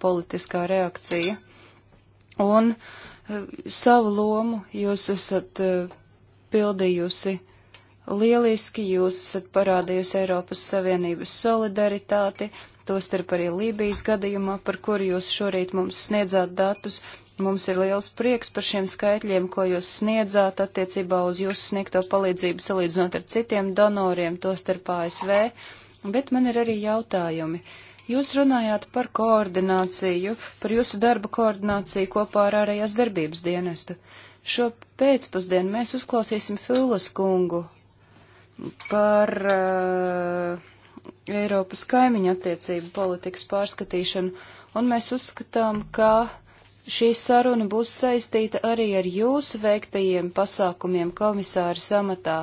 politiskā reakcija. Un e, savu lomu jūs esat e, pildījusi lieliski, jūs esat parādījusi Eiropas Savienības solidaritāti, tostarp arī Lībijas gadījumā, par kuru jūs šorīt mums sniedzāt datus. Mums ir liels prieks par šiem skaitļiem, ko jūs sniedzāt attiecībā uz jūsu sniegto palīdzību salīdzinot ar citiem donoriem, tostarp ASV, bet man ir arī jautājumi. Uh, Jūs runājāt par koordināciju, par jūsu darba koordināciju kopā ar ārējās darbības dienestu. Šo pēcpusdienu mēs uzklausīsim Fūlas kungu par uh, Eiropas kaimiņa attiecību politikas pārskatīšanu, un mēs uzskatām, ka šī saruna būs saistīta arī ar jūsu veiktajiem pasākumiem komisāra samatā.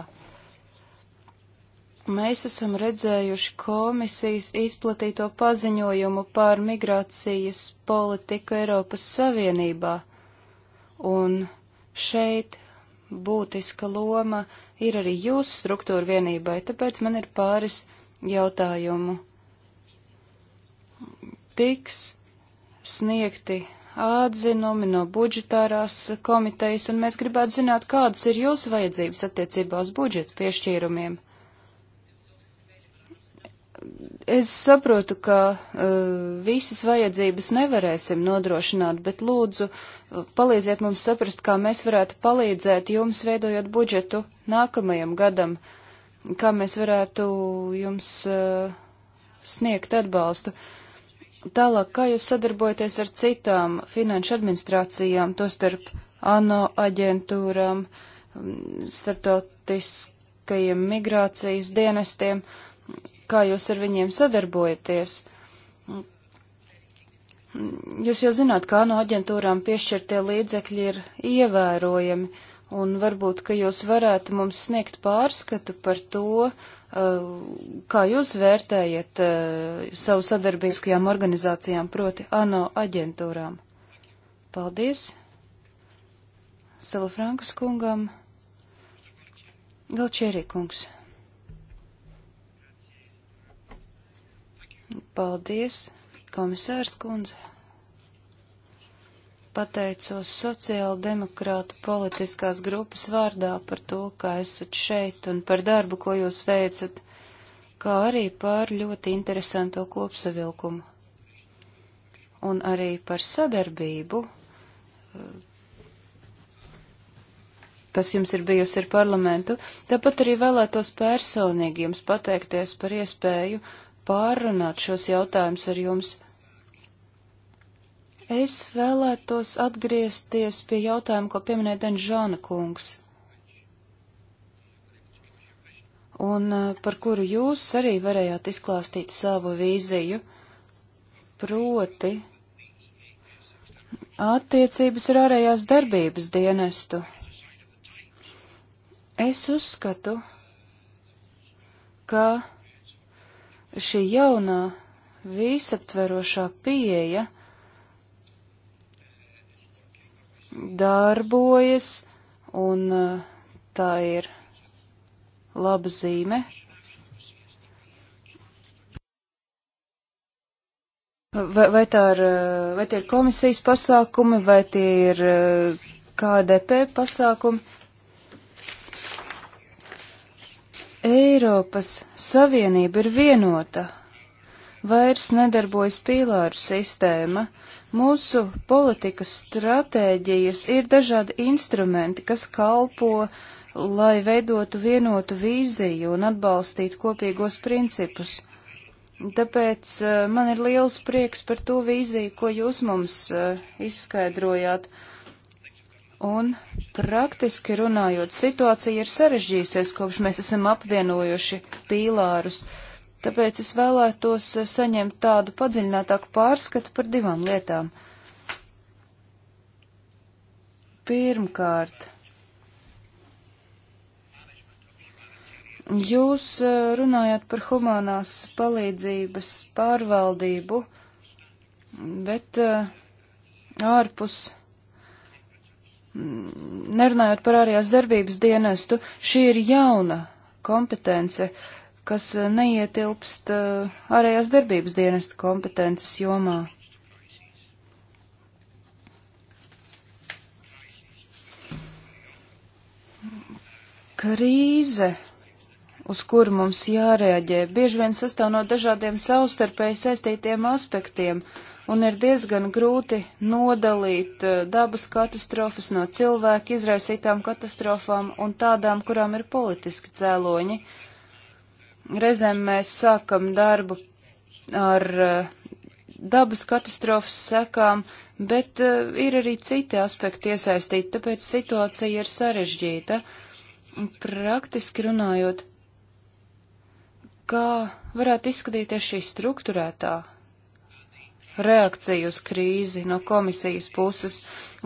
Mēs esam redzējuši komisijas izplatīto paziņojumu par migrācijas politiku Eiropas Savienībā, un šeit būtiska loma ir arī jūsu struktūra vienībai, tāpēc man ir pāris jautājumu. Tiks sniegti atzinumi no budžetārās komitejas, un mēs gribētu zināt, kādas ir jūsu vajadzības attiecībā uz budžeta piešķīrumiem. Es saprotu, ka uh, visas vajadzības nevarēsim nodrošināt, bet lūdzu uh, palīdziet mums saprast, kā mēs varētu palīdzēt jums veidojot budžetu nākamajam gadam, kā mēs varētu jums uh, sniegt atbalstu. Tālāk, kā jūs sadarbojaties ar citām finanšu administrācijām, tostarp ANO aģentūrām, mm, starptautiskajiem migrācijas dienestiem? Uh, kā jūs ar viņiem sadarbojaties. Jūs jau zināt, kā no aģentūrām piešķirtie līdzekļi ir ievērojami, un varbūt, ka jūs varētu mums sniegt pārskatu par to, eh, kā jūs vērtējat eh, savu sadarbīskajām organizācijām, proti ANO aģentūrām. Paldies! Salafrankas kungam, Galčērī kungs. Paldies, komisārs kundze. Pateicos sociāldemokrātu politiskās grupas vārdā par to, ka esat šeit un par darbu, ko jūs veicat, kā arī par ļoti interesanto kopsavilkumu. Un arī par sadarbību, kas jums ir bijusi ar parlamentu. Tāpat arī vēlētos personīgi jums pateikties par iespēju pārrunāt šos jautājumus ar jums. Es vēlētos atgriezties pie jautājuma, ko pieminēja Denžāna kungs, un uh, par kuru jūs arī varējāt izklāstīt savu vīziju, proti attiecības ar ārējās darbības dienestu. Es uzskatu, ka šī jaunā visaptverošā pieeja darbojas, un uh, tā ir laba zīme. Vai, vai, tā ir, uh, vai tie ir komisijas pasākumi, vai tie ir uh, KDP pasākumi? Eiropas Savienība ir vienota. Vairs nedarbojas pīlāru sistēma. Mūsu politikas stratēģijas ir dažādi instrumenti, kas kalpo, lai veidotu vienotu vīziju un atbalstītu kopīgos principus. Tāpēc uh, man ir liels prieks par to vīziju, ko jūs mums uh, izskaidrojāt. Un Praktiski runājot, situācija ir sarežģījusies, kopš mēs esam apvienojuši pīlārus, tāpēc es vēlētos eh, saņemt tādu padziļinātāku pārskatu par divām lietām. Pirmkārt, jūs eh, runājat par humanās palīdzības pārvaldību, bet eh, ārpus. Uh, Mm, nerunājot par ārējās darbības dienestu, šī ir jauna kompetence, kas eh, neietilpst eh, ārējās darbības dienesta kompetences jomā. Krīze, uz kuru mums jārēģē, bieži vien sastāv no dažādiem savstarpēji saistītiem aspektiem. Uh, un ir diezgan grūti nodalīt eh, dabas katastrofas no cilvēku izraisītām katastrofām un tādām, kurām ir politiski cēloņi. Reizēm mēs sākam darbu ar eh, dabas katastrofas sekām, bet uh, ir arī citi aspekti iesaistīti, tāpēc situācija ir sarežģīta. Praktiski runājot, kā varētu izskatīties šī struktūrētā reakciju uz krīzi no komisijas puses,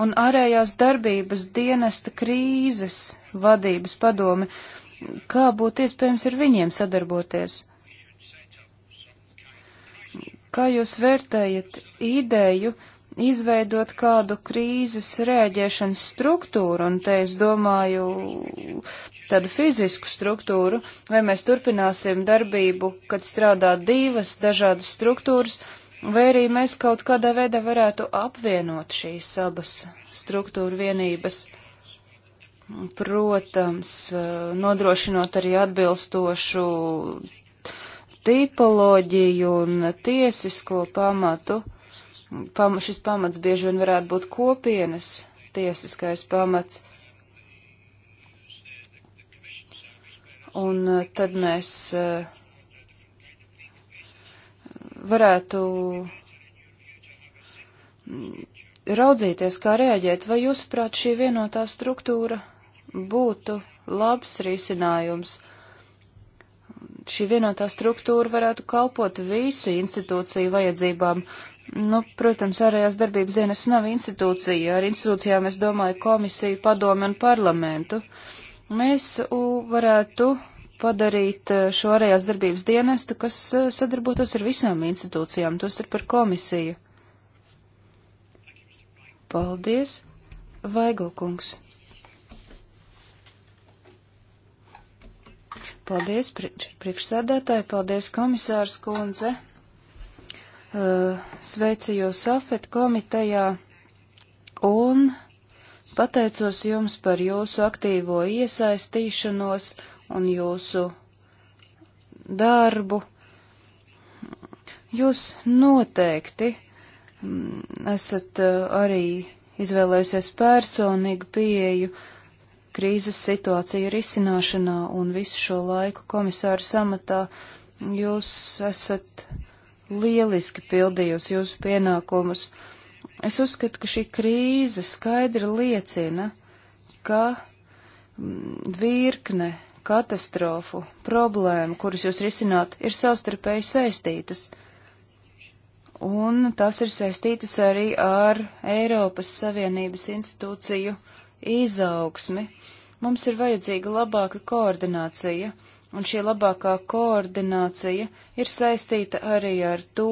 un ārējās darbības dienesta krīzes vadības padome, kā būtu iespējams ar viņiem sadarboties? Kā jūs vērtējat ideju izveidot kādu krīzes rēģēšanas struktūru, un te es domāju tādu fizisku struktūru, vai mēs turpināsim darbību, kad strādā divas dažādas struktūras, uh, Vai arī mēs kaut kādā veidā varētu apvienot šīs abas struktūra vienības, protams, eh, nodrošinot arī atbilstošu tipoloģiju un tiesisko pamatu. Pam, šis pamats bieži vien varētu būt kopienas tiesiskais pamats. Un eh, tad mēs uh, varētu raudzīties, kā rēģēt, vai jūsuprāt šī vienotā struktūra būtu labs risinājums? Šī vienotā struktūra varētu kalpot visu institūciju vajadzībām. Nu, protams, ārējās darbības dienas nav institūcija. Ar institūcijām es domāju komisiju, padomi un parlamentu. Mēs u, varētu padarīt eh, šo ārējās darbības dienestu, kas eh, sadarbotos ar visām institūcijām, tostarp ar komisiju. Paldies, Vaiglkungs. Paldies, pri priekšsēdētāji, paldies, komisārs kundze. Eh, sveicu jūs Safet komitejā un pateicos jums par jūsu aktīvo iesaistīšanos un jūsu darbu. Jūs noteikti mm, esat eh, arī izvēlējusies personīgu pieeju krīzes situāciju risināšanā un visu šo laiku komisāru samatā. Jūs esat lieliski pildījusi jūsu pienākumus. Es uzskatu, ka šī krīze skaidri liecina, ka mm, virkne katastrofu, problēmu, kuras jūs risināt, ir savstarpēji saistītas. Un tās ir saistītas arī ar Eiropas Savienības institūciju izaugsmi. Mums ir vajadzīga labāka koordinācija, un šī labākā koordinācija ir saistīta arī ar to,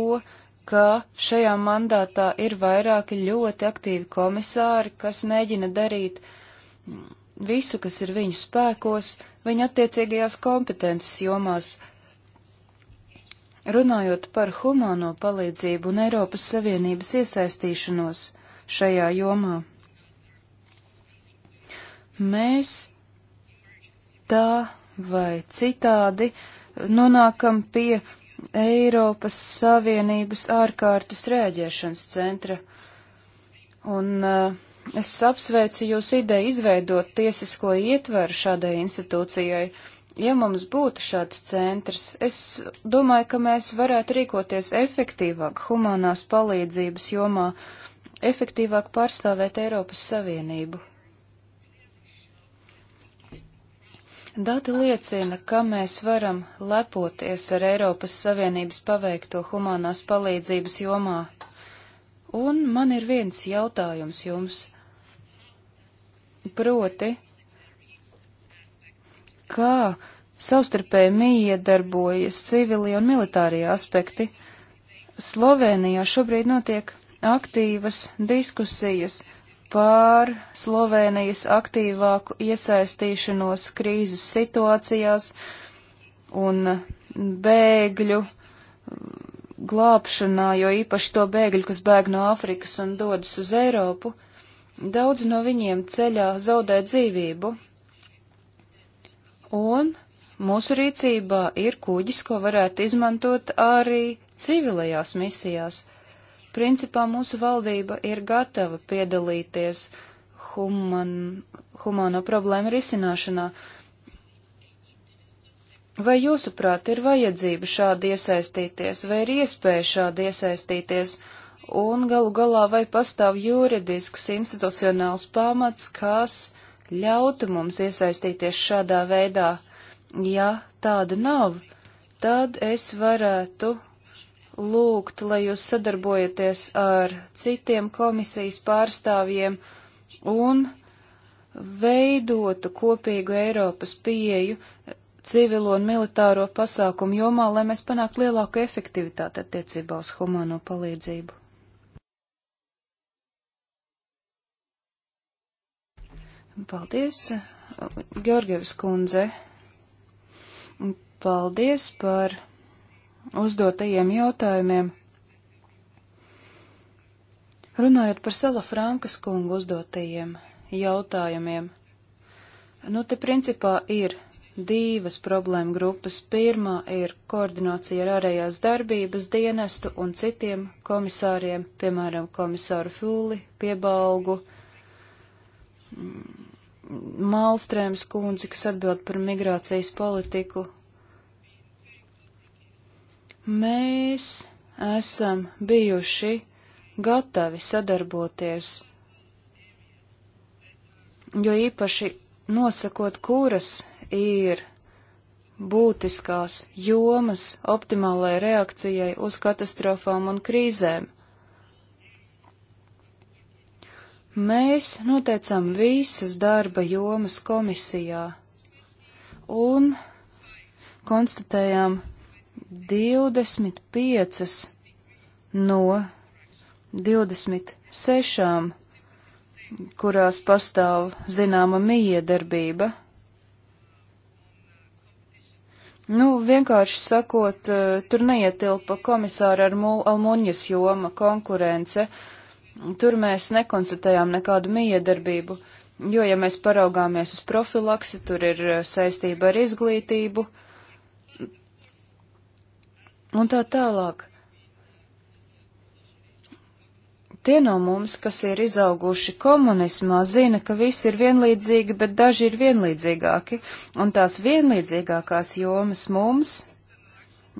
ka šajā mandātā ir vairāki ļoti aktīvi komisāri, kas mēģina darīt visu, kas ir viņu spēkos, viņa attiecīgajās kompetences jomās. Runājot par humāno palīdzību un Eiropas Savienības iesaistīšanos šajā jomā, mēs tā vai citādi nonākam pie Eiropas Savienības ārkārtas rēģēšanas centra. Un uh, Es apsveicu jūs ideju izveidot tiesisko ietveru šādai institūcijai. Ja mums būtu šāds centrs, es domāju, ka mēs varētu rīkoties efektīvāk humanās palīdzības jomā, efektīvāk pārstāvēt Eiropas Savienību. Dati liecina, ka mēs varam lepoties ar Eiropas Savienības paveikto humanās palīdzības jomā. Un man ir viens jautājums jums. Proti, kā savstarpēji miedarbojas civilie un militārie aspekti. Slovenijā šobrīd notiek aktīvas diskusijas pār Slovenijas aktīvāku iesaistīšanos krīzes situācijās un bēgļu glābšanā, jo īpaši to bēgļu, kas bēg no Āfrikas un dodas uz Eiropu. Uh, Daudz no viņiem ceļā zaudē dzīvību. Un mūsu rīcībā ir kuģis, ko varētu izmantot arī civilajās misijās. Principā mūsu valdība ir gatava piedalīties human, humano problēmu risināšanā. Vai jūsuprāt ir vajadzība šādi iesaistīties, vai ir iespēja šādi iesaistīties? Uh, un galu galā vai pastāv juridisks institucionāls pamats, kas ļautu mums iesaistīties šādā veidā. Ja tāda nav, tad es varētu lūgt, lai jūs sadarbojaties ar citiem komisijas pārstāvjiem un veidotu kopīgu Eiropas pieeju civilo un militāro pasākumu jomā, lai mēs panāktu lielāku efektivitāti attiecībā uz humāno palīdzību. Paldies, Georgievs kundze. Paldies par uzdotajiem jautājumiem. Runājot par Sala Frankas kungu uzdotajiem jautājumiem, nu te principā ir divas problēma grupas. Pirmā ir koordinācija ar ārējās darbības dienestu un citiem komisāriem, piemēram, komisāru Fūli, piebalgu, mm. Malstrēms kundzi, kas atbild par migrācijas politiku. Mēs esam bijuši gatavi sadarboties, jo īpaši nosakot, kuras ir būtiskās jomas optimālai reakcijai uz katastrofām un krīzēm. Mēs noteicām visas darba jomas komisijā un konstatējām 25 no 26, kurās pastāv zināma miedarbība. Nu, vienkārši sakot, eh, tur neietilpa komisāra Almuņas joma konkurence. Uh, Tur mēs nekonstatējām nekādu miedarbību, jo, ja mēs paraugāmies uz profilaksi, tur ir eh, saistība ar izglītību un tā tālāk. Tie no mums, kas ir izauguši komunismā, zina, ka visi ir vienlīdzīgi, bet daži ir vienlīdzīgāki, un tās vienlīdzīgākās jomas mums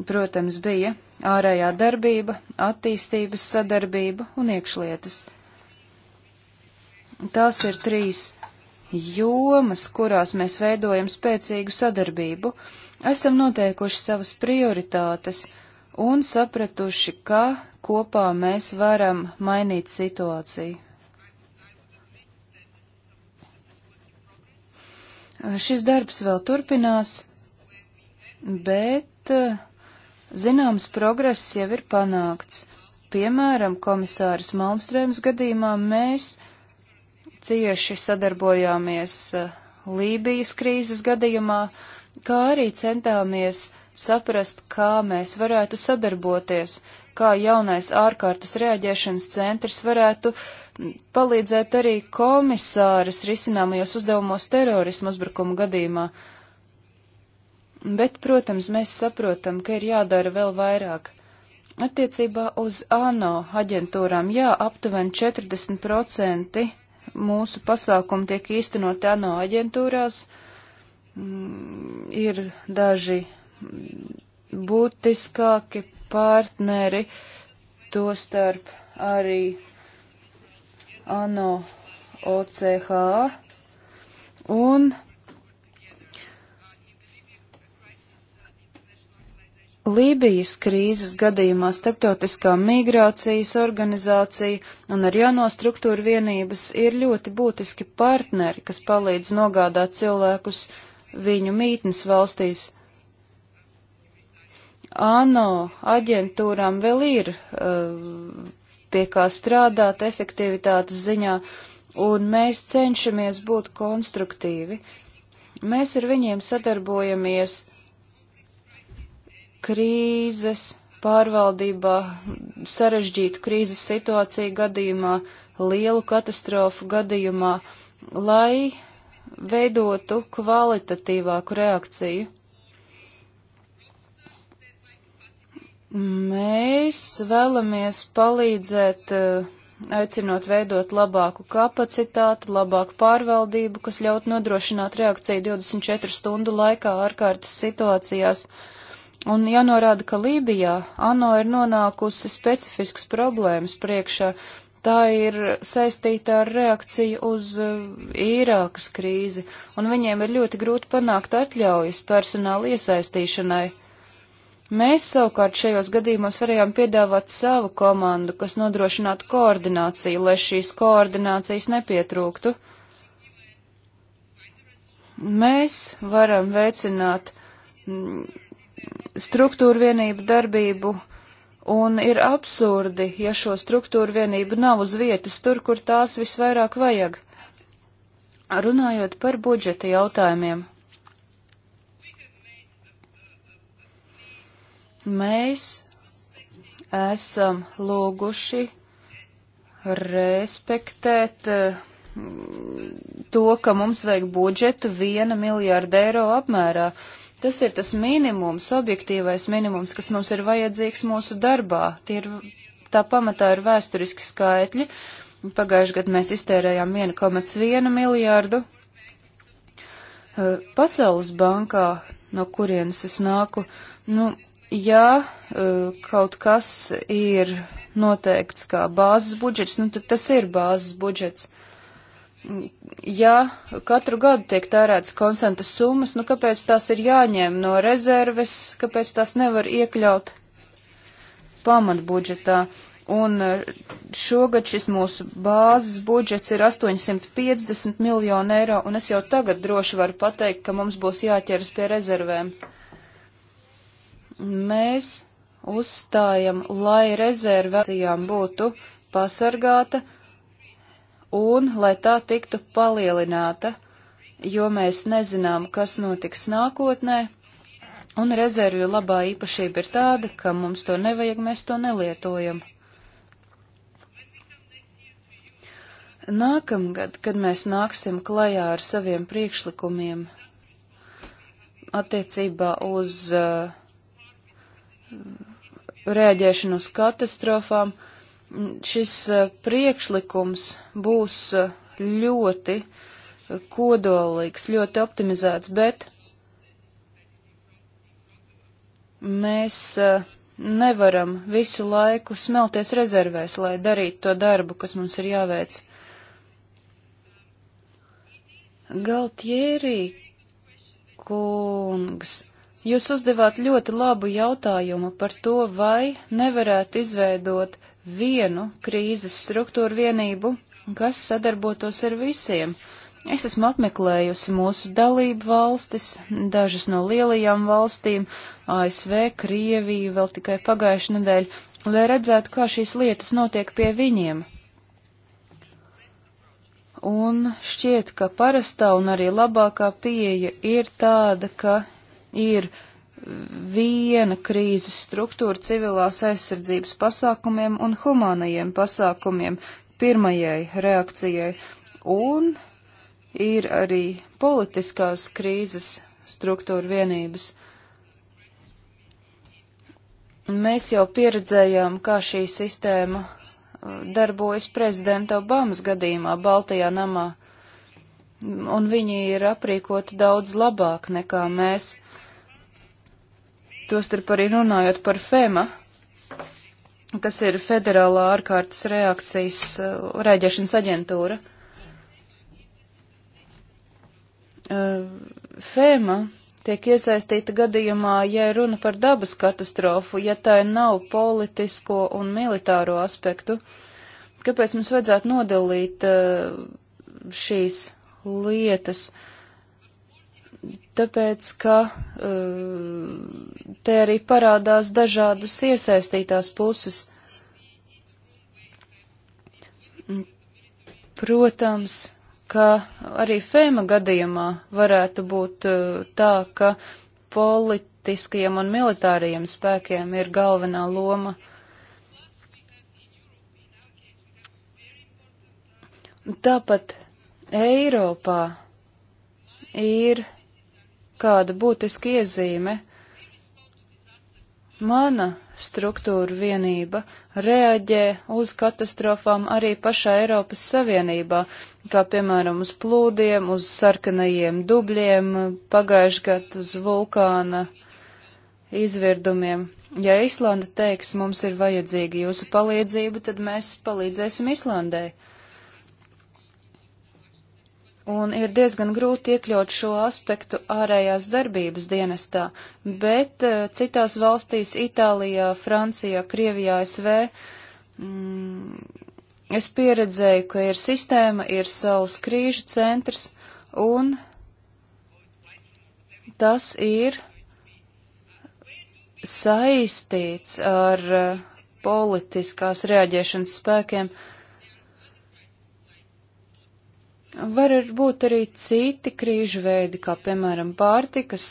protams, bija ārējā darbība, attīstības sadarbība un iekšlietas. Tās ir trīs jomas, kurās mēs veidojam spēcīgu sadarbību, esam noteikuši savas prioritātes un sapratuši, kā kopā mēs varam mainīt situāciju. Šis darbs vēl turpinās, bet uh, Zināms progress jau ir panākts. Piemēram, komisāras Malmstrēmas gadījumā mēs cieši sadarbojāmies eh, Lībijas krīzes gadījumā, kā arī centāmies saprast, kā mēs varētu sadarboties, kā jaunais ārkārtas reaģēšanas centrs varētu palīdzēt arī komisāras risināmajos uzdevumos terorismu uzbrukumu gadījumā bet, protams, mēs saprotam, ka ir jādara vēl vairāk. Attiecībā uz ANO aģentūrām, jā, aptuveni 40% mūsu pasākumu tiek īstenot ANO aģentūrās, mm, ir daži būtiskāki partneri, to starp arī ANO OCH, un Lībijas krīzes gadījumā starptautiskā migrācijas organizācija un ar jauno struktūru vienības ir ļoti būtiski partneri, kas palīdz nogādāt cilvēkus viņu mītnes valstīs. ANO aģentūrām vēl ir uh, pie kā strādāt efektivitātes ziņā, un mēs cenšamies būt konstruktīvi. Mēs ar viņiem sadarbojamies krīzes pārvaldībā, sarežģītu krīzes situāciju gadījumā, lielu katastrofu gadījumā, lai veidotu kvalitatīvāku reakciju. Mēs vēlamies palīdzēt, eh, aicinot veidot labāku kapacitāti, labāku pārvaldību, kas ļaut nodrošināt reakciju 24 stundu laikā ārkārtas situācijās. Uh, Un jānorāda, ka Lībijā ANO ir nonākusi specifisks problēmas priekšā. Tā ir saistīta ar reakciju uz Īrākas uh, krīzi, un viņiem ir ļoti grūti panākt atļaujas personāla iesaistīšanai. Mēs savukārt šajos gadījumos varējām piedāvāt savu komandu, kas nodrošinātu koordināciju, lai šīs koordinācijas nepietrūktu. Mēs varam veicināt mm, struktūru vienību darbību, un ir absurdi, ja šo struktūru vienību nav uz vietas tur, kur tās visvairāk vajag. Runājot par budžeta jautājumiem, mēs esam lūguši respektēt uh, to, ka mums vajag budžetu viena miljārda eiro apmērā. Uh, Tas ir tas minimums, objektīvais minimums, kas mums ir vajadzīgs mūsu darbā. Tie ir, tā pamatā ir vēsturiski skaitļi. Pagājuši gadu mēs iztērējām 1,1 miljārdu. Uh, Pasaules bankā, no kurienes es nāku, nu, ja uh, kaut kas ir noteikts kā bāzes budžets, nu, tad tas ir bāzes budžets ja katru gadu tiek tērētas konstantas summas, nu kāpēc tās ir jāņem no rezerves, kāpēc tās nevar iekļaut pamatbudžetā? Un eh, šogad šis mūsu bāzes budžets ir 850 miljonu eiro, un es jau tagad droši varu pateikt, ka mums būs jāķeras pie rezervēm. Mēs uzstājam, lai rezervācijām būtu pasargāta, un lai tā tiktu palielināta, jo mēs nezinām, kas notiks nākotnē, un rezervju labā īpašība ir tāda, ka mums to nevajag, mēs to nelietojam. Nākamgad, kad mēs nāksim klajā ar saviem priekšlikumiem attiecībā uz uh, rēģēšanu uz katastrofām, uh, šis eh, priekšlikums būs eh, ļoti kodolīgs, ļoti optimizēts, bet mēs eh, nevaram visu laiku smelties rezervēs, lai darītu to darbu, kas mums ir jāveic. Galtjērī kungs, jūs uzdevāt ļoti labu jautājumu par to, vai nevarētu izveidot vienu krīzes struktūru vienību, kas sadarbotos ar visiem. Es esmu apmeklējusi mūsu dalību valstis, dažas no lielajām valstīm, ASV, Krieviju vēl tikai pagājuši nedēļ, lai redzētu, kā šīs lietas notiek pie viņiem. Un šķiet, ka parastā un arī labākā pieeja ir tāda, ka ir uh, viena krīzes struktūra civilās aizsardzības pasākumiem un humānajiem pasākumiem pirmajai reakcijai, un ir arī politiskās krīzes struktūra vienības. Mēs jau pieredzējām, kā šī sistēma uh, darbojas prezidenta Obamas gadījumā Baltijā namā, un viņi ir aprīkoti daudz labāk nekā mēs tostarp arī runājot par FEMA, kas ir Federālā ārkārtas reakcijas uh, rēģēšanas aģentūra. Uh, FEMA tiek iesaistīta gadījumā, ja runa par dabas katastrofu, ja tā nav politisko un militāro aspektu. Kāpēc mums vajadzētu nodalīt uh, šīs lietas? Uh, tāpēc, ka eh, te arī parādās dažādas iesaistītās puses. Protams, ka arī Fēma gadījumā varētu būt eh, tā, ka politiskajiem un militārajiem spēkiem ir galvenā loma. Tāpat Eiropā ir kāda būtiska iezīme. Mana struktūra vienība reaģē uz katastrofām arī pašā Eiropas Savienībā, kā piemēram uz plūdiem, uz sarkanajiem dubļiem, pagājušajā gadā uz vulkāna izvirdumiem. Ja Islanda teiks, mums ir vajadzīga jūsu palīdzība, tad mēs palīdzēsim Islandai un ir diezgan grūti iekļaut šo aspektu ārējās darbības dienestā, bet eh, citās valstīs - Itālijā, Francijā, Krievijā, SV mm, - es pieredzēju, ka ir sistēma, ir savs krīžu centrs, un tas ir saistīts ar eh, politiskās reaģēšanas spēkiem, uh, Var būt arī citi krīžu veidi, kā piemēram pārtikas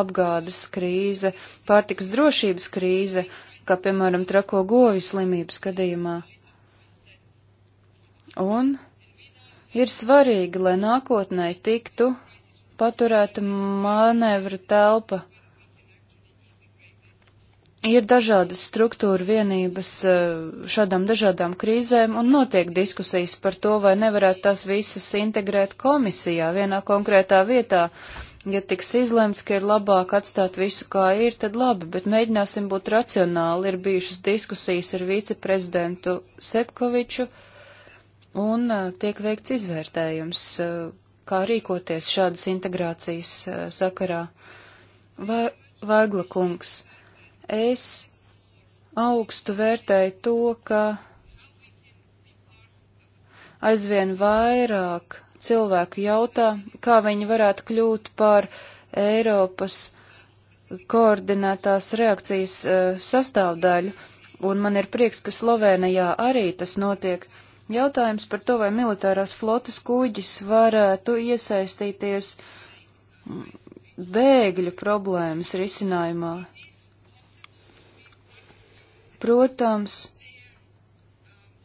apgādes krīze, pārtikas drošības krīze, kā piemēram trako govju slimības gadījumā. Un ir svarīgi, lai nākotnē tiktu paturēta manevra telpa ir dažādas struktūra vienības eh, šādām dažādām krīzēm un notiek diskusijas par to, vai nevarētu tās visas integrēt komisijā vienā konkrētā vietā. Ja tiks izlemts, ka ir labāk atstāt visu kā ir, tad labi, bet mēģināsim būt racionāli. Ir bijušas diskusijas ar viceprezidentu Sepkoviču un eh, tiek veikts izvērtējums, eh, kā rīkoties šādas integrācijas sakarā. Vai, Vaigla kungs. Es augstu vērtēju to, ka aizvien vairāk cilvēku jautā, kā viņi varētu kļūt par Eiropas koordinētās reakcijas uh, sastāvdaļu, un man ir prieks, ka Slovenijā arī tas notiek. Jautājums par to, vai militārās flotas kuģis varētu iesaistīties mm, bēgļu problēmas risinājumā. Protams,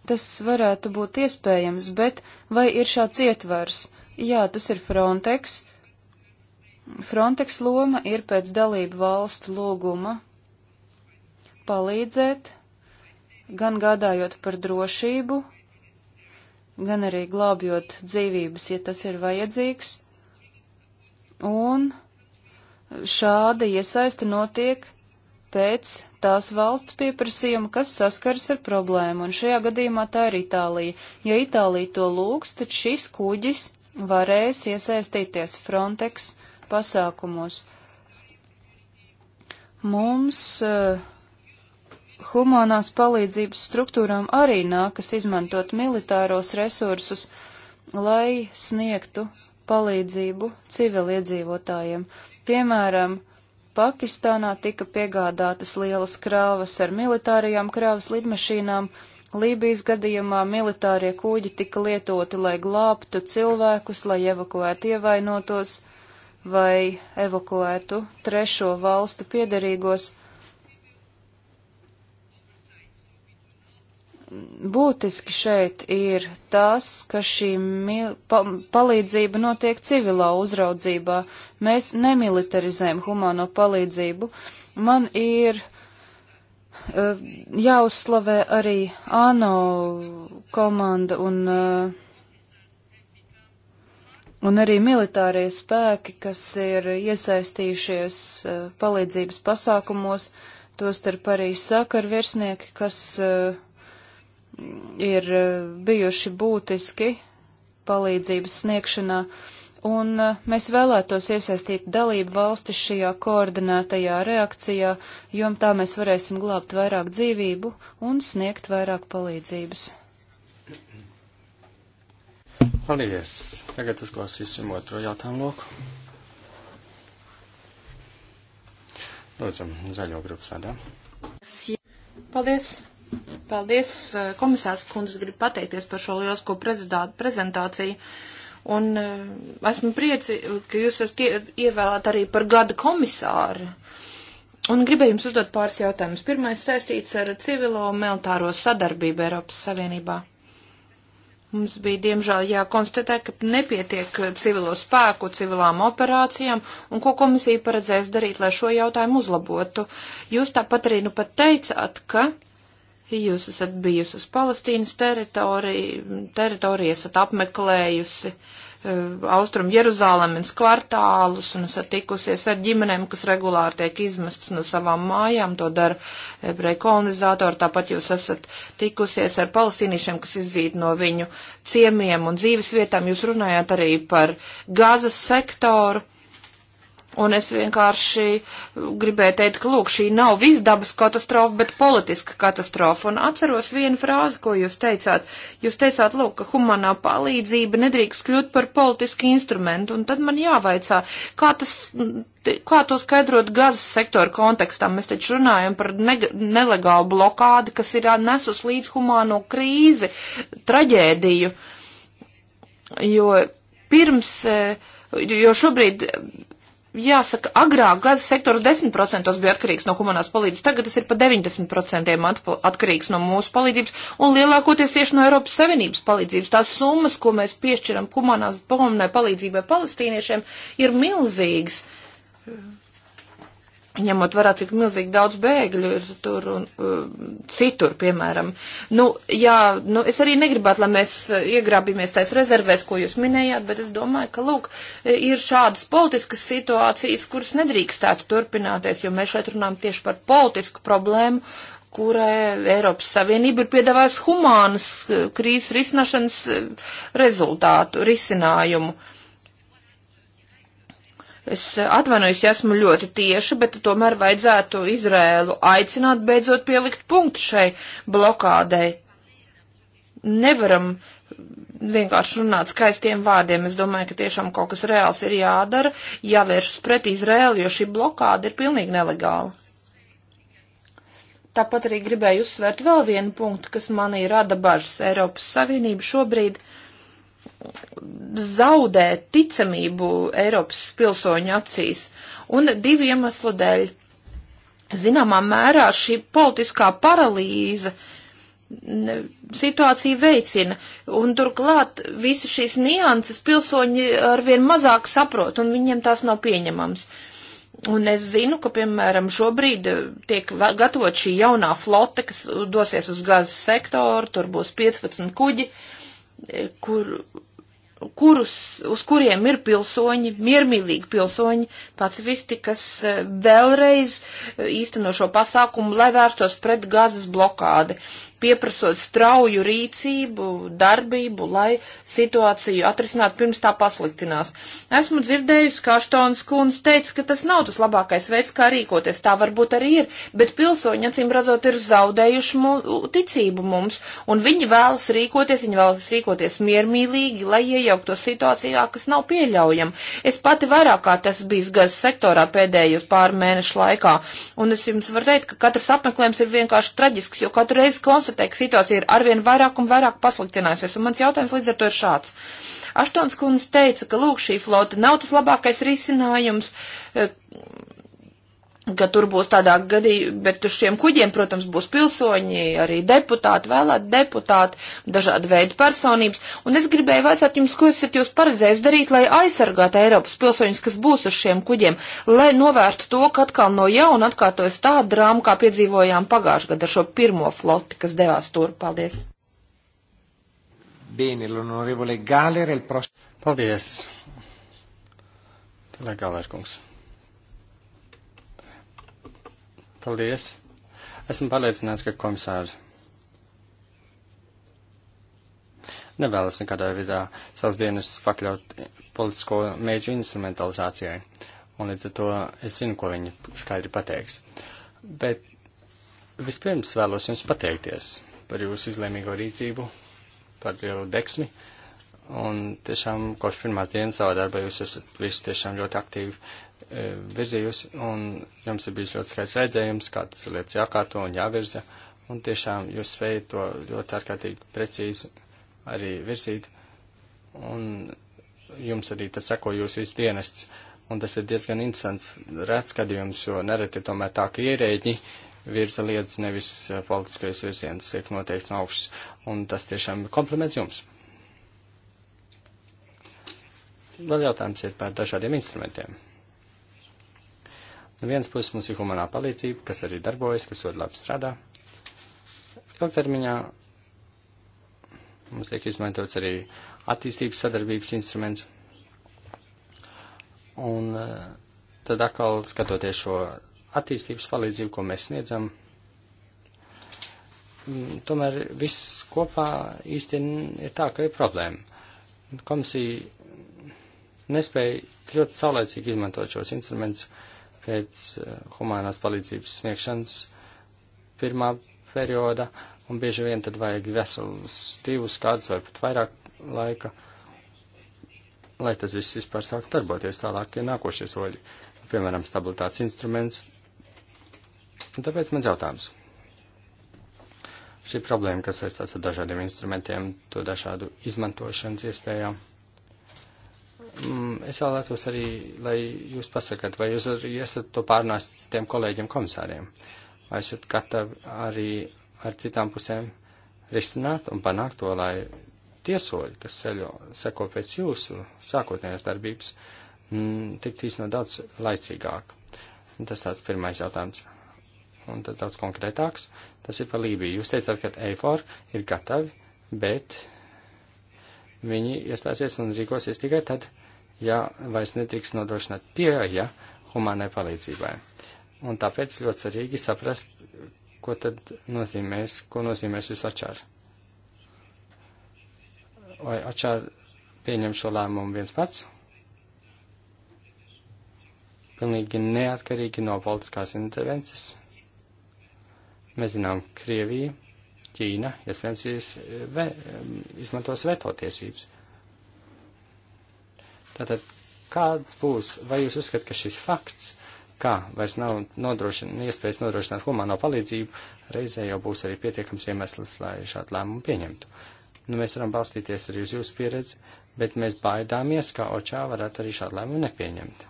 tas varētu būt iespējams, bet vai ir šāds ietvars? Jā, tas ir Frontex. Frontex loma ir pēc dalību valstu lūguma palīdzēt, gan gādājot par drošību, gan arī glābjot dzīvības, ja tas ir vajadzīgs. Un šāda iesaiste notiek pēc tās valsts pieprasījuma, kas saskaras ar problēmu, un šajā gadījumā tā ir Itālija. Ja Itālija to lūgs, tad šis kuģis varēs iesaistīties Frontex pasākumos. Mums uh, humanās palīdzības struktūrām arī nākas izmantot militāros resursus, lai sniegtu palīdzību civiliedzīvotājiem. Piemēram, uh, Pakistānā tika piegādātas lielas krāvas ar militārajām krāvas lidmašīnām. Lībijas gadījumā militārie kuģi tika lietoti, lai glābtu cilvēkus, lai evakuētu ievainotos vai evakuētu trešo valstu piederīgos. būtiski šeit ir tas, ka šī pa palīdzība notiek civilā uzraudzībā. Mēs nemilitarizējam humāno palīdzību. Man ir uh, jāuzslavē arī ANO komanda un, uh, un arī militārie spēki, kas ir iesaistījušies uh, palīdzības pasākumos, tostarp arī sakaru virsnieki, kas uh, ir eh, bijuši būtiski palīdzības sniegšanā, un eh, mēs vēlētos iesaistīt dalību valsti šajā koordinētajā reakcijā, jo tā mēs varēsim glābt vairāk dzīvību un sniegt vairāk palīdzības. Paldies! Tagad uzklausīsim otro jautājumu loku. Lūdzu, zaļo grupas sādā. Paldies! Paldies, eh, komisārs kundze, gribu pateikties par šo lielisko prezentāciju. Un eh, esmu prieci, ka jūs esat ievēlēt arī par gada komisāru. Un gribēju jums uzdot pāris jautājumus. Pirmais saistīts ar civilo un militāro sadarbību Eiropas Savienībā. Mums bija, diemžēl, jākonstatē, ka nepietiek civilo spēku civilām operācijām, un ko komisija paredzēs darīt, lai šo jautājumu uzlabotu. Jūs tāpat arī nu pat teicāt, ka Jūs esat bijusi uz Palestīnas teritoriju, teritoriju esat apmeklējusi eh, Austrum Jeruzālēmens kvartālus un esat tikusies ar ģimenēm, kas regulāri tiek izmestas no savām mājām, to dara ebreju kolonizatori, tāpat jūs esat tikusies ar palestīniešiem, kas izzīt no viņu ciemiem un dzīves vietām, jūs runājāt arī par gazas sektoru. Un es vienkārši gribēju teikt, ka, lūk, šī nav visdabas katastrofa, bet politiska katastrofa. Un atceros vienu frāzi, ko jūs teicāt. Jūs teicāt, lūk, ka humanā palīdzība nedrīkst kļūt par politisku instrumentu. Un tad man jāvaicā, kā, tas, kā to skaidrot gazas sektora kontekstā. Mēs taču runājam par ne nelegālu blokādi, kas ir nesus līdz humāno krīzi, traģēdiju. Jo pirms, jo šobrīd jāsaka, agrāk gazas sektors 10% bija atkarīgs no humanās palīdzības, tagad tas ir pa 90% atkarīgs no mūsu palīdzības un lielākoties tieši no Eiropas Savienības palīdzības. Tās summas, ko mēs piešķiram humanās bombnai palīdzībai palestīniešiem, ir milzīgas ņemot vērā, cik milzīgi daudz bēgļu ir tur un uh, citur, piemēram. Nu, jā, nu, es arī negribētu, lai mēs uh, iegrābīmies tais rezervēs, ko jūs minējāt, bet es domāju, ka, lūk, uh, ir šādas politiskas situācijas, kuras nedrīkstētu turpināties, jo mēs šeit runājam tieši par politisku problēmu, kurai Eiropas Savienība ir piedāvājusi humānas uh, krīzes risināšanas rezultātu, risinājumu. Uh, Es atvainojos, ja esmu ļoti tieši, bet tomēr vajadzētu Izrēlu aicināt beidzot pielikt punktu šai blokādei. Nevaram vienkārši runāt skaistiem vārdiem. Es domāju, ka tiešām kaut kas reāls ir jādara, jāvēršas pret Izrēlu, jo šī blokāda ir pilnīgi nelegāla. Tāpat arī gribēju uzsvērt vēl vienu punktu, kas manī rada bažas. Eiropas Savienība šobrīd zaudē ticamību Eiropas pilsoņu acīs. Un divu iemeslu dēļ. Zināmā mērā šī politiskā paralīze situāciju veicina, un turklāt visi šīs nianses pilsoņi arvien mazāk saprot, un viņiem tās nav pieņemams. Un es zinu, ka, piemēram, šobrīd tiek gatavot šī jaunā flote, kas dosies uz gazas sektoru, tur būs 15 kuģi, e, kur kurus, uz kuriem ir pilsoņi, miermīlīgi pilsoņi, pacifisti, kas eh, vēlreiz eh, īsteno šo pasākumu, lai vērstos pret gazas blokādi, pieprasot strauju rīcību, darbību, lai situāciju atrisinātu pirms tā pasliktinās. Esmu dzirdējusi, kā Štons Kunz teica, ka tas nav tas labākais veids, kā rīkoties, tā varbūt arī ir, bet pilsoņi, acīm redzot, ir zaudējuši mu, ticību mums, un viņi vēlas rīkoties, viņi vēlas rīkoties miermīlīgi, lai ieja iejauktos situācijā, kas nav pieļaujama. Es pati vairāk kā tas bijis gazas sektorā pēdējos pāri mēnešu laikā, un es jums varu teikt, ka katrs apmeklējums ir vienkārši traģisks, jo katru reizi konstatēju, ka situācija ir arvien vairāk un vairāk pasliktinājusies, un mans jautājums līdz ar to ir šāds. Aštons kundze teica, ka lūk, šī flota nav tas labākais risinājums, eh, ka tur būs tādā gadījumā, bet uz šiem kuģiem, protams, būs pilsoņi, arī deputāti, vēlēt deputāti, dažādi veidi personības. Un es gribēju vaicāt jums, ko esat jūs paredzējis darīt, lai aizsargātu Eiropas pilsoņus, kas būs uz šiem kuģiem, lai novērstu to, ka atkal no jauna atkārtojas tā drāma, kā piedzīvojām pagājušajā gadā ar šo pirmo floti, kas devās tur. Paldies! Bene, l'onorevole Galer, il prossimo. Paldies. Tele Galer, kungs. Paldies! Esmu pārliecināts, ka komisāri nevēlas nekādā veidā savus dienas pakļaut politisko mēģu instrumentalizācijai. Un līdz ar to es zinu, ko viņi skaidri pateiks. Bet vispirms vēlos jums pateikties par jūsu izlēmīgo rīcību, par jūsu deksmi. Un tiešām kopš pirmās dienas savā darbā jūs esat visi tiešām ļoti aktīvi E, virzījus, un jums ir bijis ļoti skaidrs redzējums, kā tas lietas jākārto un jāvirza, un tiešām jūs spējat to ļoti ārkārtīgi precīzi arī virzīt, un jums arī tas seko jūsu viss dienests, un tas ir diezgan interesants redzskatījums, jo nereti tomēr tā, ka ierēģi virza lietas, nevis e, politiskais virziens tiek noteikts no augšas, un tas tiešām ir kompliments jums. Vēl jautājums ir par dažādiem instrumentiem. No vienas puses mums ir humanā palīdzība, kas arī darbojas, kas ļoti labi strādā. Ilgtermiņā mums tiek izmantots arī attīstības sadarbības instruments. Un eh, tad atkal skatoties šo attīstības palīdzību, ko mēs sniedzam, mm, tomēr viss kopā īsti ir tā, ka ir problēma. Komisija nespēja ļoti saulēcīgi izmantot šos instrumentus, uh, pēc eh, humanās palīdzības sniegšanas pirmā perioda, un bieži vien tad vajag veselus divus gadus vai pat vairāk laika, lai tas viss vispār sāk darboties tālāk, ja nākošie soļi, piemēram, stabilitātes instruments. Un tāpēc mans jautājums. Šī problēma, kas saistās ar dažādiem instrumentiem, to dažādu izmantošanas iespējām Mm, es vēlētos arī, lai jūs pasakat, vai jūs arī esat to pārnāst tiem kolēģiem komisāriem, vai esat gatavi arī ar citām pusēm risināt un panākt to, lai tiesoļi, kas ceļo, seko pēc jūsu sākotnējās darbības, mm, tikt īstenot daudz laicīgāk. Tas tāds pirmais jautājums. Un tad daudz konkrētāks. Tas ir par Lībiju. Jūs teicāt, ka EIFOR ir gatavi, bet viņi iestāsies un rīkosies tikai tad, ja vairs netiks nodrošināt pieeja humānai palīdzībai. Un tāpēc ļoti svarīgi saprast, ko tad nozīmēs, ko nozīmēs jūs očāri. Vai očāri pieņem šo lēmumu viens pats? Pilnīgi neatkarīgi no politiskās intervences. Mēs zinām, Krievija, Ķīna, iespējams, izmantos veto tiesības. Tātad, kāds būs, vai jūs uzskatāt, ka šis fakts, kā vairs nav nodrošina, iespējas nodrošināt humāno palīdzību, reizē jau būs arī pietiekams iemesls, lai šādu lēmumu pieņemtu? Nu, mēs varam balstīties arī uz jūsu pieredzi, bet mēs baidāmies, ka očā varētu arī šādu lēmumu nepieņemt.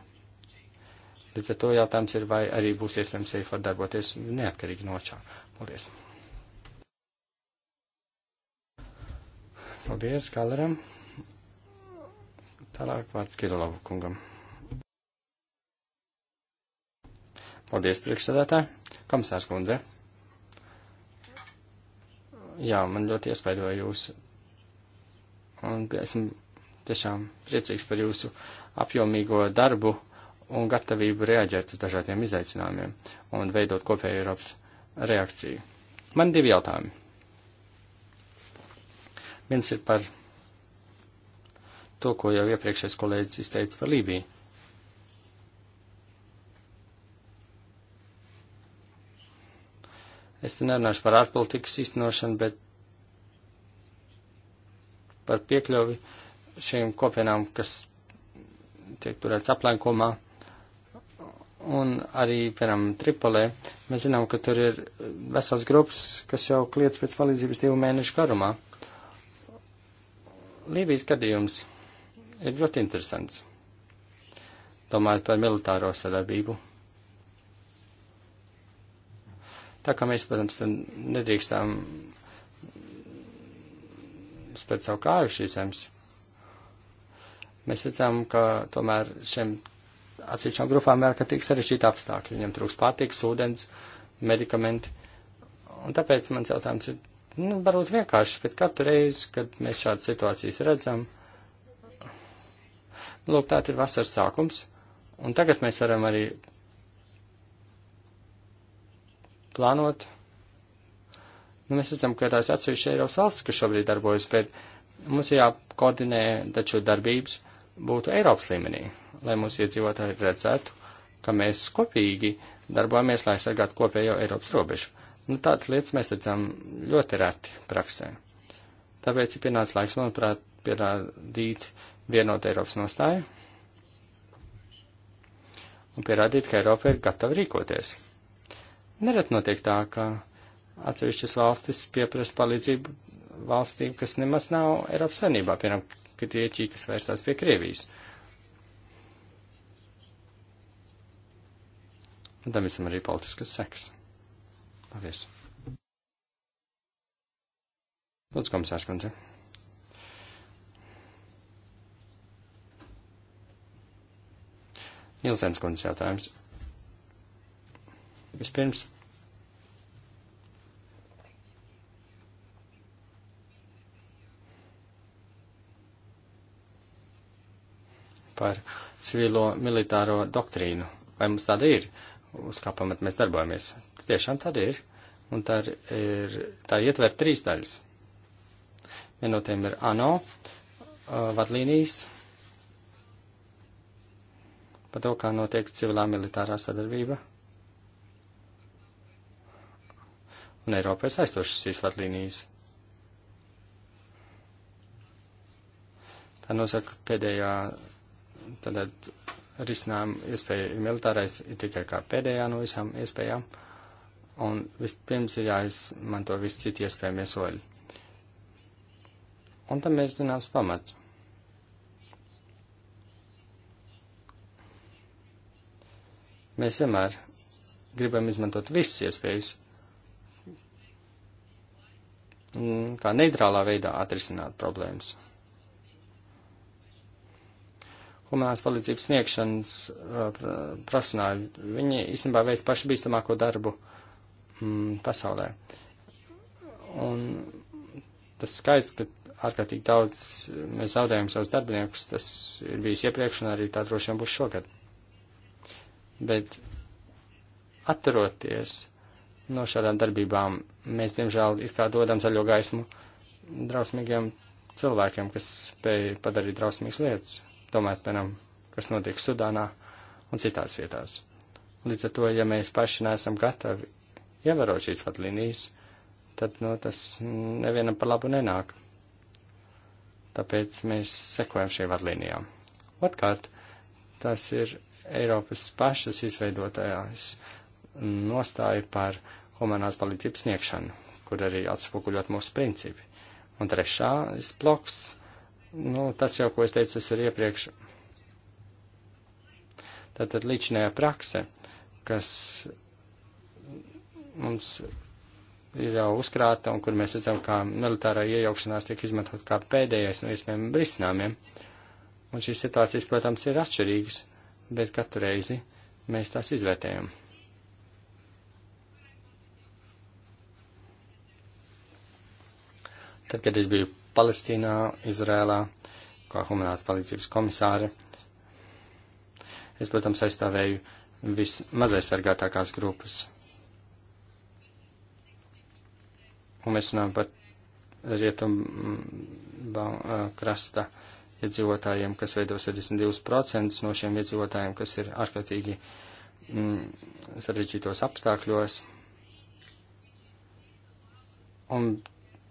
Līdz ar to jautājums ir, vai arī būs iespējams Seifot darboties neatkarīgi no očā. Paldies. Paldies, Kaleram. Tālāk vārds Kirilovu kungam. Paldies, priekšsēdētāji. Komisārs kundze. Jā, man ļoti iespaidoja jūs. Un esmu tiešām priecīgs par jūsu apjomīgo darbu un gatavību reaģēt uz dažādiem izaicinājumiem un veidot kopēju Eiropas reakciju. Man divi jautājumi. Viens ir par to, ko jau iepriekšējais kolēģis izteica par Lībiju. Es te nerunāšu par ārpolitikas īstenošanu, bet par piekļuvi šīm kopienām, kas tiek turēts aplēkumā. Un arī, piemēram, Tripolē, mēs zinām, ka tur ir vesels grupas, kas jau kliedz pēc palīdzības divu mēnešu garumā. Lībijas gadījums ir ļoti interesants. Domājot par militāro sadarbību. Tā kā mēs, protams, nedrīkstām spēt savu kāju šīs zemes, mēs redzam, ka tomēr šiem atsevišķām grupām ir ārkārtīgi sarežģīti apstākļi. Viņam trūks pārtiks, ūdens, medikamenti. Un tāpēc mans jautājums ir, nu, varbūt vienkārši, bet katru reizi, kad mēs šādas situācijas redzam, Lūk, tā ir vasaras sākums, un tagad mēs varam arī plānot. Nu, mēs redzam, ka ir tās atsevišķi Eiropas valsts, kas šobrīd darbojas, bet mums jākoordinē taču darbības būtu Eiropas līmenī, lai mūsu iedzīvotāji redzētu, ka mēs kopīgi darbojamies, lai sargātu kopējo Eiropas robežu. Nu, tādas lietas mēs redzam ļoti reti praksē. Tāpēc ir pienācis laiks, manuprāt, pierādīt, vienot Eiropas nostāju un pierādīt, ka Eiropa ir gatava rīkoties. Nerad notiek tā, ka atsevišķas valstis pieprasa palīdzību valstīm, kas nemaz nav Eiropas saimnībā, piemēram, Grieķija, kas vērstās pie Krievijas. Un tam visam arī politiskas seks. Paldies. Lūdzu, komisārs kundze. Ilzēns kundzes jautājums. Vispirms. Par civilo militāro doktrīnu. Vai mums tāda ir? Uz kā pamat mēs darbojamies? Tiešām tāda ir. Un tā, ir, tā ietver trīs daļas. Viena no tiem ir ANO uh, vadlīnijas, par to, kā notiek civilā militārā sadarbība. Un Eiropā ir saistošas šīs vadlīnijas. Tā nosaka pēdējā, tad risinājuma iespēja militārais ir tikai kā pēdējā no visām iespējām, un vispirms ir jāizmanto visi citi iespējamie soļi. Un tam ir zināms pamats. Mēs vienmēr gribam izmantot visas iespējas, kā neitrālā veidā atrisināt problēmas. Humanās palīdzības sniegšanas uh, profesionāļi, viņi īstenībā veic pašu bīstamāko darbu mm, pasaulē. Un tas skaits, ka ārkārtīgi daudz mēs zaudējam savus darbiniekus, tas ir bijis iepriekš un arī tā droši vien būs šogad bet atturoties no šādām darbībām, mēs, diemžēl, it kā dodam zaļo gaismu drausmīgiem cilvēkiem, kas spēj padarīt drausmīgas lietas, domājot, piemēram, kas notiek Sudānā un citās vietās. Līdz ar to, ja mēs paši neesam gatavi ievērot šīs vadlīnijas, tad, nu, tas nevienam par labu nenāk. Tāpēc mēs sekojam šīm vadlīnijām. Otkārt, tas ir Eiropas pašas izveidotājās nostāja par humanās palīdzības sniegšanu, kur arī atspoguļot mūsu principi. Un trešais bloks, nu, tas jau, ko es teicu, tas ir iepriekš. Tātad līdzinējā prakse, kas mums ir jau uzkrāta un kur mēs redzam, kā militārā iejaukšanās tiek izmantot kā pēdējais no iespējamiem risinājumiem. Un šīs situācijas, protams, ir atšķirīgas. Uh, bet katru reizi mēs tās izvērtējam. Tad, kad es biju Palestīnā, Izrēlā, kā humanās palīdzības komisāre, es, protams, aizstāvēju vismazaisargātākās grupas. Un mēs runājam par rietumu eh, krasta uh, iedzīvotājiem, kas veido 72% no šiem iedzīvotājiem, kas ir ārkārtīgi mm, sarežģītos apstākļos. Un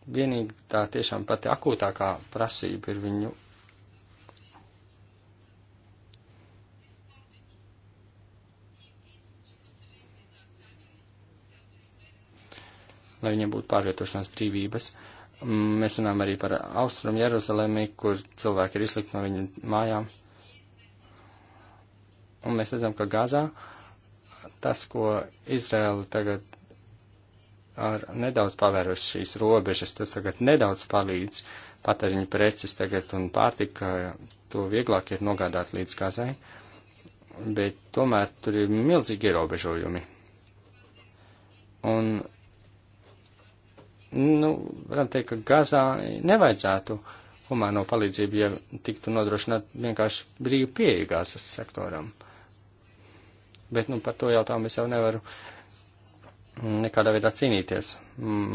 vienīgi tā tiešām pati akūtākā prasība ir viņu. Lai viņiem būtu pārvietošanās brīvības. Mēs runājam arī par Austrumu Jeruzalemi, kur cilvēki ir izlikti no viņu mājām. Un mēs redzam, ka Gazā tas, ko Izraela tagad ar nedaudz pavēruši šīs robežas, tas tagad nedaudz palīdz patēriņu preces tagad un pārtika, to vieglāk ir nogādāt līdz Gazai, bet tomēr tur ir milzīgi ierobežojumi. Un nu, varam teikt, ka Gazā nevajadzētu humāno palīdzību, ja tiktu nodrošināt vienkārši brīvu pieeju Gazas sektoram. Bet, nu, par to jautājumu es jau nevaru nekādā veidā cīnīties.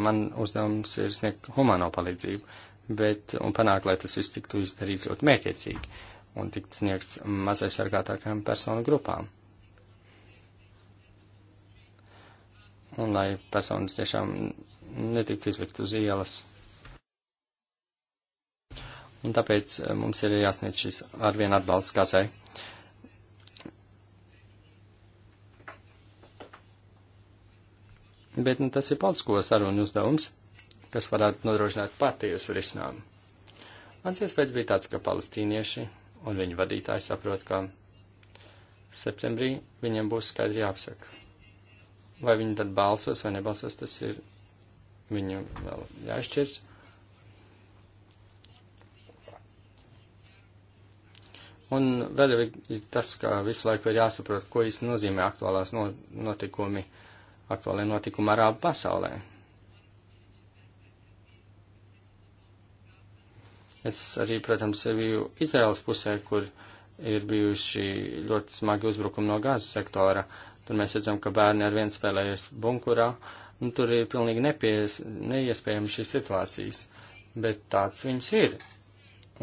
Man uzdevums ir sniegt humāno palīdzību, bet, un panākt, lai tas viss tiktu izdarīts ļoti mētiecīgi un tikt sniegts mazai sargātākajām personu grupām. Un lai personas tiešām netikt izlikt uz ielas. Un tāpēc eh, mums ir jāsniedz šis arvien atbalsts Gazai. Bet nu, tas ir politisko sarunu uzdevums, kas varētu nodrošināt patiesu risinājumu. Mans iespējas bija tāds, ka palestīnieši un viņu vadītāji saprot, ka septembrī viņiem būs skaidri jāapsaka. Vai viņi tad balsos vai nebalsos, tas ir Viņu vēl jāšķirs. Un vēl ir tas, ka visu laiku ir jāsaprot, ko īsti nozīmē aktuālās notikumi, aktuālajā notikuma arābu pasaulē. Es arī, protams, biju Izraels pusē, kur ir bijuši ļoti smagi uzbrukumi no gāzes sektora. Tur mēs redzam, ka bērni ar vienu spēlējas bunkurā, uh, Un tur ir pilnīgi nepies, neiespējami šīs situācijas, bet tāds viņas ir.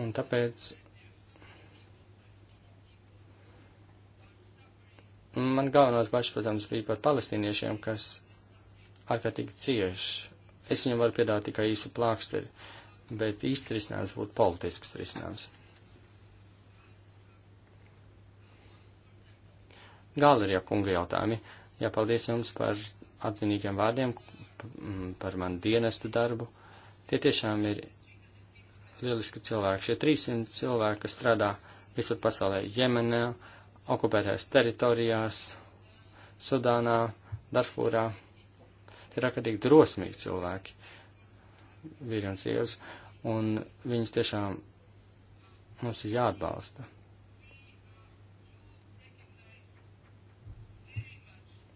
Un tāpēc man galvenās bažas, protams, bija par palestīniešiem, kas ārkārtīgi cieši. Es viņam varu piedāvāt tikai īsu plāksteri, bet īsti risinājums būtu politisks risinājums. Galerijā kunga jautājumi. Jā, paldies jums par atzinīgiem vārdiem par manu dienestu darbu. Tie tiešām ir lieliski cilvēki. Šie 300 cilvēki, kas strādā visur pasaulē - Jemenē, okupētajās teritorijās, Sudānā, Darfūrā. Tie ir akadīgi drosmīgi cilvēki, vīri un sievas, un viņus tiešām mums ir jāatbalsta.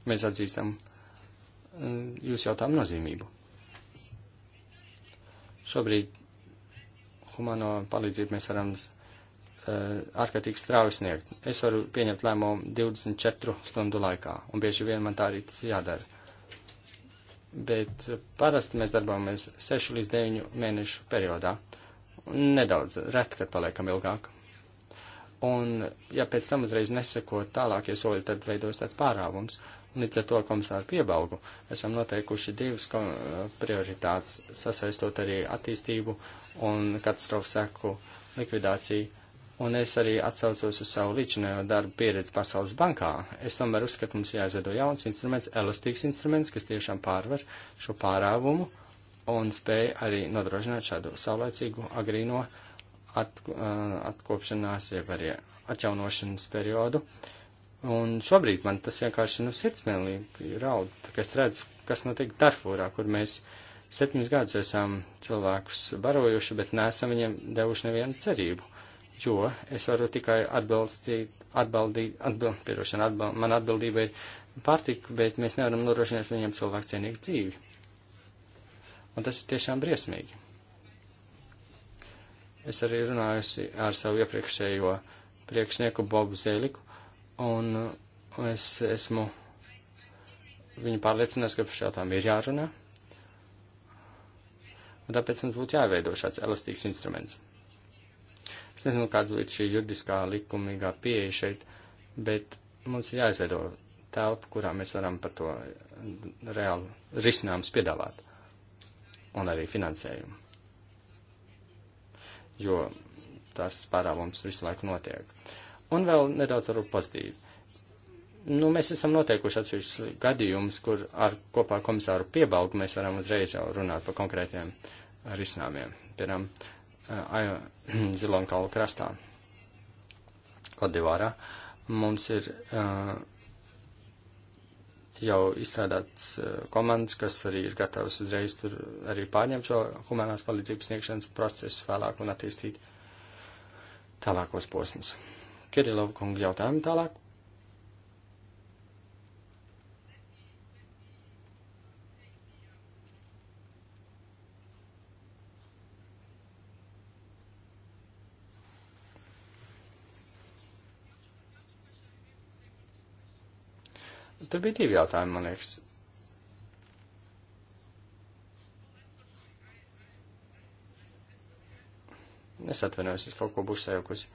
Mēs atzīstam Eh, jūs jautājumu nozīmību. Šobrīd humano palīdzību mēs varam uh, ārkārtīgi strauji sniegt. Es varu pieņemt lēmumu 24 stundu laikā, un bieži vien man tā arī tas jādara. Bet parasti mēs darbojamies 6 līdz 9 mēnešu periodā. Nedaudz, ret, kad paliekam ilgāk. Un, ja pēc tam uzreiz nesakot tālākie ja soļi, tad veidos tāds pārāvums. Un līdz ar to komisāru piebalgu esam noteikuši divas prioritātes, sasaistot arī attīstību un katastrofu seku likvidāciju. Un es arī atsaucos uz savu līdzinējo darbu pieredzi Pasaules bankā. Es tomēr uzskatu, mums jāizveido jauns instruments, elastīgs instruments, kas tiešām pārvar šo pārāvumu un spēj arī nodrošināt šādu saulēcīgu agrīno uh, at, uh, atkopšanās, jeb arī atjaunošanas periodu. Un šobrīd man tas vienkārši nu, sirdsmēlīgi raud, ka es redzu, kas notiek Darfūrā, kur mēs septiņus gadus esam cilvēkus barojuši, bet neesam viņiem devuši nevienu cerību. Jo es varu tikai atbalstīt, atbaldīt, atbild, pierošana, atbild, man atbildība ir pārtika, bet mēs nevaram nodrošināt viņiem cilvēku cienīgu dzīvi. Un tas ir tiešām briesmīgi. Es arī runājusi ar savu iepriekšējo priekšnieku Bobu Zeliku, un es esmu viņu pārliecināts, ka par šādām ir jārunā. Un tāpēc mums būtu jāveido šāds elastīgs instruments. Es nezinu, kāda būtu šī juridiskā likumīgā pieeja šeit, bet mums ir jāizveido telpa, kurā mēs varam par to reāli risinājums piedāvāt. Un arī finansējumu jo tas pārāvums visu laiku notiek. Un vēl nedaudz varu pozitīvi. Nu, mēs esam noteikuši atsevišķus gadījumus, kur ar kopā komisāru piebalgu mēs varam uzreiz jau runāt par konkrētiem risinājumiem, piemēram, eh, Ziloņkalu krastā, Kodivārā. Mums ir uh, jau izstrādāts eh, komandas, kas arī ir gatavs uzreiz tur arī pārņemt šo humanās palīdzības sniegšanas procesu vēlāk un attīstīt tālākos posmus. Kirilov kungu jautājumu tālāk. Tur bija divi jautājumi, man liekas. Es atvainojos, es kaut ko būšu sajaukusi.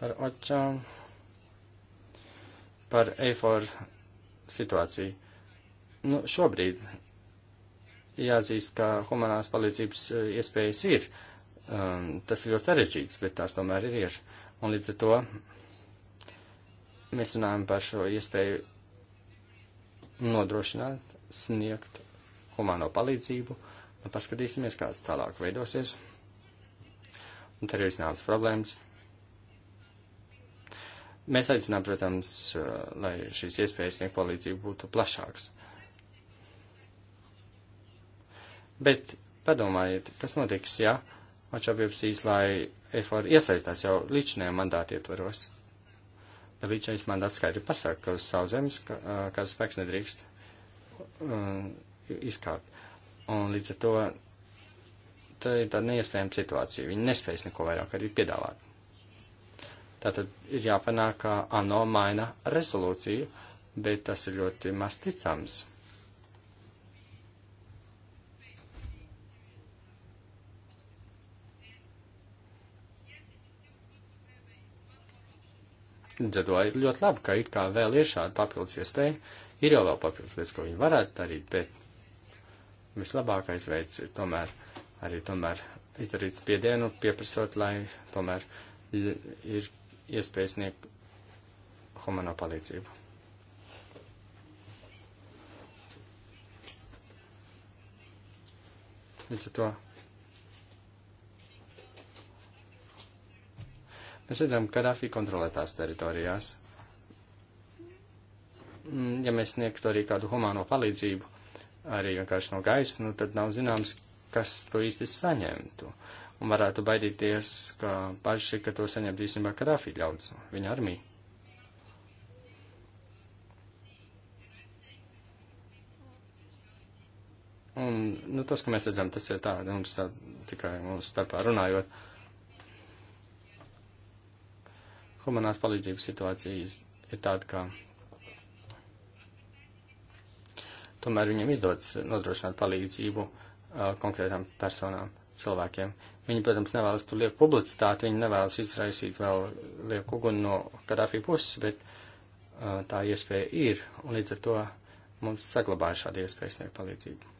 Par očām, par eifor situāciju. Nu, šobrīd jāatzīst, ka humanās palīdzības eh, iespējas ir. Um, tas ir ļoti sarežģīts, bet tās tomēr ir ir. Un līdz ar to mēs runājam par šo iespēju nodrošināt, sniegt humano palīdzību. Nu, paskatīsimies, kāds tālāk veidosies. Un te ir iznāks problēmas. Mēs aicinām, protams, eh, lai šīs iespējas sniegt palīdzību būtu plašāks. Uh, Bet padomājiet, kas notiks, ja atšķirības īslai EFOR iesaistās jau līdšanajā mandāti ietvaros. Bet līdšanais mandāts skaidri pasaka, ka uz savu zemes kāds spēks nedrīkst um, izkārt. Un līdz ar to tā ir tāda neiespējama situācija. Viņi nespējas neko vairāk arī piedāvāt. Tātad ir jāpanāk, ka ANO maina rezolūciju, bet tas ir ļoti maz ticams. Līdz ar to ir ļoti labi, ka it kā vēl ir šāda papildus iespēja, ir jau vēl papildus lietas, ko viņi varētu darīt, bet vislabākais veids ir tomēr arī tomēr izdarīt spiedienu, pieprasot, lai tomēr ir iespēja sniegt humano palīdzību. Līdz ar to Mēs redzam, ka Rafī kontrolē tās teritorijās. Mm, ja mēs sniegtu arī kādu humāno palīdzību, arī vienkārši no gaisa, nu tad nav zināms, kas to īsti saņemtu. Un varētu baidīties, ka paši, ka to saņemt īstenībā Karafī ļauts, viņa armija. Un, nu, tas, ko mēs redzam, tas ir tā, mums nu, tā, tikai mums starpā runājot. Uh, humanās palīdzības situācijas ir tāda, ka tomēr viņam izdodas nodrošināt palīdzību uh, konkrētām personām, cilvēkiem. Viņi, protams, nevēlas tur lieku publicitāti, viņi nevēlas izraisīt vēl lieku uguni no Kadāfī puses, bet uh, tā iespēja ir, un līdz ar to mums saglabāja šāda iespēja sniegt palīdzību.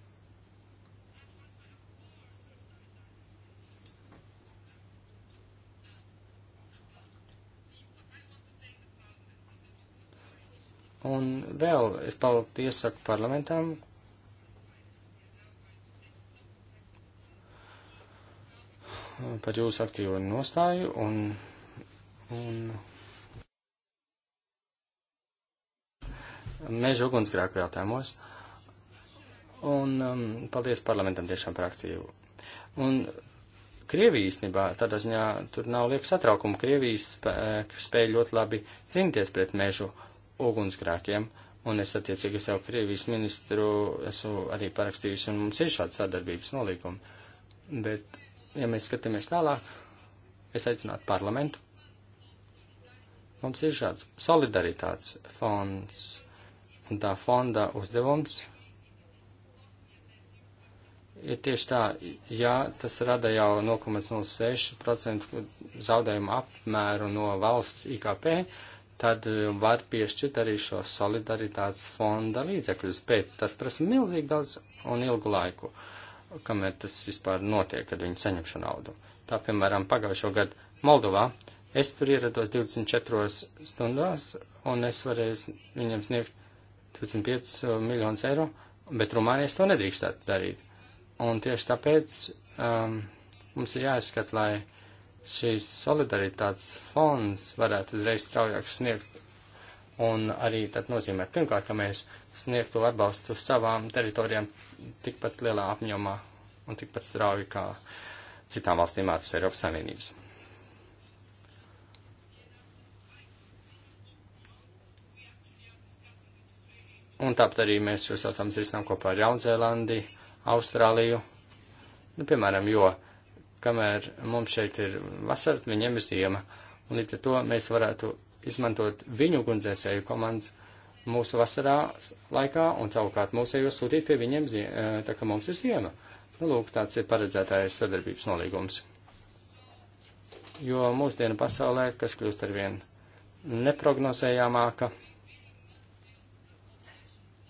Un vēl es paldies saku parlamentam. par jūsu aktīvo nostāju un, un meža ugunsgrēku jautājumos. Un um, paldies parlamentam tiešām par aktīvu. Un Krievija īstenībā tādā ziņā tur nav liekas satraukuma. Krievijas spēja ļoti labi cīnīties pret mežu ugunsgrēkiem, un es attiecīgi sev Krievijas ministru esmu arī parakstījusi, un mums ir šāds sadarbības nolīgumi. Bet, ja mēs skatāmies tālāk, es aicinātu parlamentu. Mums ir šāds solidaritātes fonds, un tā fonda uzdevums ir tieši tā, ja tas rada jau 0,06% zaudējumu apmēru no valsts IKP, tad um, var piešķirt arī šo solidaritātes fonda līdzekļus, bet tas prasa milzīgi daudz un ilgu laiku, kamēr tas vispār notiek, kad viņi saņem šo naudu. Tā, piemēram, pagājušo gadu Moldovā es tur ierados 24 stundās, un es varēju viņam sniegt 25 uh, miljonus eiro, bet Rumānijas to nedrīkstētu darīt. Un tieši tāpēc um, mums ir jāizskat, lai šīs solidaritātes fonds varētu uzreiz straujāk sniegt un arī tad nozīmē pirmkārt, ka mēs sniegtu atbalstu savām teritorijām tikpat lielā apņomā un tikpat strauji kā citām valstīm ārpus Eiropas Savienības. Un tāpat arī mēs šos jautājumus risinām kopā ar Jaunzēlandi, Austrāliju, nu, piemēram, jo kamēr mums šeit ir vasara, viņiem ir ziema. Un līdz ar to mēs varētu izmantot viņu ugunsdzēsēju komandas mūsu vasarā laikā un savukārt mūsējos sūtīt pie viņiem, tā kā mums ir ziema. Nu, lūk, tāds ir paredzētājs sadarbības nolīgums. Jo mūsdienu pasaulē, kas kļūst arvien neprognozējāmāka,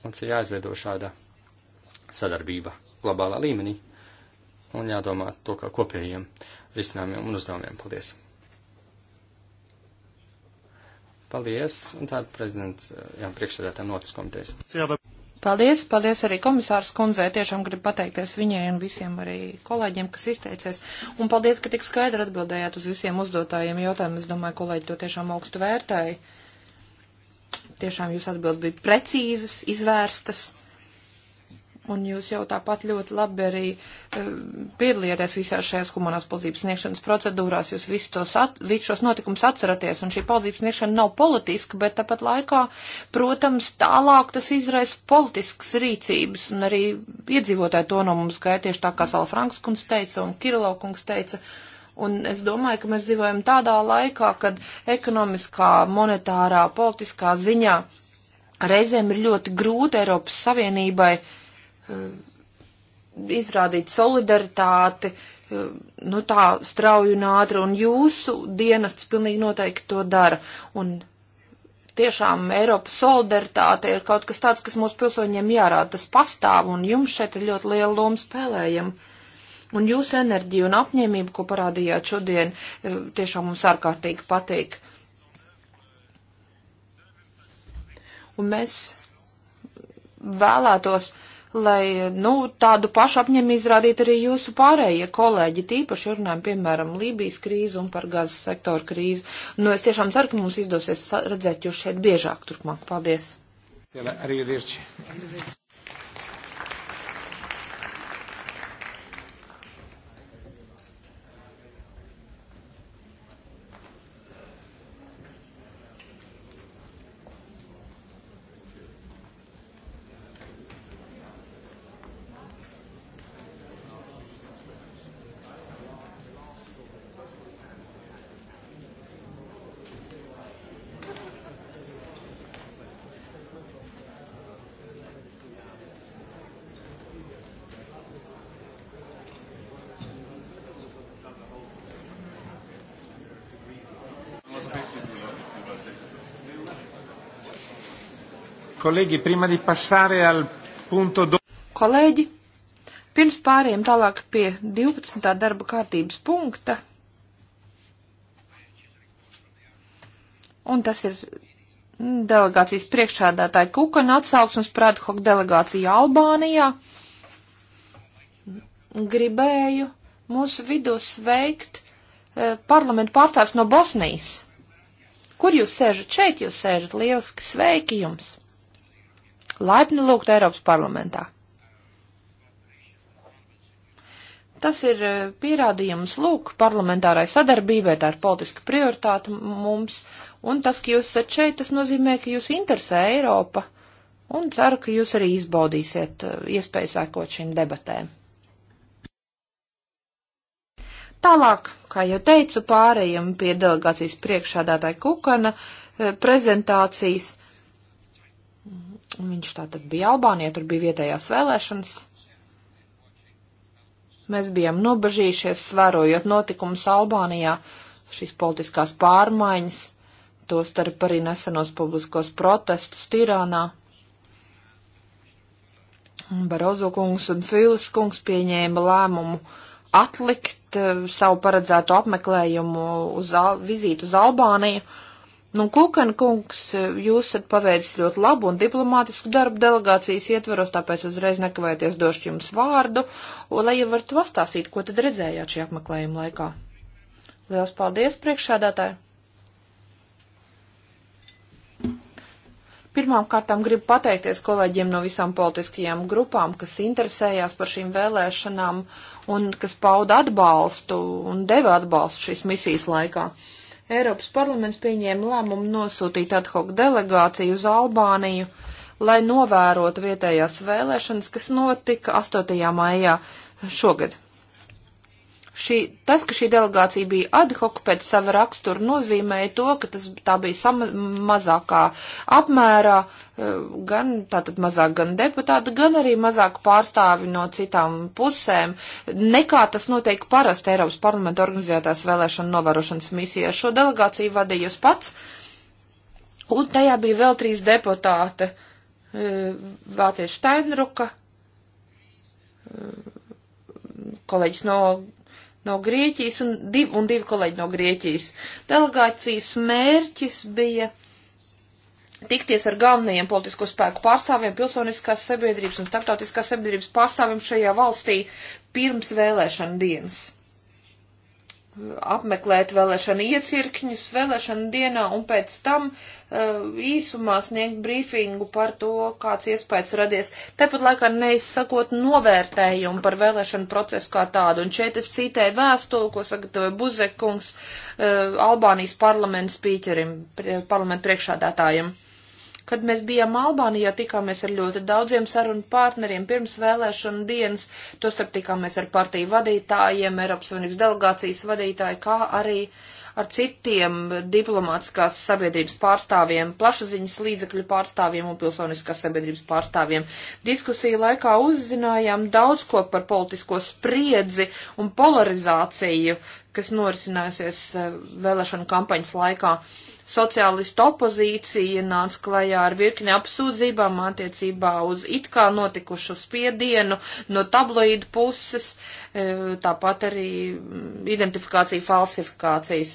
mums ir jāizveido šāda sadarbība globālā līmenī un jādomā to kā kopējiem risinājumiem un uzdevumiem. Paldies! Paldies, un tāda prezidents, eh, jā, priekšsēdētājiem notis komitejas. Paldies, paldies arī komisārs kundzei, tiešām gribu pateikties viņai un visiem arī kolēģiem, kas izteicies, un paldies, ka tik skaidri atbildējāt uz visiem uzdotājiem jautājumiem, es domāju, kolēģi to tiešām augstu vērtēja. Tiešām jūs atbild bija precīzas, izvērstas Un jūs jau tāpat ļoti labi arī eh, piedalījāties visās šajās humanās palīdzības sniegšanas procedūrās, jūs visus tos at, visu šos notikumus atceraties, un šī palīdzības sniegšana nav politiska, bet tāpat laikā, protams, tālāk tas izraisa politiskas rīcības, un arī iedzīvotāji to no mums gāja tieši tā, kā Salafranks kungs teica un Kirilov kungs teica. Un es domāju, ka mēs dzīvojam tādā laikā, kad ekonomiskā, monetārā, politiskā ziņā reizēm ir ļoti grūti Eiropas Savienībai uh, Um, izrādīt solidaritāti, um, nu tā strauju un ātri, un jūsu dienests pilnīgi noteikti to dara. Un tiešām Eiropas solidaritāte ir kaut kas tāds, kas mūsu pilsoņiem jārāda. Tas pastāv, un jums šeit ir ļoti liela loma spēlējama. Un jūsu enerģija un apņēmība, ko parādījāt šodien, um, tiešām mums ārkārtīgi patīk. Un mēs vēlētos lai, nu, tādu pašu apņem izrādīt arī jūsu pārējie kolēģi, tīpaši runājam, piemēram, Lībijas krīzi un par gazas sektoru krīzi. Nu, es tiešām ceru, ka mums izdosies redzēt jūs šeit biežāk turpmāk. Paldies! Arī rieči. Kolēģi, prima di passare al punto do... Kolēģi, pirms pāriem tālāk pie 12. darba kārtības punkta. Un tas ir mm, delegācijas priekšādātāja Kukana atsauksmes prāta hok delegācija Albānijā. Gribēju mūsu vidū sveikt eh, parlamentu pārstāvs no Bosnijas. Kur jūs sēžat? Šeit jūs sēžat. Lieliski sveiki jums! laipni lūgt Eiropas parlamentā. Tas ir eh, pierādījums lūk parlamentārai sadarbībai, tā ir politiska prioritāte mums, un tas, ka jūs esat šeit, tas nozīmē, ka jūs interesē Eiropa, un ceru, ka jūs arī izbaudīsiet eh, iespēju sēkot šīm debatēm. Tālāk, kā jau teicu, pārējiem pie delegācijas priekšādātāja Kukana eh, prezentācijas Un viņš tā tad bija Albānijā, tur bija vietējās vēlēšanas. Mēs bijām nobežījušies, svērojot notikumus Albānijā, šīs politiskās pārmaiņas, to starp arī nesenos publiskos protestus Tirānā. Barozo kungs un Fīlis kungs pieņēma lēmumu atlikt eh, savu paredzēto apmeklējumu uz vizītu uz Albāniju Nu, Kukan kungs, jūs esat paveicis ļoti labu un diplomātisku darbu delegācijas ietveros, tāpēc uzreiz nekavēties došu jums vārdu, un, lai jau varat pastāstīt, ko tad redzējāt šī apmeklējuma laikā. Liels paldies, priekšsēdētāji! Pirmām kārtām gribu pateikties kolēģiem no visām politiskajām grupām, kas interesējās par šīm vēlēšanām un kas pauda atbalstu un deva atbalstu šīs misijas laikā. Eiropas parlaments pieņēma lēmumu nosūtīt ad hoc delegāciju uz Albāniju, lai novērotu vietējās vēlēšanas, kas notika 8. maijā šogad. Šī, tas, ka šī delegācija bija ad hoc pēc sava rakstura, nozīmēja to, ka tas tā bija sama, mazākā apmērā, eh, gan tātad mazāk gan deputāti, gan arī mazāk pārstāvi no citām pusēm, nekā tas notiek parasti Eiropas parlamenta organizētās vēlēšana novērošanas misijā. Šo delegāciju vadīja jūs pats, un tajā bija vēl trīs deputāti. Eh, Vācieši Steinruka, eh, kolēģis no no Grieķijas un, div, un divi kolēģi no Grieķijas. Delegācijas mērķis bija tikties ar galvenajiem politisko spēku pārstāvjiem, pilsoniskās sabiedrības un starptautiskās sabiedrības pārstāvjiem šajā valstī pirms vēlēšana dienas apmeklēt vēlēšana iecirkņus vēlēšana dienā un pēc tam uh, īsumā sniegt brīfingu par to, kāds iespējas radies. Tāpat laikā neizsakot novērtējumu par vēlēšanu procesu kā tādu. Un šeit es citēju vēstuli, ko sagatavoja Buzekungs uh, Albānijas parlaments pīķerim, parlamentu priekšādātājiem. Uh, Kad mēs bijām Albānijā, tikāmies ar ļoti daudziem sarunu partneriem pirms vēlēšanu dienas, tostarp tikāmies ar partiju vadītājiem, Eiropas Savienības delegācijas vadītāju, kā arī ar citiem diplomātiskās sabiedrības pārstāvjiem, plašsaziņas līdzekļu pārstāvjiem un pilsoniskās sabiedrības pārstāvjiem. Diskusiju laikā uzzinājām daudz ko par politisko spriedzi un polarizāciju, kas norisinājusies eh, vēlēšanu kampaņas laikā. Uh, sociālistu opozīcija nāca klajā ar virkni apsūdzībām attiecībā uz it kā notikušu spiedienu no tabloīdu puses, e, tāpat arī mm, identifikācija falsifikācijas.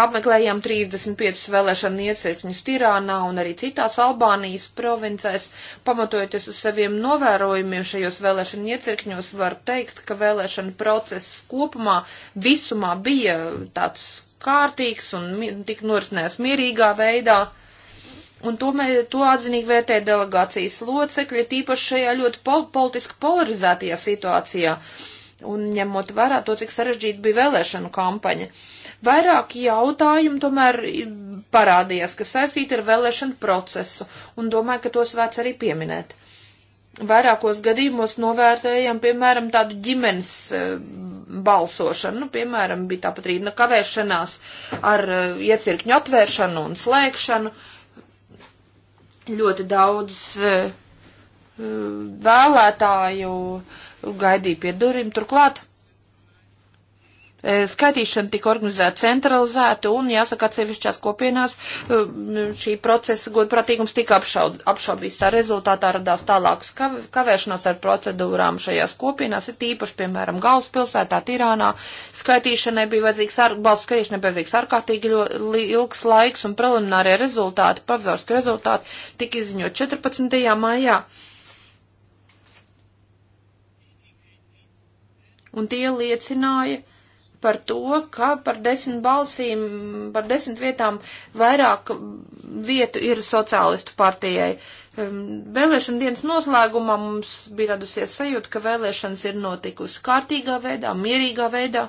Apmeklējām 35 vēlēšanu iecirkņus Tirānā un arī citās Albānijas provincēs. Pamatojoties uz saviem novērojumiem šajos vēlēšanu iecirkņos, var teikt, ka vēlēšana process kopumā visumā bija tāds kārtīgs un tik norisinājās mierīgā veidā. Un to, mē, to atzinīgi vērtē delegācijas locekļi, tīpaši šajā ļoti pol politiski polarizētajā situācijā. Un ņemot vērā to, cik sarežģīta bija vēlēšanu kampaņa. Vairāki jautājumi tomēr parādījās, kas saistīti ar vēlēšanu procesu, un domāju, ka tos vērts arī pieminēt. Uh, vairākos gadījumos novērtējam, piemēram, tādu ģimenes eh, balsošanu, nu, piemēram, bija tāpat arī nekavēšanās nu, ar eh, iecirkņu atvēršanu un slēgšanu. Ļoti daudz eh, vēlētāju gaidīja pie durvīm. Turklāt E, skaitīšana tika organizēta centralizēta un, jāsaka, atsevišķās kopienās e, šī procesa godprātīgums tika apšaubīts. Tā rezultātā radās tālākas kavēšanās ar procedūrām šajās kopienās, ir tīpaši, piemēram, galvaspilsētā, Tirānā. Skaitīšanai bija vajadzīgs, ar, balsu skaitīšanai bija vajadzīgs ārkārtīgi ilgs laiks un preliminārie rezultāti, pavzorski rezultāti tika izziņot 14. maijā. Un tie liecināja, par to, ka par desmit balsīm, par desmit vietām vairāk vietu ir sociālistu partijai. Um, vēlēšana dienas noslēgumā mums bija radusies sajūta, ka vēlēšanas ir notikusi kārtīgā veidā, mierīgā veidā.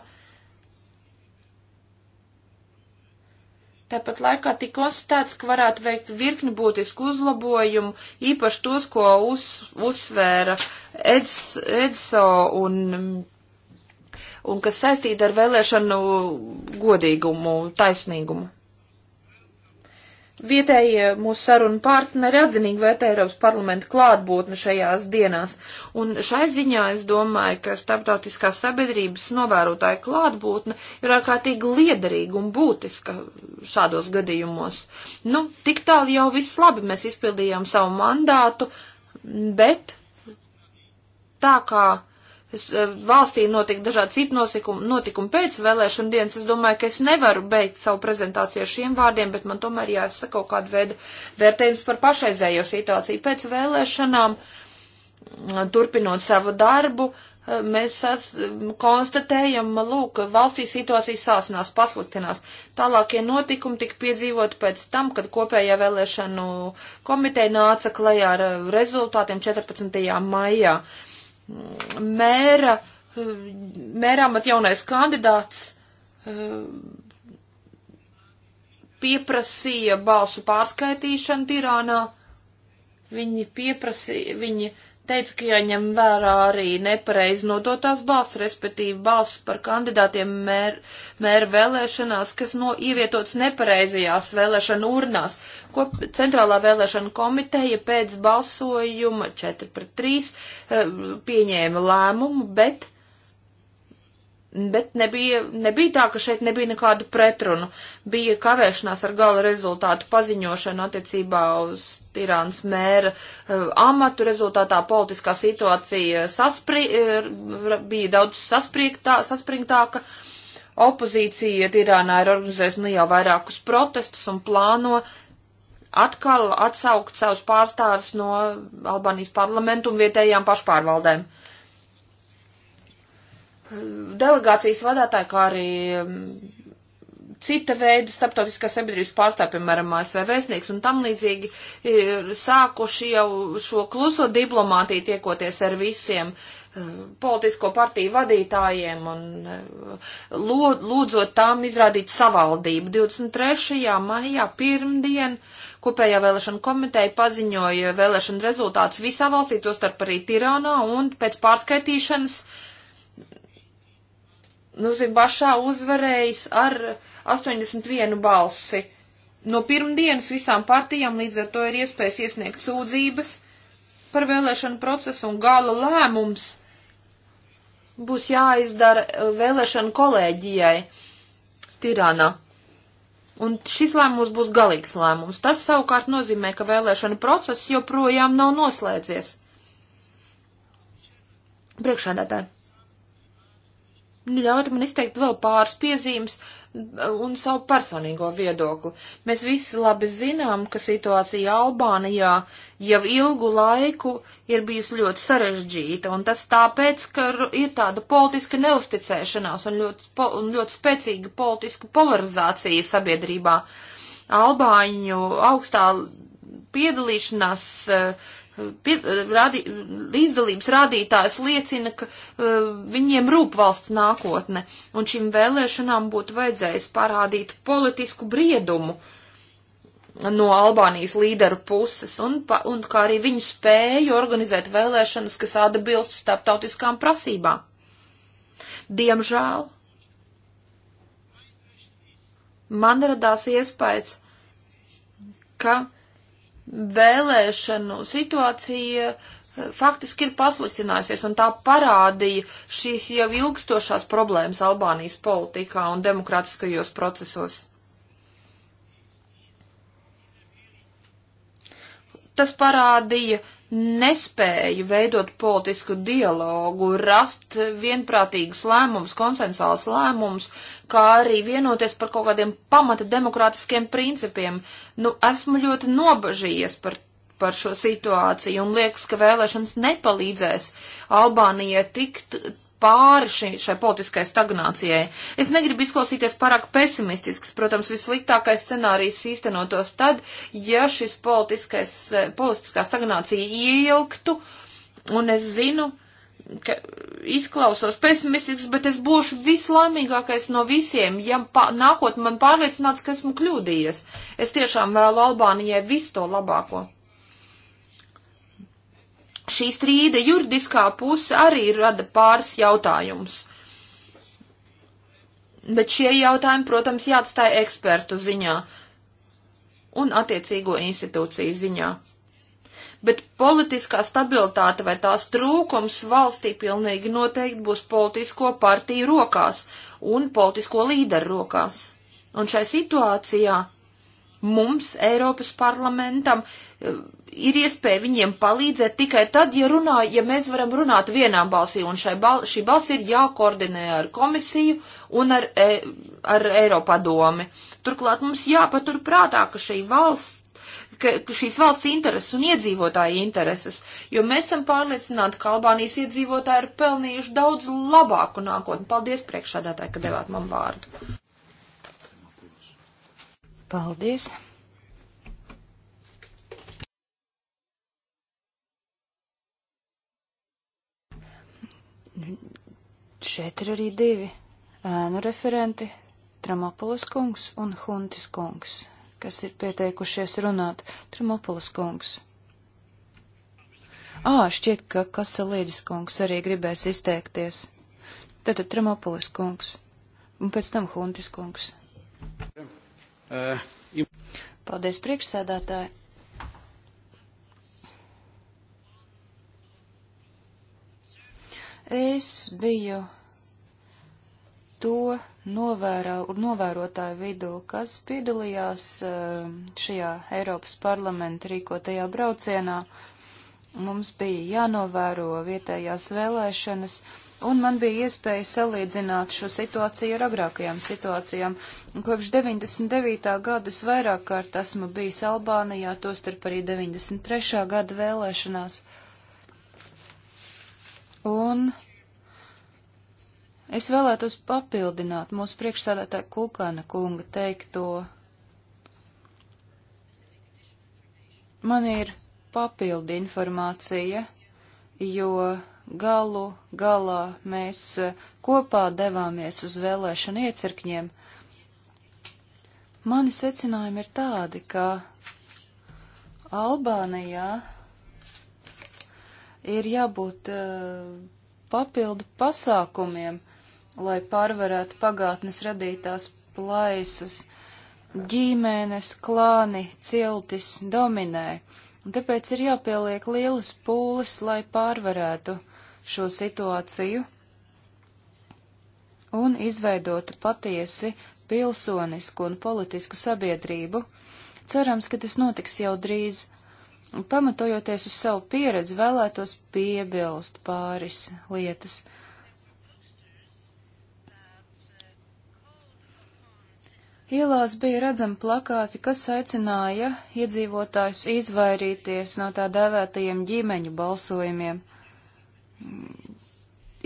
Tāpat laikā tika konstatēts, ka varētu veikt virkni būtisku uzlabojumu, īpaši tos, ko uz, uzsvēra Edso un um, un kas saistīta ar vēlēšanu godīgumu, taisnīgumu. Vietējie mūsu sarunu partneri atzinīgi vērtē Eiropas parlamenta klātbūtni šajās dienās, un šai ziņā es domāju, ka starptautiskās sabiedrības novērotāja klātbūtne ir ārkārtīgi liederīga un būtiska šādos gadījumos. Nu, tik tālu jau viss labi, mēs izpildījām savu mandātu, bet tā kā Eh, valstī notika dažādi citi notikumi, notikumi pēc vēlēšana dienas. Es domāju, ka es nevaru beigt savu prezentāciju ar šiem vārdiem, bet man tomēr jāsaka kaut kāda veida vērtējums par pašreizējo situāciju. Pēc vēlēšanām, mm, turpinot savu darbu, eh, mēs es, mm, konstatējam, lūk, valstī situācija sāsinās, pasliktinās. Tālākie notikumi tika piedzīvot pēc tam, kad kopējā vēlēšanu komiteja nāca klajā ar eh, rezultātiem 14. maijā. Uh, mēra, mērām at jaunais kandidāts eh, pieprasīja balsu pārskaitīšanu Tirānā. Viņi pieprasīja, viņi teica, ka jāņem vērā arī nepareiz nodotās balss, respektīvi balss par kandidātiem mēra, mēra vēlēšanās, kas no ievietots nepareizajās vēlēšana urnās, ko Centrālā vēlēšana komiteja pēc balsojuma 4 pret 3 eh, pieņēma lēmumu, bet Bet nebija, nebija tā, ka šeit nebija nekādu pretrunu. Bija kavēšanās ar gala rezultātu paziņošanu attiecībā uz Irānas mēra eh, amatu. Rezultātā politiskā situācija saspri, eh, bija daudz saspringtā, saspringtāka. Opozīcija Irānā ir organizējusi nu jau vairākus protestus un plāno atkal atsaukt savus pārstāvis no Albānijas parlamentu un vietējām pašpārvaldēm delegācijas vadītāji, kā arī mm, cita veida starptautiskās sabiedrības pārstāvji, piemēram, ASV vēstnieks un tam līdzīgi, ir e, sākuši jau šo kluso diplomātiju tiekoties ar visiem e, politisko partiju vadītājiem un e, lūdzot tām izrādīt savaldību. 23. maijā pirmdien kopējā vēlēšana komiteja paziņoja vēlēšana rezultātus visā valstī, tostarp arī Tirānā, un pēc pārskaitīšanas uh, nu, Zimbašā uzvarējis ar 81 balsi. No pirmdienas visām partijām līdz ar to ir iespējas iesniegt sūdzības par vēlēšanu procesu un gala lēmums būs jāizdara eh, vēlēšanu kolēģijai Tirānā. Un šis lēmums būs galīgs lēmums. Tas savukārt nozīmē, ka vēlēšana process joprojām nav noslēdzies. Priekšādātāji. Ļaujiet man izteikt vēl pāris piezīmes e, un savu personīgo viedokli. Mēs visi labi zinām, ka situācija Albānijā jau ilgu laiku ir bijusi ļoti sarežģīta, un tas tāpēc, ka ir tāda politiska neusticēšanās un ļoti, un ļoti spēcīga politiska polarizācija sabiedrībā. Albāņu augstā piedalīšanās uh, pie, radi, līdzdalības rādītājs liecina, ka uh, viņiem rūp valsts nākotne, un šīm vēlēšanām būtu vajadzējis parādīt politisku briedumu no Albānijas līderu puses, un, pa, un kā arī viņu spēju organizēt vēlēšanas, kas atbilst starptautiskām prasībām. Diemžēl man radās iespējas, ka vēlēšanu situācija eh, faktiski ir pasliktinājusies, un tā parādīja šīs jau ilgstošās problēmas Albānijas politikā un demokrātiskajos procesos. Tas parādīja uh, nespēju veidot politisku dialogu, rast vienprātīgus lēmumus, konsensuālus lēmumus, kā arī vienoties par kaut kādiem pamata demokrātiskiem principiem. Nu, esmu ļoti nobažījies par, par šo situāciju un liekas, ka vēlēšanas nepalīdzēs Albānijai tikt pāri šī, šai politiskai stagnācijai. Es negribu izklausīties pārāk pesimistisks, protams, vissliktākais scenārijs īstenotos tad, ja šis politiskais, eh, politiskā stagnācija ieilgtu, un es zinu, ka izklausos pesimistisks, bet es būšu vislaimīgākais no visiem, ja pā, nākot man pārliecināts, ka esmu kļūdījies. Es tiešām vēlu Albānijai visu to labāko šī strīda juridiskā puse arī rada pāris jautājumus. Bet šie jautājumi, protams, jāatstāja ekspertu ziņā un attiecīgo institūciju ziņā. Bet politiskā stabilitāte vai tās trūkums valstī pilnīgi noteikti būs politisko partiju rokās un politisko līderu rokās. Un šai situācijā mums, Eiropas parlamentam, ir iespēja viņiem palīdzēt tikai tad, ja, runā, ja mēs varam runāt vienā balsī, un bal, šī balss ir jākoordinē ar komisiju un ar, e, ar Eiropadomi. Turklāt mums jāpatur prātā, ka šī valsts ka, ka šīs valsts intereses un iedzīvotāju intereses, jo mēs esam pārliecināti, ka Albānijas iedzīvotāji ir pelnījuši daudz labāku nākotni. Paldies priekšādātāji, ka devāt man vārdu. Paldies. Šeit ir arī divi ēnu referenti - Tramopolis kungs un Huntis kungs, kas ir pieteikušies runāt. Tramopolis kungs. Ā, šķiet, ka Kasalīdis kungs arī gribēs izteikties. Tātad Tramopolis kungs un pēc tam Huntis kungs. Paldies, priekšsēdētāji! Es biju to novērā, novērotāju vidū, kas piedalījās ehm, šajā Eiropas parlamenta rīkotajā braucienā. Mums bija jānovēro vietējās vēlēšanas, un man bija iespēja salīdzināt šo situāciju ar agrākajām situācijām. Kopš 99. gada es vairāk kārt esmu bijis Albānijā, tostarp arī 93. gada vēlēšanās. Un es vēlētos papildināt mūsu priekšsādātāja Kulkāna kunga teikto. Man ir papildi informācija, jo galu galā mēs eh, kopā devāmies uz vēlēšanu iecirkņiem. Mani secinājumi ir tādi, ka Albānijā ir jābūt eh, papildu pasākumiem, lai pārvarētu pagātnes radītās plaisas. Ģimenes, klāni, ciltis dominē, un tāpēc ir jāpieliek lielas pūles, lai pārvarētu šo situāciju un izveidotu patiesi pilsonisku un politisku sabiedrību. Cerams, ka tas notiks jau drīz. Pamatojoties uz savu pieredzi, vēlētos piebilst pāris lietas. Ielās bija redzami plakāti, kas aicināja iedzīvotājus izvairīties no tā dēvētajiem ģimeņu balsojumiem.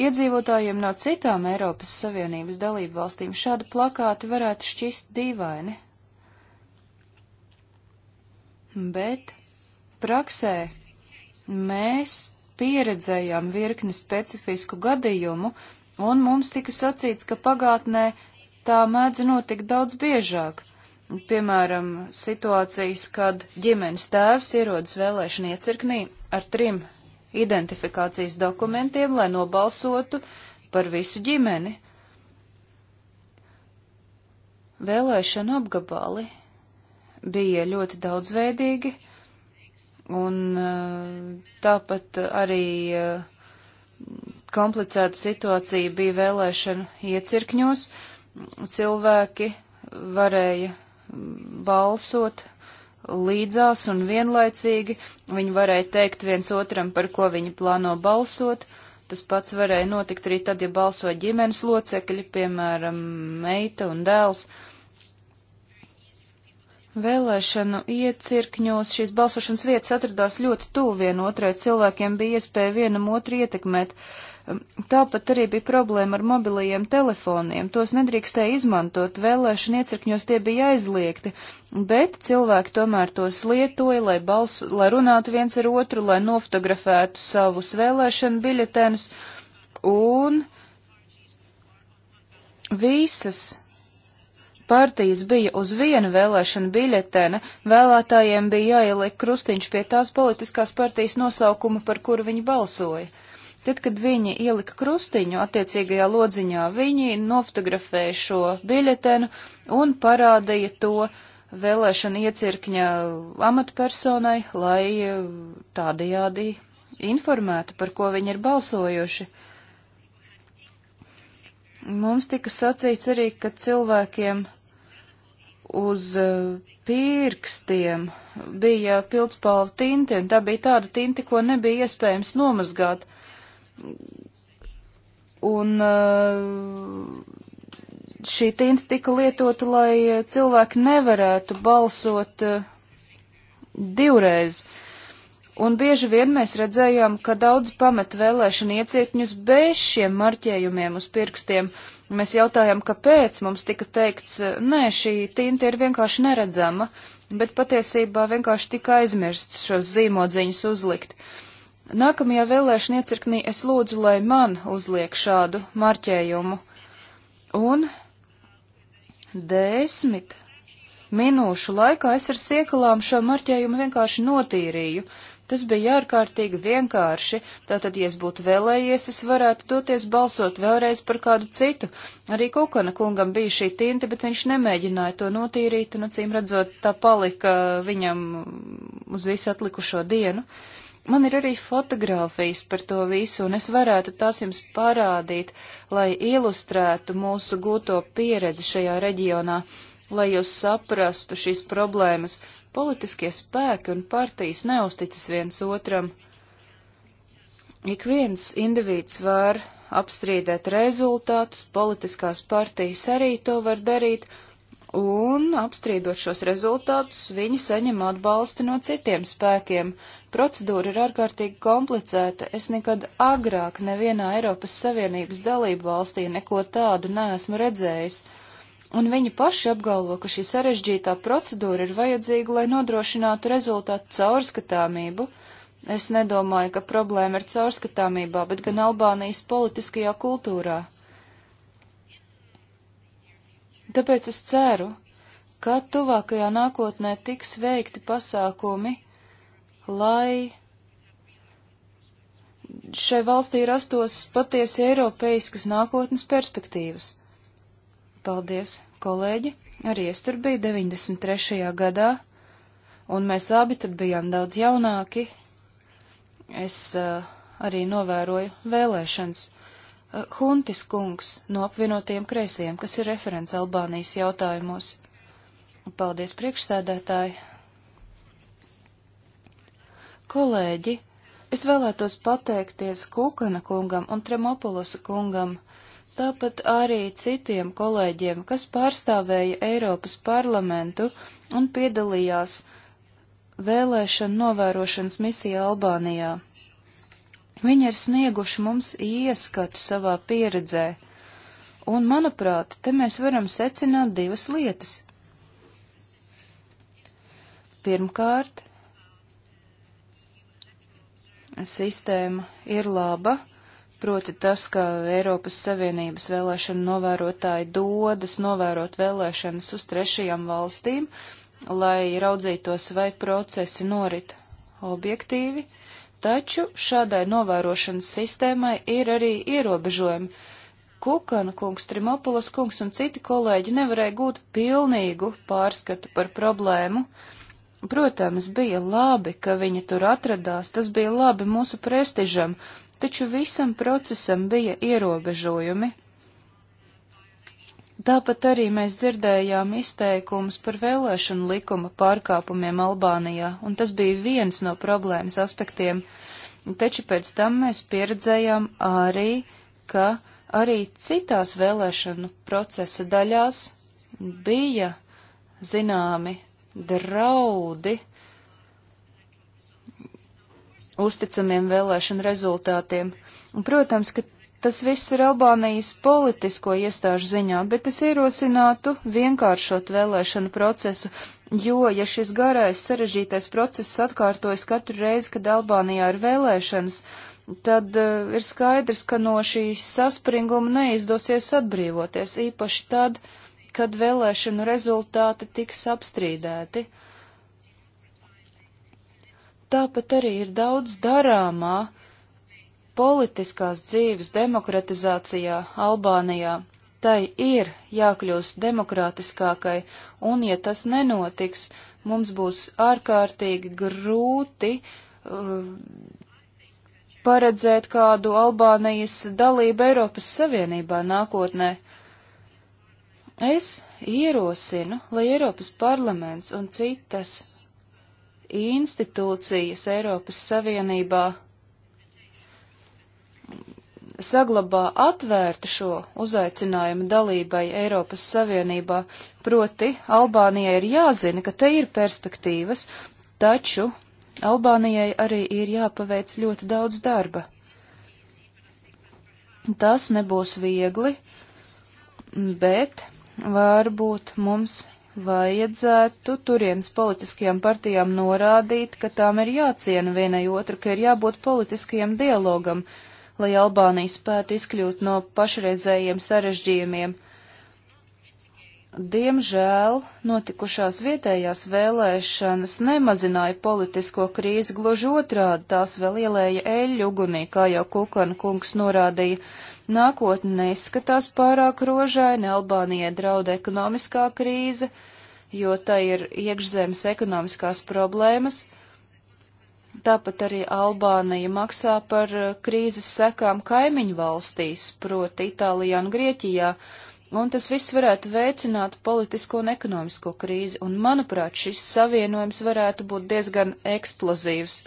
Iedzīvotājiem no citām Eiropas Savienības dalību valstīm šādi plakāti varētu šķist dīvaini. Bet praksē mēs pieredzējām virkni specifisku gadījumu, un mums tika sacīts, ka pagātnē tā mēdz notikt daudz biežāk. Piemēram, situācijas, kad ģimenes tēvs ierodas vēlēšana iecirknī ar trim identifikācijas dokumentiem, lai nobalsotu par visu ģimeni. Vēlēšana apgabali bija ļoti daudzveidīgi, Un uh, tāpat arī uh, komplicēta situācija bija vēlēšana iecirkņos. Cilvēki varēja balsot līdzās un vienlaicīgi, viņi varēja teikt viens otram, par ko viņi plāno balsot. Tas pats varēja notikt arī tad, ja balso ģimenes locekļi, piemēram, meita un dēls. Uh, Vēlēšanu iecirkņos šīs balsošanas vietas atradās ļoti tuvu vienotrai, cilvēkiem bija iespēja vienam otru ietekmēt. Um, Tāpat arī bija problēma ar mobilajiem telefoniem, tos nedrīkstēja izmantot, vēlēšana iecirkņos tie bija aizliegti, bet cilvēki tomēr tos lietoja, lai, balsu, lai runātu viens ar otru, lai nofotografētu savus vēlēšanu biļetenus, un visas partijas bija uz vienu vēlēšanu biļetene, vēlētājiem bija jāieliek krustiņš pie tās politiskās partijas nosaukuma, par kuru viņi balsoja. Tad, kad viņi ielika krustiņu attiecīgajā lodziņā, viņi nofotografēja šo biļetenu un parādīja to vēlēšana iecirkņa amatpersonai, lai eh, tādajādi informētu, par ko viņi ir balsojuši. Mums tika sacīts arī, ka cilvēkiem uz e, pirkstiem bija pildspalva tinte, un tā bija tāda tinte, ko nebija iespējams nomazgāt. Un e, šī tinte tika lietota, lai cilvēki nevarētu balsot e, divreiz. Uh, un bieži vien mēs redzējām, ka daudz pamet vēlēšana iecirkņus bez šiem marķējumiem uz pirkstiem. Mēs jautājām, kāpēc mums tika teikts, nē, šī tinta ir vienkārši neredzama, bet patiesībā vienkārši tika aizmirsts šos zīmodziņus uzlikt. Nākamajā vēlēšana iecirknī es lūdzu, lai man uzliek šādu marķējumu. Un desmit minūšu laikā es ar siekalām šo marķējumu vienkārši notīrīju. Uh, Tas bija ārkārtīgi vienkārši, tātad, ja es būtu vēlējies, es varētu doties balsot vēlreiz par kādu citu. Arī Kukana kungam bija šī tinta, bet viņš nemēģināja to notīrīt, un acīm redzot, tā palika viņam uz visu atlikušo dienu. Man ir arī fotografijas par to visu, un es varētu tās jums parādīt, lai ilustrētu mūsu gūto pieredzi šajā reģionā, lai jūs saprastu šīs problēmas politiskie spēki un partijas neusticas viens otram. Ik viens individs var apstrīdēt rezultātus, politiskās partijas arī to var darīt, un apstrīdot šos rezultātus, viņi saņem atbalstu no citiem spēkiem. Procedūra ir ārkārtīgi komplicēta. Es nekad agrāk nevienā Eiropas Savienības dalību valstī neko tādu neesmu redzējis un viņi paši apgalvo, ka šī sarežģītā procedūra ir vajadzīga, lai nodrošinātu rezultātu caurskatāmību. Es nedomāju, ka problēma ir caurskatāmībā, bet gan Albānijas politiskajā kultūrā. Tāpēc es ceru, ka tuvākajā nākotnē tiks veikti pasākumi, lai šai valstī rastos patiesi eiropeiskas nākotnes perspektīvas. Paldies, kolēģi! Arī es tur biju 93. gadā, un mēs abi tad bijām daudz jaunāki. Es uh, arī novēroju vēlēšanas. Uh, Huntis kungs no apvienotiem kreisiem, kas ir referents Albānijas jautājumos. Paldies, priekšsēdētāji! Kolēģi, es vēlētos pateikties Kūkana kungam un Tremopolosa kungam tāpat arī citiem kolēģiem, kas pārstāvēja Eiropas parlamentu un piedalījās vēlēšanu novērošanas misijā Albānijā. Viņi ir snieguši mums ieskatu savā pieredzē, un, manuprāt, te mēs varam secināt divas lietas. Pirmkārt, sistēma ir laba, proti tas, ka Eiropas Savienības vēlēšana novērotāji dodas novērot vēlēšanas uz trešajām valstīm, lai raudzītos, vai procesi norit objektīvi, taču šādai novērošanas sistēmai ir arī ierobežojumi. Kukana kungs, Trimopulas kungs un citi kolēģi nevarēja gūt pilnīgu pārskatu par problēmu. Protams, bija labi, ka viņi tur atradās, tas bija labi mūsu prestižam, taču visam procesam bija ierobežojumi. Tāpat arī mēs dzirdējām izteikumus par vēlēšanu likuma pārkāpumiem Albānijā, un tas bija viens no problēmas aspektiem, taču pēc tam mēs pieredzējām arī, ka arī citās vēlēšanu procesa daļās bija zināmi draudi, uh, uzticamiem vēlēšanu rezultātiem. Un, protams, ka tas viss ir Albānijas politisko iestāžu ziņā, bet es ierosinātu vienkāršot vēlēšanu procesu, jo, ja šis garais sarežģītais process atkārtojas katru reizi, kad Albānijā ir vēlēšanas, tad uh, ir skaidrs, ka no šīs saspringuma neizdosies atbrīvoties, īpaši tad, kad vēlēšanu rezultāti tiks apstrīdēti. Uh, Tāpat arī ir daudz darāmā politiskās dzīves demokratizācijā Albānijā. Tai ir jākļūst demokrātiskākai, un ja tas nenotiks, mums būs ārkārtīgi grūti uh, paredzēt kādu Albānijas dalību Eiropas Savienībā nākotnē. Es ierosinu, lai Eiropas parlaments un citas institūcijas Eiropas Savienībā saglabā atvērtu šo uzaicinājumu dalībai Eiropas Savienībā, proti Albānijai ir jāzina, ka te ir perspektīvas, taču Albānijai arī ir jāpaveic ļoti daudz darba. Tas nebūs viegli, bet varbūt mums vajadzētu turienes politiskajām partijām norādīt, ka tām ir jāciena vienai otru, ka ir jābūt politiskajam dialogam, lai Albānija spētu izkļūt no pašreizējiem sarežģījumiem. Diemžēl notikušās vietējās vēlēšanas nemazināja politisko krīzi, gluži otrādi tās vēl ielēja eļļu ugunī, kā jau Kukana kungs norādīja. Nākotne neskatās pārāk rožaini, Albānijai draud ekonomiskā krīze, jo tai ir iekšzemes ekonomiskās problēmas. Tāpat arī Albānija maksā par eh, krīzes sekām kaimiņu valstīs, proti Itālijā un Grieķijā, un tas viss varētu veicināt politisko un ekonomisko krīzi, un manuprāt, šis savienojums varētu būt diezgan eksplozīvs.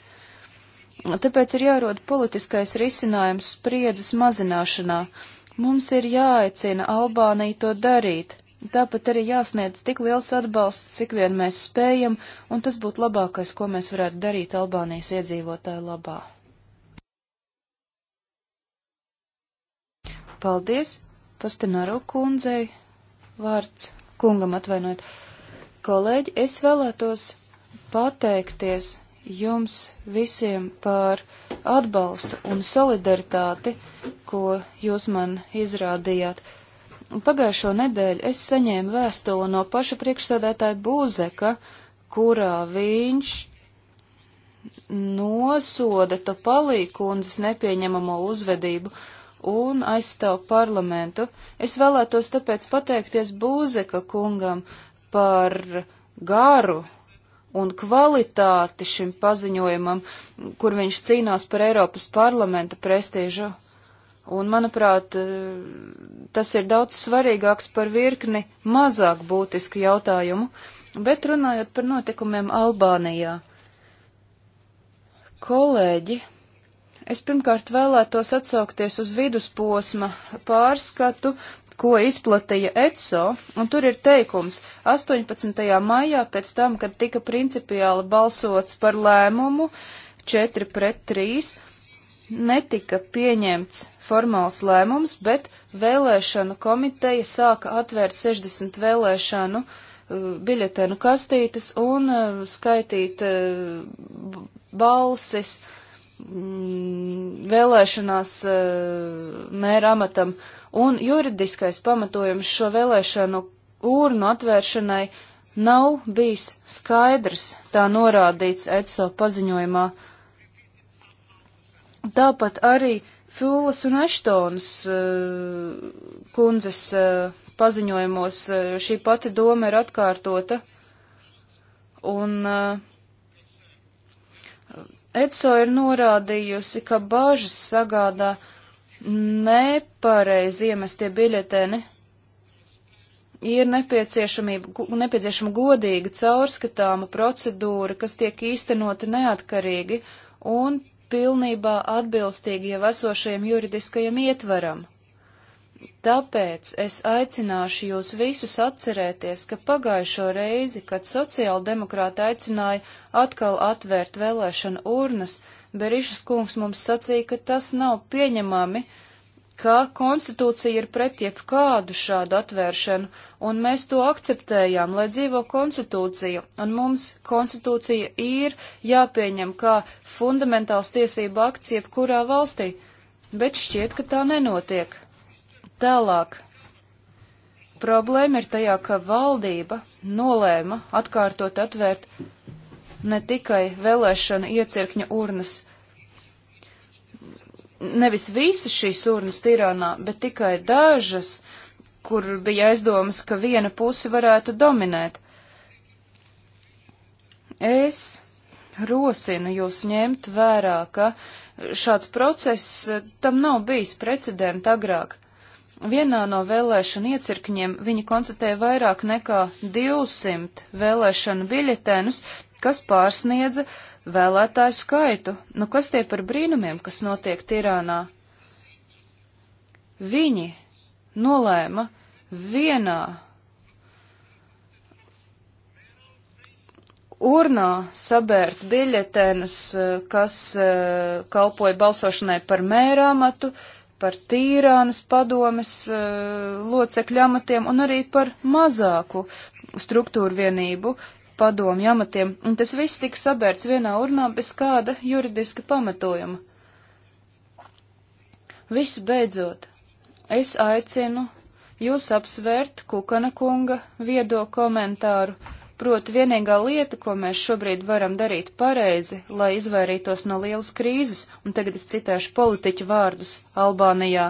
Tāpēc ir jārod politiskais risinājums spriedzes mazināšanā. Mums ir jāaicina Albāniju to darīt. Tāpat arī jāsniedz tik liels atbalsts, cik vien mēs spējam, un tas būtu labākais, ko mēs varētu darīt Albānijas iedzīvotāju labā. Paldies, Pastināro kundzei, vārds kungam atvainojot. Kolēģi, es vēlētos pateikties jums visiem par atbalstu un solidaritāti, ko jūs man izrādījāt. Pagājušo nedēļu es saņēmu vēstuli no paša priekšsēdētāja Būzeka, kurā viņš nosoda to palīkundzes nepieņemamo uzvedību un aizstāv parlamentu. Es vēlētos tāpēc pateikties Būzeka kungam par garu un kvalitāti šim paziņojumam, kur viņš cīnās par Eiropas parlamenta prestižu. Un, manuprāt, tas ir daudz svarīgāks par virkni mazāk būtisku jautājumu, bet runājot par notikumiem Albānijā. Kolēģi, es pirmkārt vēlētos atsaukties uz vidusposma pārskatu ko izplatīja ECO, un tur ir teikums 18. maijā pēc tam, kad tika principiāli balsots par lēmumu 4 pret 3, netika pieņemts formāls lēmums, bet vēlēšanu komiteja sāka atvērt 60 vēlēšanu uh, biļetenu kastītes un uh, skaitīt uh, balsis mm, vēlēšanās mēra amatam. Uh, un juridiskais pamatojums šo vēlēšanu urnu atvēršanai nav bijis skaidrs, tā norādīts ECO paziņojumā. Tāpat arī Fūlas un Eštonas uh, eh, kundzes uh, paziņojumos uh, šī pati doma ir atkārtota. Un ECO ir norādījusi, ka bāžas sagādā uh, nepareizi iemestie biļeteni ir nepieciešama godīga, caurskatāma procedūra, kas tiek īstenota neatkarīgi un pilnībā atbilstīgi jau esošajam juridiskajam ietvaram. Tāpēc es aicināšu jūs visus atcerēties, ka pagājušo reizi, kad sociāldemokrāti aicināja atkal atvērt vēlēšana urnas, Berišas kungs mums sacīja, ka tas nav pieņemami, ka konstitūcija ir pret jebkādu šādu atvēršanu, un mēs to akceptējām, lai dzīvo konstitūcija, un mums konstitūcija ir jāpieņem kā fundamentāls tiesība akts jebkurā valstī, bet šķiet, ka tā nenotiek. Tālāk. Problēma ir tajā, ka valdība nolēma atkārtot atvērt ne tikai vēlēšana iecirkņa urnas. Nevis visas šīs urnas Tirānā, bet tikai dažas, kur bija aizdomas, ka viena pusi varētu dominēt. Es rosinu jūs ņemt vērā, ka šāds process eh, tam nav bijis precedenta agrāk. Vienā no vēlēšana iecirkņiem viņi konstatēja vairāk nekā 200 vēlēšana biļetēnus, kas pārsniedza vēlētāju skaitu. Nu, kas tie par brīnumiem, kas notiek Tirānā? Viņi nolēma vienā urnā sabērt biļetenus, kas eh, kalpoja balsošanai par mēramatu, par tīrānas padomes eh, locekļu amatiem un arī par mazāku struktūru vienību padomju amatiem, un tas viss tika sabērts vienā urnā bez kāda juridiska pamatojuma. Visu beidzot, es aicinu jūs apsvērt Kukana kunga viedo komentāru, proti vienīgā lieta, ko mēs šobrīd varam darīt pareizi, lai izvairītos no lielas krīzes, un tagad es citēšu politiķu vārdus Albānijā.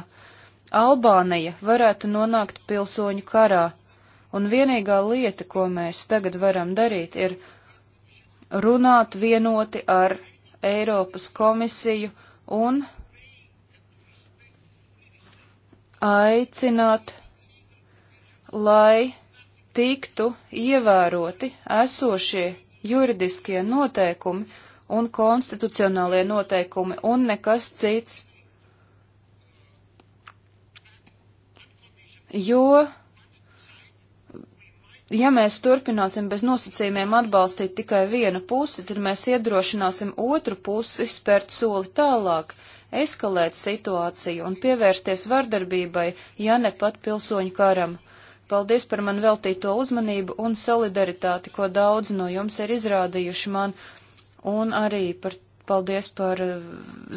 Albānija varētu nonākt pilsoņu karā un vienīgā lieta, ko mēs tagad varam darīt, ir runāt vienoti ar Eiropas komisiju un aicināt, lai tiktu ievēroti esošie juridiskie noteikumi un konstitucionālie noteikumi un nekas cits. Jo ja mēs turpināsim bez nosacījumiem atbalstīt tikai vienu pusi, tad mēs iedrošināsim otru pusi spērt soli tālāk, eskalēt situāciju un pievērsties vardarbībai, ja ne pat pilsoņu karam. Paldies par man veltīto uzmanību un solidaritāti, ko daudz no jums ir izrādījuši man, un arī par paldies par eh,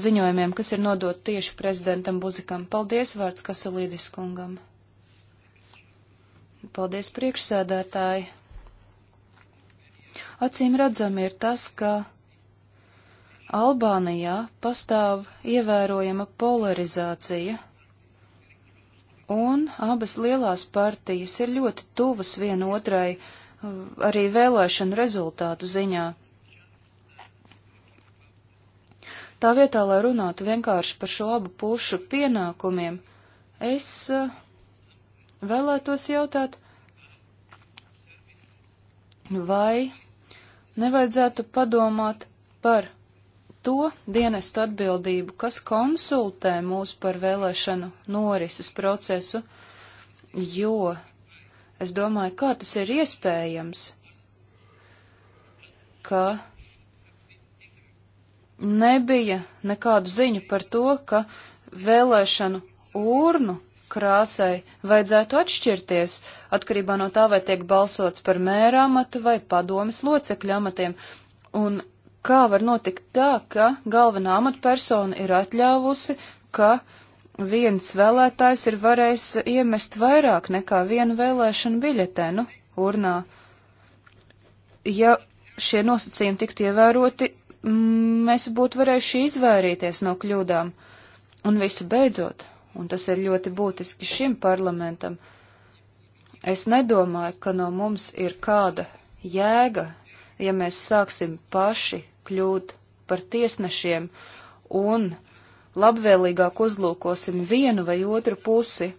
ziņojumiem, kas ir nodot tieši prezidentam Buzikam. Paldies vārds Kasalīdis kungam. Paldies, priekšsēdētāji. Acīm redzami ir tas, ka Albānijā pastāv ievērojama polarizācija, un abas lielās partijas ir ļoti tuvas vienotrai arī vēlēšanu rezultātu ziņā. Tā vietā, lai runātu vienkārši par šo abu pušu pienākumiem, es eh, vēlētos jautāt, vai nevajadzētu padomāt par to dienestu atbildību, kas konsultē mūs par vēlēšanu norises procesu, jo es domāju, kā tas ir iespējams, ka nebija nekādu ziņu par to, ka vēlēšanu urnu krāsai vajadzētu atšķirties atkarībā no tā, vai tiek balsots par mēra amatu vai padomis locekļu amatiem, un kā var notikt tā, ka galvenā amatpersona ir atļāvusi, ka viens vēlētājs ir varējis iemest vairāk nekā vienu vēlēšanu biļetenu urnā. Ja šie nosacījumi tiktu ievēroti, mēs būtu varējuši izvairīties no kļūdām. Un visu beidzot, un tas ir ļoti būtiski šim parlamentam. Es nedomāju, ka no mums ir kāda jēga, ja mēs sāksim paši kļūt par tiesnešiem un labvēlīgāk uzlūkosim vienu vai otru pusi.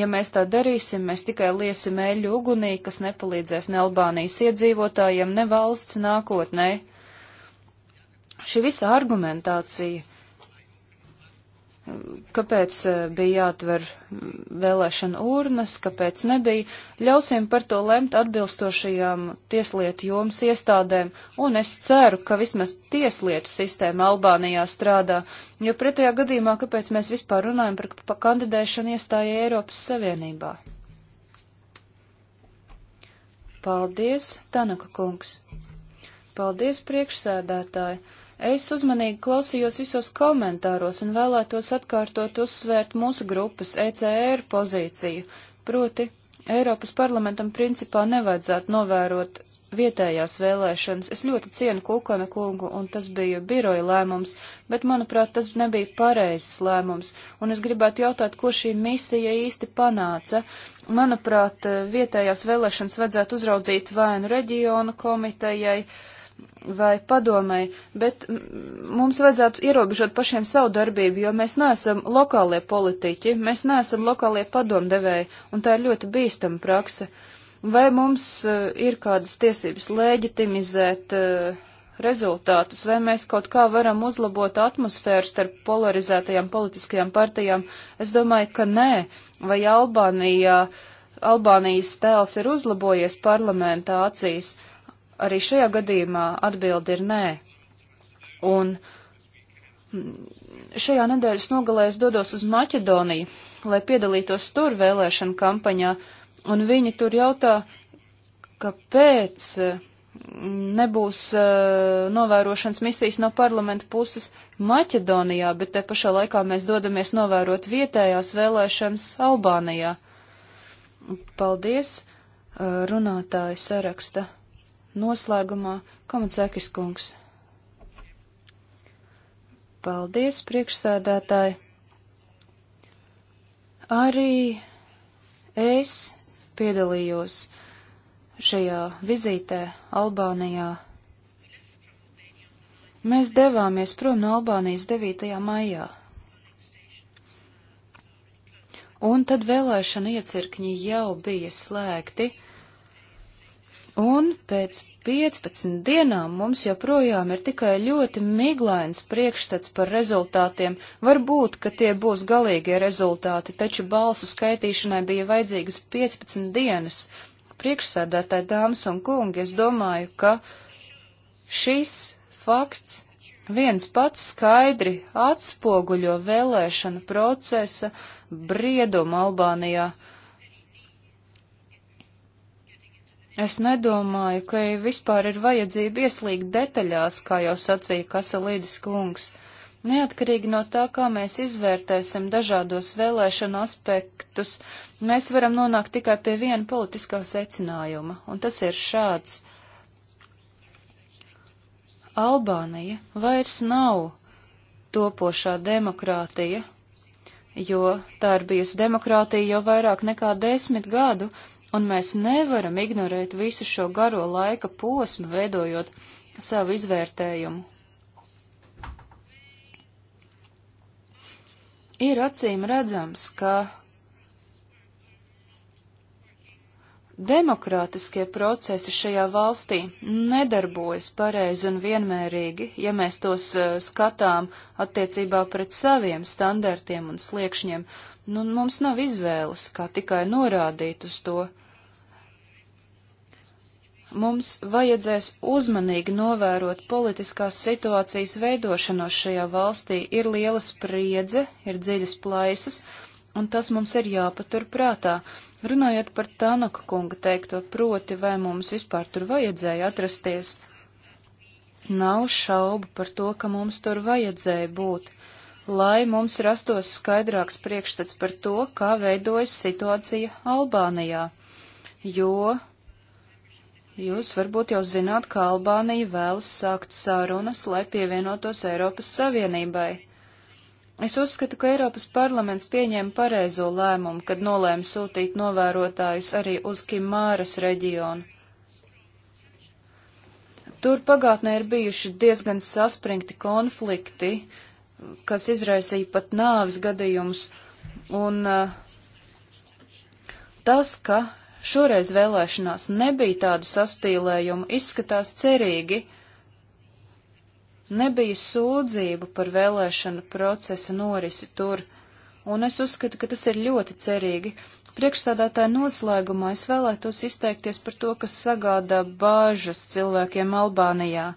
Ja mēs tā darīsim, mēs tikai liesim eļu ugunī, kas nepalīdzēs ne Albānijas iedzīvotājiem, ne valsts nākotnē. Šī visa argumentācija kāpēc eh, bija jāatver mm, vēlēšana urnas, kāpēc nebija. Ļausim par to lemt atbilstošajām tieslietu jomas iestādēm, un es ceru, ka vismaz tieslietu sistēma Albānijā strādā, jo pretējā gadījumā, kāpēc mēs vispār runājam par, par kandidēšanu iestājai Eiropas Savienībā. Paldies, Tanaka kungs! Paldies, priekšsēdētāji! Es uzmanīgi klausījos visos komentāros un vēlētos atkārtot uzsvērt mūsu grupas ECR pozīciju, proti Eiropas parlamentam principā nevajadzētu novērot vietējās vēlēšanas. Es ļoti cienu Kukana kungu, un tas bija biroja lēmums, bet, manuprāt, tas nebija pareizs lēmums, un es gribētu jautāt, ko šī misija īsti panāca. Manuprāt, vietējās vēlēšanas vajadzētu uzraudzīt vainu reģionu komitejai, uh, vai padomai, bet mums vajadzētu ierobežot pašiem savu darbību, jo mēs neesam lokālie politiķi, mēs neesam lokālie padomdevēji, un tā ir ļoti bīstama prakse. Vai mums uh, ir kādas tiesības leģitimizēt uh, rezultātus, vai mēs kaut kā varam uzlabot atmosfēru starp polarizētajām politiskajām partijām? Es domāju, ka nē, vai Albānijā, Albānijas tēls ir uzlabojies parlamentā acīs. Uh, arī šajā gadījumā atbildi ir nē. Un šajā nedēļas nogalē es dodos uz Maķedoniju, lai piedalītos tur vēlēšana kampaņā, un viņi tur jautā, kāpēc mm, nebūs eh, novērošanas misijas no parlamenta puses Maķedonijā, bet te pašā laikā mēs dodamies novērot vietējās vēlēšanas Albānijā. Paldies! Eh, runātāju saraksta noslēgumā Komatsakis kungs. Paldies, priekšsēdētāji! Arī es piedalījos šajā vizītē Albānijā. Mēs devāmies prom no Albānijas 9. maijā. Un tad vēlēšana iecirkņi jau bija slēgti un pēc 15 dienām mums joprojām ir tikai ļoti miglains priekšstats par rezultātiem. Varbūt, ka tie būs galīgie rezultāti, taču balsu skaitīšanai bija vajadzīgas 15 dienas. Priekšsēdētāji dāmas un kungi, es domāju, ka šis fakts viens pats skaidri atspoguļo vēlēšana procesa briedumu Albānijā. Es nedomāju, ka vispār ir vajadzība ieslīgt detaļās, kā jau sacīja Kasalīdis kungs. Neatkarīgi no tā, kā mēs izvērtēsim dažādos vēlēšanu aspektus, mēs varam nonākt tikai pie viena politiskā secinājuma, un tas ir šāds. Albānija vairs nav topošā demokrātija, jo tā ir bijusi demokrātija jau vairāk nekā desmit gadu, un mēs nevaram ignorēt visu šo garo laika posmu, veidojot savu izvērtējumu. Ir acīm redzams, ka demokrātiskie procesi šajā valstī nedarbojas pareizi un vienmērīgi, ja mēs tos uh, skatām attiecībā pret saviem standartiem un sliekšņiem. Nu, mums nav izvēles, kā tikai norādīt uz to mums vajadzēs uzmanīgi novērot politiskās situācijas veidošanos šajā valstī. Ir liela spriedze, ir dziļas plaisas, un tas mums ir jāpatur prātā. Runājot par Tanaka kunga teikto, proti, vai mums vispār tur vajadzēja atrasties, nav šaubu par to, ka mums tur vajadzēja būt, lai mums rastos skaidrāks priekšstats par to, kā veidojas situācija Albānijā jo Jūs varbūt jau zināt, ka Albānija vēlas sākt sarunas, lai pievienotos Eiropas Savienībai. Es uzskatu, ka Eiropas parlaments pieņēma pareizo lēmumu, kad nolēma sūtīt novērotājus arī uz Kimāras reģionu. Tur pagātnē ir bijuši diezgan saspringti konflikti, kas izraisīja pat nāvis gadījumus, un uh, tas, ka Šoreiz vēlēšanās nebija tādu saspīlējumu, izskatās cerīgi. Nebija sūdzību par vēlēšanu procesa norisi tur, un es uzskatu, ka tas ir ļoti cerīgi. Priekšstādātāja noslēgumā es vēlētos izteikties par to, kas sagādā bāžas cilvēkiem Albānijā.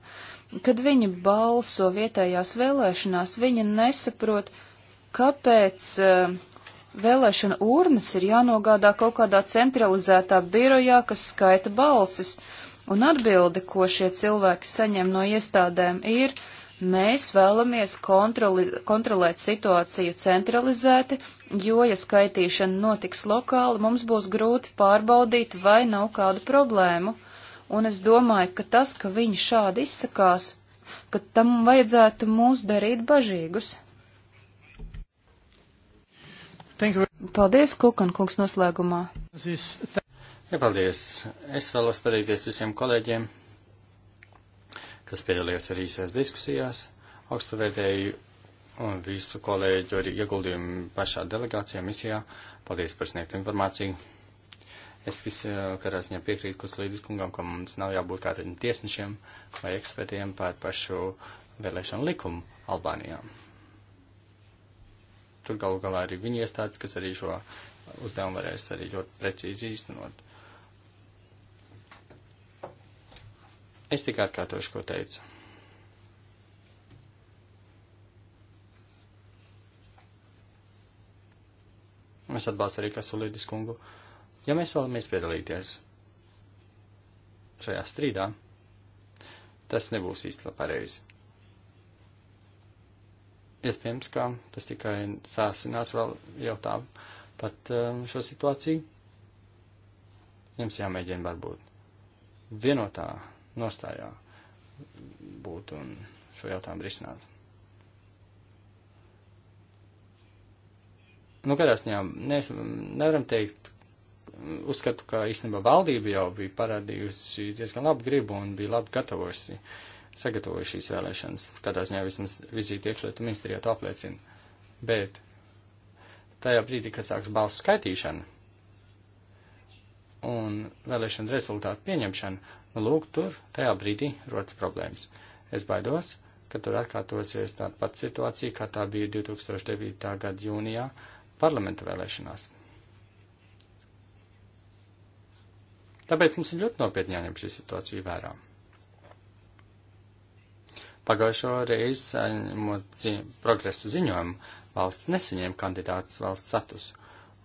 Kad viņi balso vietējās vēlēšanās, viņi nesaprot, kāpēc uh, vēlēšana urnas ir jānogādā kaut kādā centralizētā birojā, kas skaita balsis, un atbildi, ko šie cilvēki saņem no iestādēm, ir, mēs vēlamies kontroli, kontrolēt situāciju centralizēti, jo, ja skaitīšana notiks lokāli, mums būs grūti pārbaudīt, vai nav kādu problēmu. Un es domāju, ka tas, ka viņi šādi izsakās, ka tam vajadzētu mūs darīt bažīgus. Paldies, Kukan kungs, noslēgumā. Ja, paldies. Es vēlos pateikties visiem kolēģiem, kas piedalījās arī īsās diskusijās. Augstu vērtēju un visu kolēģu arī ieguldījumu pašā delegācijā, misijā. Paldies par sniegtu informāciju. Es visu, kādā ziņā piekrītu Kuslīdis kungam, ka mums nav jābūt kādiem tiesnešiem vai ekspertiem par pašu vēlēšanu likumu Albānijā tur galu galā arī viņa iestādes, kas arī šo uzdevumu varēs arī ļoti precīzi īstenot. Es tikai atkārtošu, ko teicu. Es atbalstu arī Kasulīdis kungu. Ja mēs vēlamies piedalīties šajā strīdā, tas nebūs īsti pareizi iespējams, ka tas tikai sāsinās vēl jau tā pat um, šo situāciju. Jums jāmēģina varbūt vienotā nostājā būt un šo jautājumu risināt. Nu, kādā ziņā mēs nevaram teikt, uzskatu, ka īstenībā valdība jau bija parādījusi diezgan labu gribu un bija labi gatavojusi sagatavoja šīs vēlēšanas. Katrā ziņā vismaz vizīti iekšlietu ministrijā to apliecina. Bet tajā brīdī, kad sāks balsu skaitīšana un vēlēšana rezultātu pieņemšana, nu lūk, tur tajā brīdī rodas problēmas. Es baidos, ka tur atkārtosies tāda pati situācija, kā tā bija 2009. gada jūnijā parlamenta vēlēšanās. Tāpēc mums ir ļoti nopietni jāņem šī situācija vērā. Pagājušo reizi saņemot zi progresa ziņojumu, valsts nesaņēma kandidātas valsts statusu,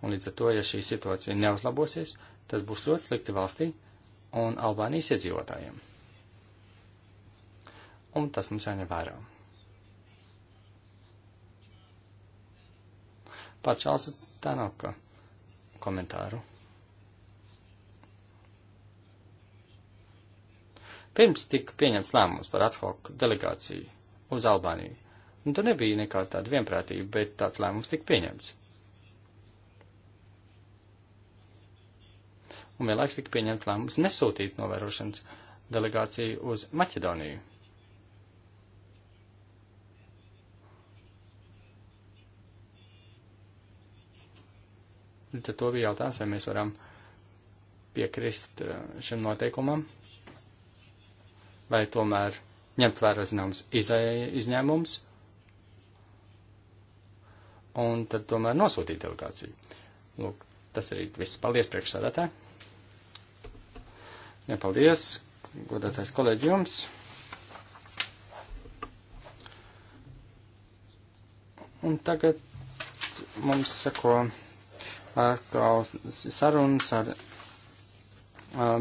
un līdz ar to, ja šī situācija neuzlabosies, tas būs ļoti slikti valstī un Albānijas iedzīvotājiem. Un tas mums jāņem vērā. Par Čārlza Tanoka komentāru. Pirms tika pieņemts lēmums par ad hoc delegāciju uz Albāniju, un tur nebija nekāda tāda vienprātība, bet tāds lēmums tika pieņemts. Un vienlaiks tika pieņemts lēmums nesūtīt novērošanas delegāciju uz Maķedoniju. Un tad to bija jautājums, vai mēs varam piekrist eh, šim noteikumam vai tomēr ņemt vērā zināms izņēmums un tad tomēr nosūtīt delegāciju. Lūk, tas arī viss. Paldies priekšsādātē. Nepaldies, godātais kolēģi jums. Un tagad mums sako atkal sarunas ar,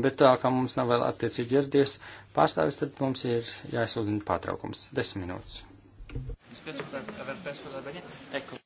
bet tā kā mums nav vēl attiecīgi ieradies, pārstāvis, tad mums ir jāizsludina pārtraukums. Desmit minūtes. Spiegel per aver perso la Albania. Ecco.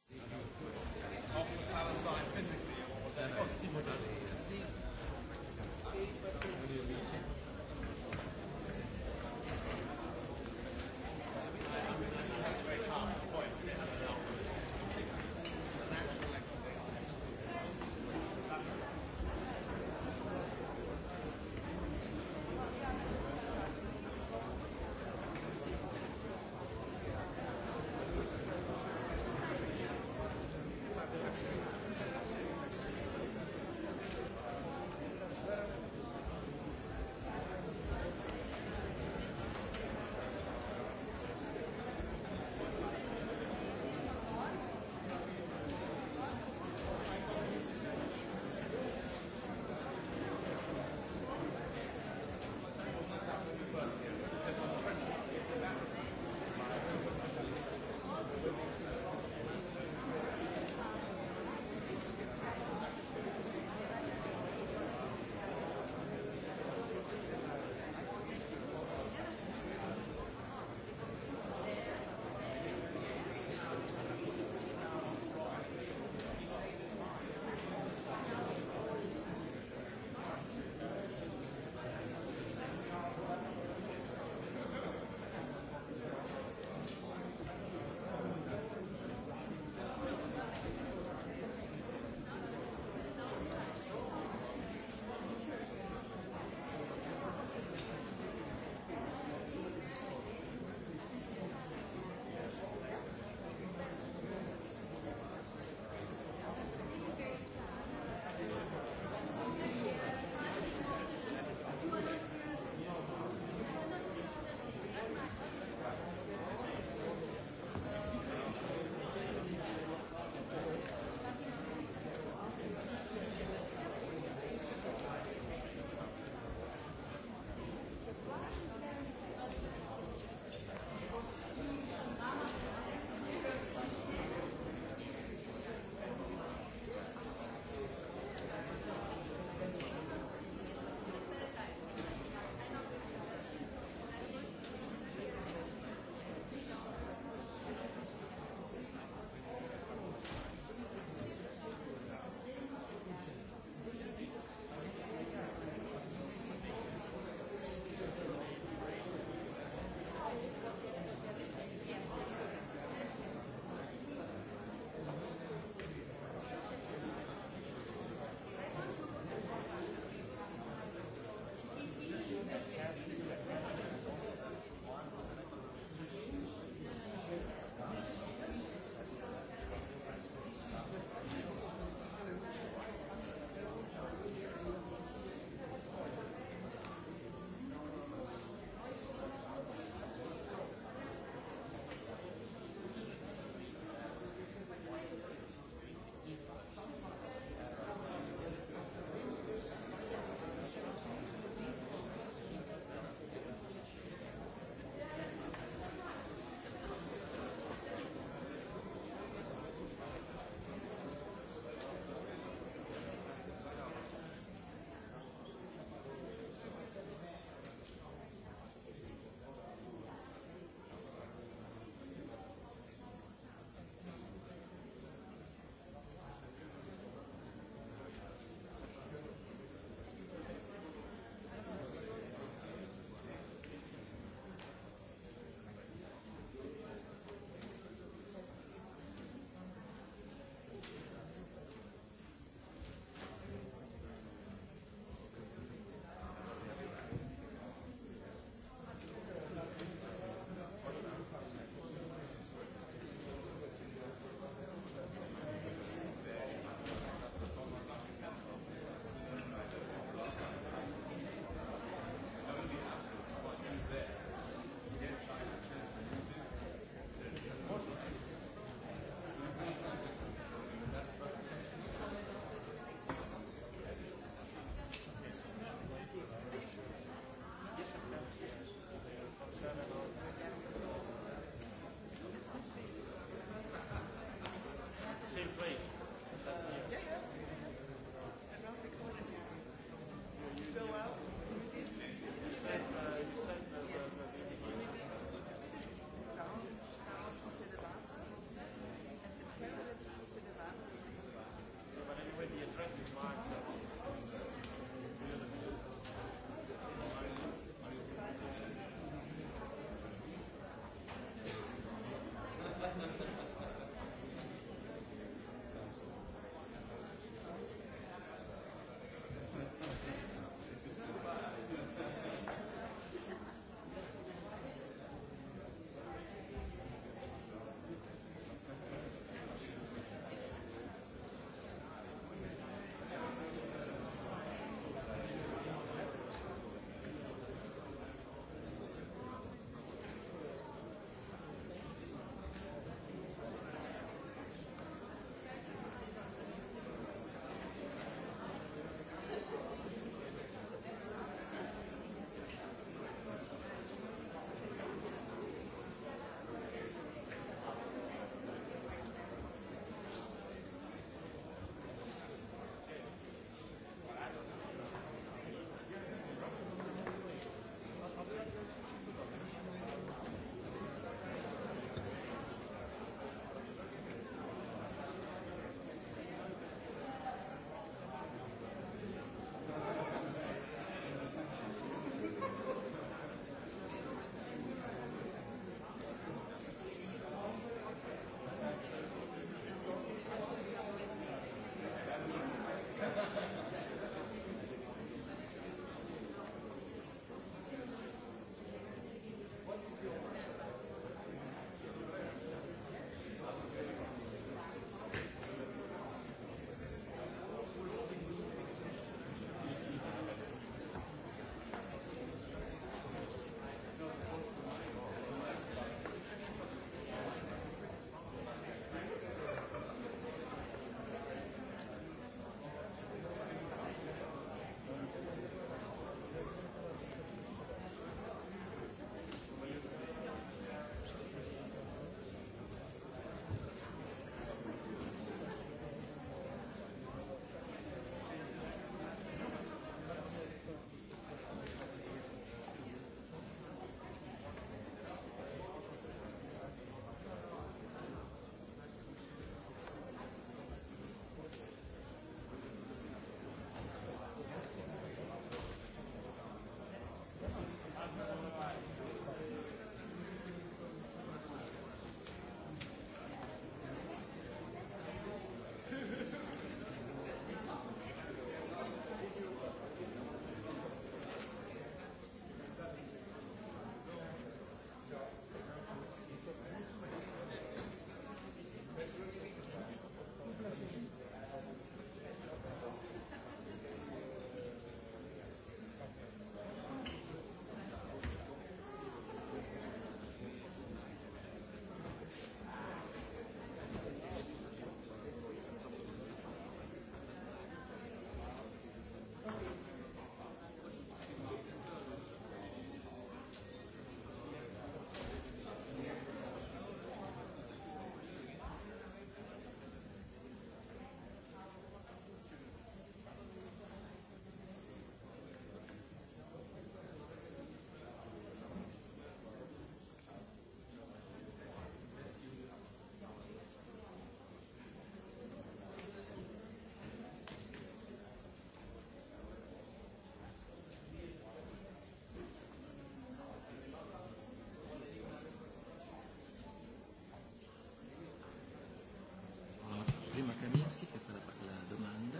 prima Kaminsky che fa la, la domanda,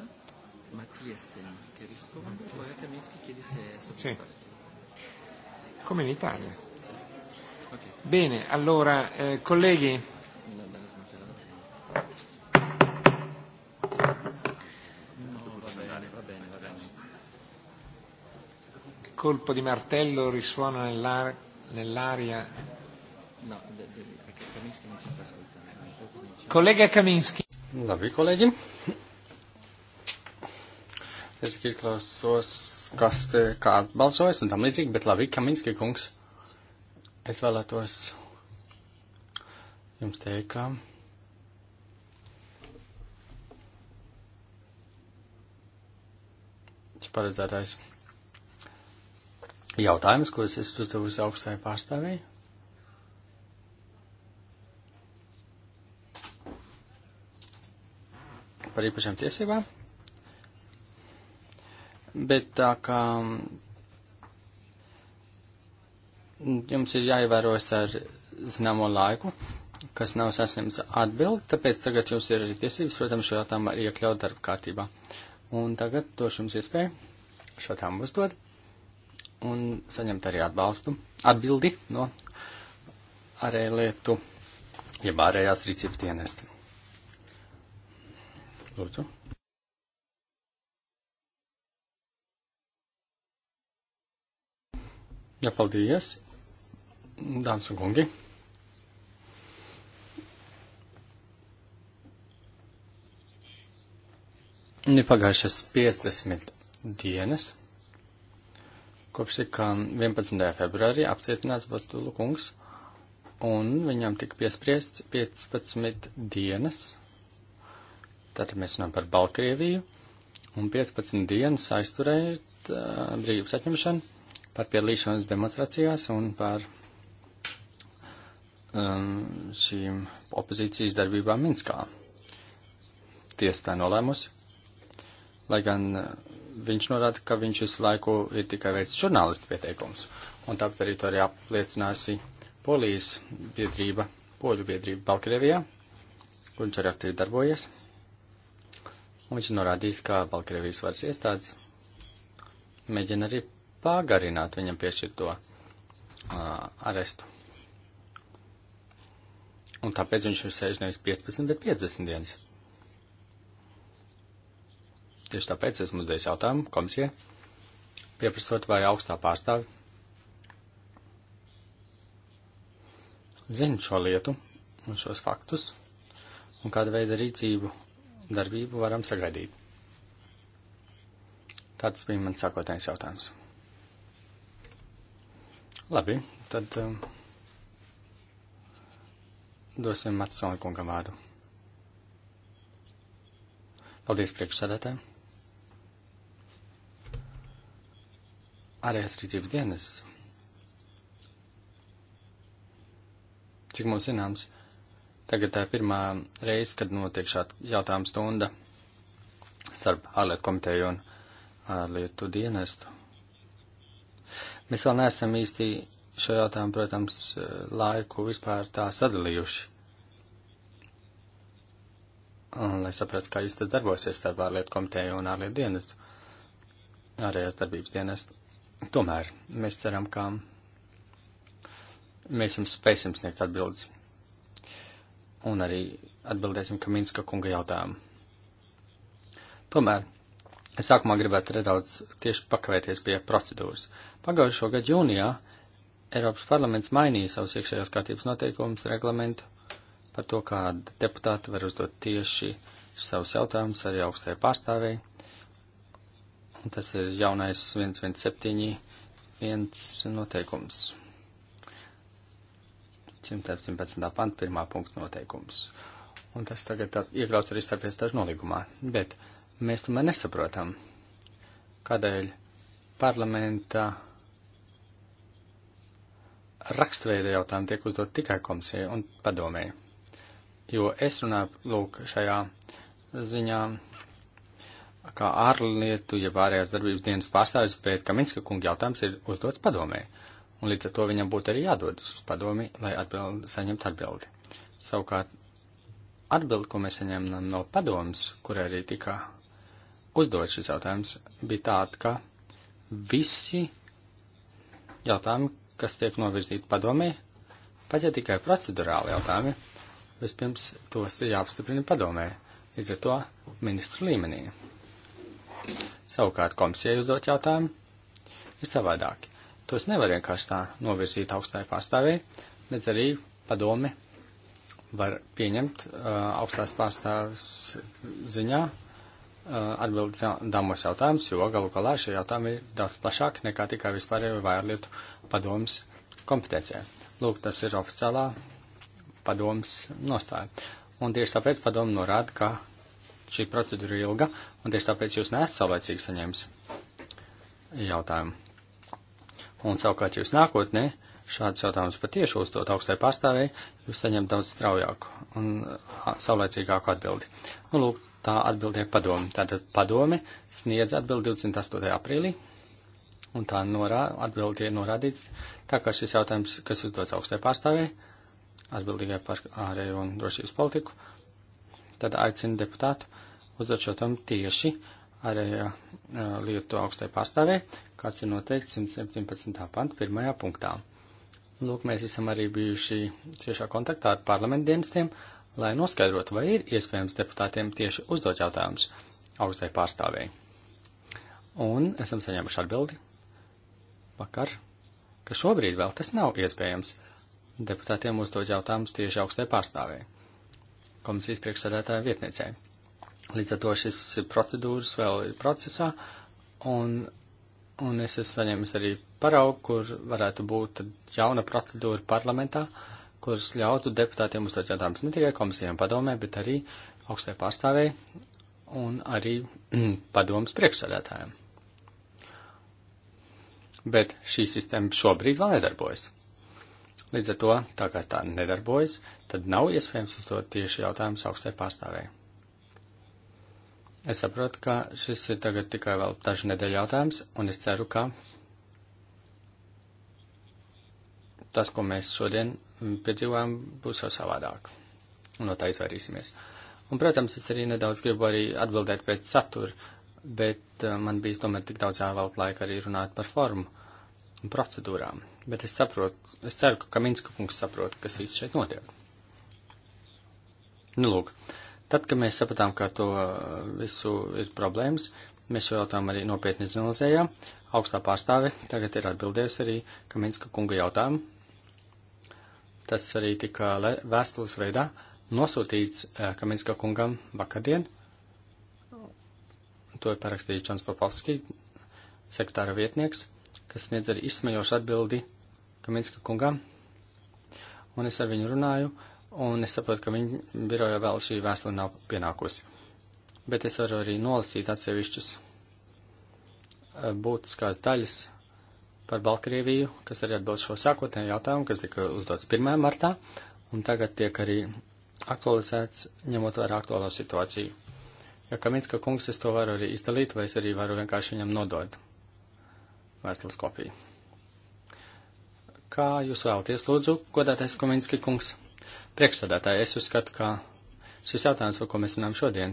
Mattiasen che risponde, poi a Kaminsky chiede se è soddisfatto. Sì. Come in Italia. Sì. Okay. Bene, allora eh, colleghi. colpo di martello risuona nell'ar- nell'aria. No, de- de- Kaminsky non ci sta ascoltando. Collega Kaminsky. Labi, kolēģi. Es tikai izklausos, kas te kā atbalsojas un tam līdzīgi, bet labi, Kaminski kungs, es vēlētos jums teikt, ka. paredzētais jautājums, ko es uzdevu augstajai pārstāvībai. par īpašām tiesībām, bet tā kā jums ir jāievērojas ar zināmo laiku, kas nav sasniegts atbildi, tāpēc tagad jums ir arī tiesības, protams, šo jautājumu arī iekļaut darba kārtībā. Un tagad došu jums iespēju šo tēmu uzdot un saņemt arī atbalstu, atbildi no arī lietu, jeb ja ārējās rīcības dienesta. Lūdzu. Jā, ja, paldies, dāmas un kungi. Ir pagājušas 50 dienas, kopš tika um, 11. februārī apcietināts Bartulu kungs, un viņam tika piespriests 15 dienas Tātad mēs runājam par Baltkrieviju un 15 dienas aizturēt uh, brīvības atņemšanu par piedalīšanos demonstrācijās un par um, šīm opozīcijas darbībām Minskā. Tiesa tā nolēmusi, lai gan viņš norāda, ka viņš visu laiku ir tikai veids žurnālistu pieteikums, un tāpat arī to arī apliecināsi Polijas biedrība, Poļu biedrība Balkrievijā, kur viņš arī aktīvi darbojies. Un viņš norādījis, ka Baltkrievijas varas iestādes mēģina arī pagarināt viņam piešķirto uh, arestu. Un tāpēc viņš ir sēž nevis 15, bet 50 dienas. Tieši tāpēc esmu uzdevis jautājumu komisijai, pieprasot, vai augstā pārstāve zina šo lietu un šos faktus, un kādu veidu rīcību darbību varam sagaidīt? Tāds bija mans sākotnējs jautājums. Labi, tad um, dosim Matsona kungam vārdu. Paldies priekšsēdētājiem. Ārējās rīcības dienas. Cik mums zināms, Tagad tā ir pirmā reize, kad notiek šāda jautājuma stunda starp ārlietu komiteju un ārlietu dienestu. Mēs vēl neesam īsti šo jautājumu, protams, laiku vispār tā sadalījuši. Un, lai saprastu, kā īsti tas darbosies starp ārlietu komiteju un ārlietu dienestu, ārējās darbības dienestu. Tomēr mēs ceram, ka mēs jums spēsim sniegt atbildes un arī atbildēsim Kaminska kunga jautājumu. Tomēr es sākumā gribētu nedaudz tieši pakavēties pie procedūras. Pagājušo gadu jūnijā Eiropas parlaments mainīja savus iekšējās kārtības noteikumus reglamentu par to, kā deputāti var uzdot tieši savus jautājumus arī augstajai pārstāvēji. Tas ir jaunais 117 viens noteikums. 117. panta pirmā punkta noteikums. Un tas tagad iekļaus arī starp iestāžu nolīgumā. Bet mēs tomēr nesaprotam, kādēļ parlamenta rakstveida jautājumi tiek uzdot tikai komisijai un padomēji. Jo es runāju lūk šajā ziņā kā ārlietu, ja ārējās darbības dienas pārstāvis, bet Kaminska kunga jautājums ir uzdots padomēji un līdz ar to viņam būtu arī jādodas uz padomi, lai atbild, saņemtu atbildi. Savukārt, atbildi, ko mēs saņēmām no padomas, kur arī tika uzdot šis jautājums, bija tāda, ka visi jautājumi, kas tiek novirzīti padomē, pat ja tikai procedurāli jautājumi, vispirms tos ir jāapstiprina padomē, līdz ar to ministru līmenī. Savukārt komisijai uzdot jautājumu ir savādāki Tos nevar vienkārši tā novirzīt augstāji pārstāvēji, bet arī padomi var pieņemt uh, augstās pārstāvs ziņā uh, atbildes damos jautājumus, jo galu galā šie jautājumi ir daudz plašāki nekā tikai vispārējo vairlietu padomas kompetencijai. Lūk, tas ir oficiālā padomas nostāja. Un tieši tāpēc padomu norāda, ka šī procedūra ir ilga, un tieši tāpēc jūs nesat savlaicīgi saņēmis jautājumu. Un savukārt jūs nākotnē šādus jautājumus patieši uzdot augstai pārstāvēji, jūs saņemat daudz straujāku un saulēcīgāku atbildi. Un nu, lūk, tā atbildēja padomi. Tātad padome sniedz atbildi 28. aprīlī, un tā norā, atbildi ir norādīts, tā kā šis jautājums, kas uzdots augstai pārstāvēji, atbildīgai par ārējo un drošības politiku, tad aicina deputātu uzdot šo tam tieši ārējā lietu augstai pārstāvēji, kāds ir noteikts 117. panta pirmajā punktā. Lūk, mēs esam arī bijuši ciešā kontaktā ar parlamentu dienestiem, lai noskaidrotu, vai ir iespējams deputātiem tieši uzdot jautājumus augstai pārstāvēji. Un esam saņēmuši atbildi vakar, ka šobrīd vēl tas nav iespējams deputātiem uzdot jautājumus tieši augstai pārstāvēji, komisijas priekšsēdētāja vietniecei. Līdz ar to šis procedūras vēl ir procesā, un un es esmu saņēmis arī paraugu, kur varētu būt jauna procedūra parlamentā, kuras ļautu deputātiem uzdot jautājumus ne tikai komisijām padomē, bet arī augstai pārstāvēji un arī padomas priekšsādātājiem. Bet šī sistēma šobrīd vēl nedarbojas. Līdz ar to, tā kā tā nedarbojas, tad nav iespējams uzdot tieši jautājumus augstai pārstāvēji. Es saprotu, ka šis ir tagad tikai vēl dažu nedēļu jautājums, un es ceru, ka tas, ko mēs šodien piedzīvojam, būs vēl savādāk, un no tā izvairīsimies. Un, protams, es arī nedaudz gribu arī atbildēt pēc satura, bet eh, man bija, tomēr, tik daudz jāvelk laika arī runāt par formu un procedūrām. Bet es saprotu, es ceru, ka Kaminska kungs saprot, kas īsti šeit notiek. Nu, lūk. Uh, Tad, kad mēs sapratām, ka to eh, visu ir problēmas, mēs šo jautājumu arī nopietni izanalizējām. Augstā pārstāve tagad ir atbildējusi arī Kaminska kunga jautājumu. Tas arī tika vēstules veidā nosūtīts eh, Kaminska kungam vakardien. To ir parakstījis Čans Papovski, sektāra vietnieks, kas sniedz arī izsmejošu atbildi Kaminska kungam. Un es ar viņu runāju, uh, un es saprotu, ka viņa biroja vēl šī vēstule nav pienākusi. Bet es varu arī nolasīt atsevišķus eh, būtiskās daļas par Baltkrieviju, kas arī atbild šo sākotnēju jautājumu, kas tika uzdots 1. martā, un tagad tiek arī aktualizēts, ņemot vērā aktuālo situāciju. Ja Kaminska kungs es to varu arī izdalīt, vai es arī varu vienkārši viņam nodot vēstules kopiju. Kā jūs vēlaties, lūdzu, godātais Kaminski kungs? Priekšsādātāji, es uzskatu, ka šis jautājums, par ko mēs runājam šodien,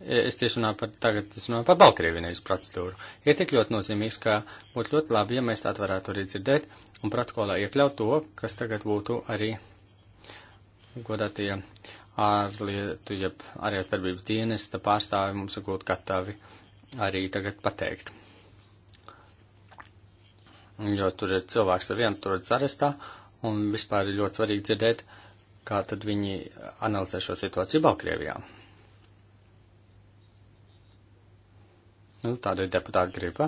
es tieši runāju par, tagad es runāju par Balkrievi, nevis procedūru, ir tik ļoti nozīmīgs, ka būtu ļoti labi, ja mēs tādu varētu arī dzirdēt un protokolā iekļaut to, kas tagad būtu arī godātie ārlietu, jeb ārējās darbības dienesta pārstāvi mums ir gūt gatavi arī tagad pateikt. Jo tur ir cilvēks ar vienu, tur ir arestā, un vispār ir ļoti svarīgi dzirdēt, kā tad viņi analizē šo situāciju Balkrievijā. Nu, tāda ir deputāta griba.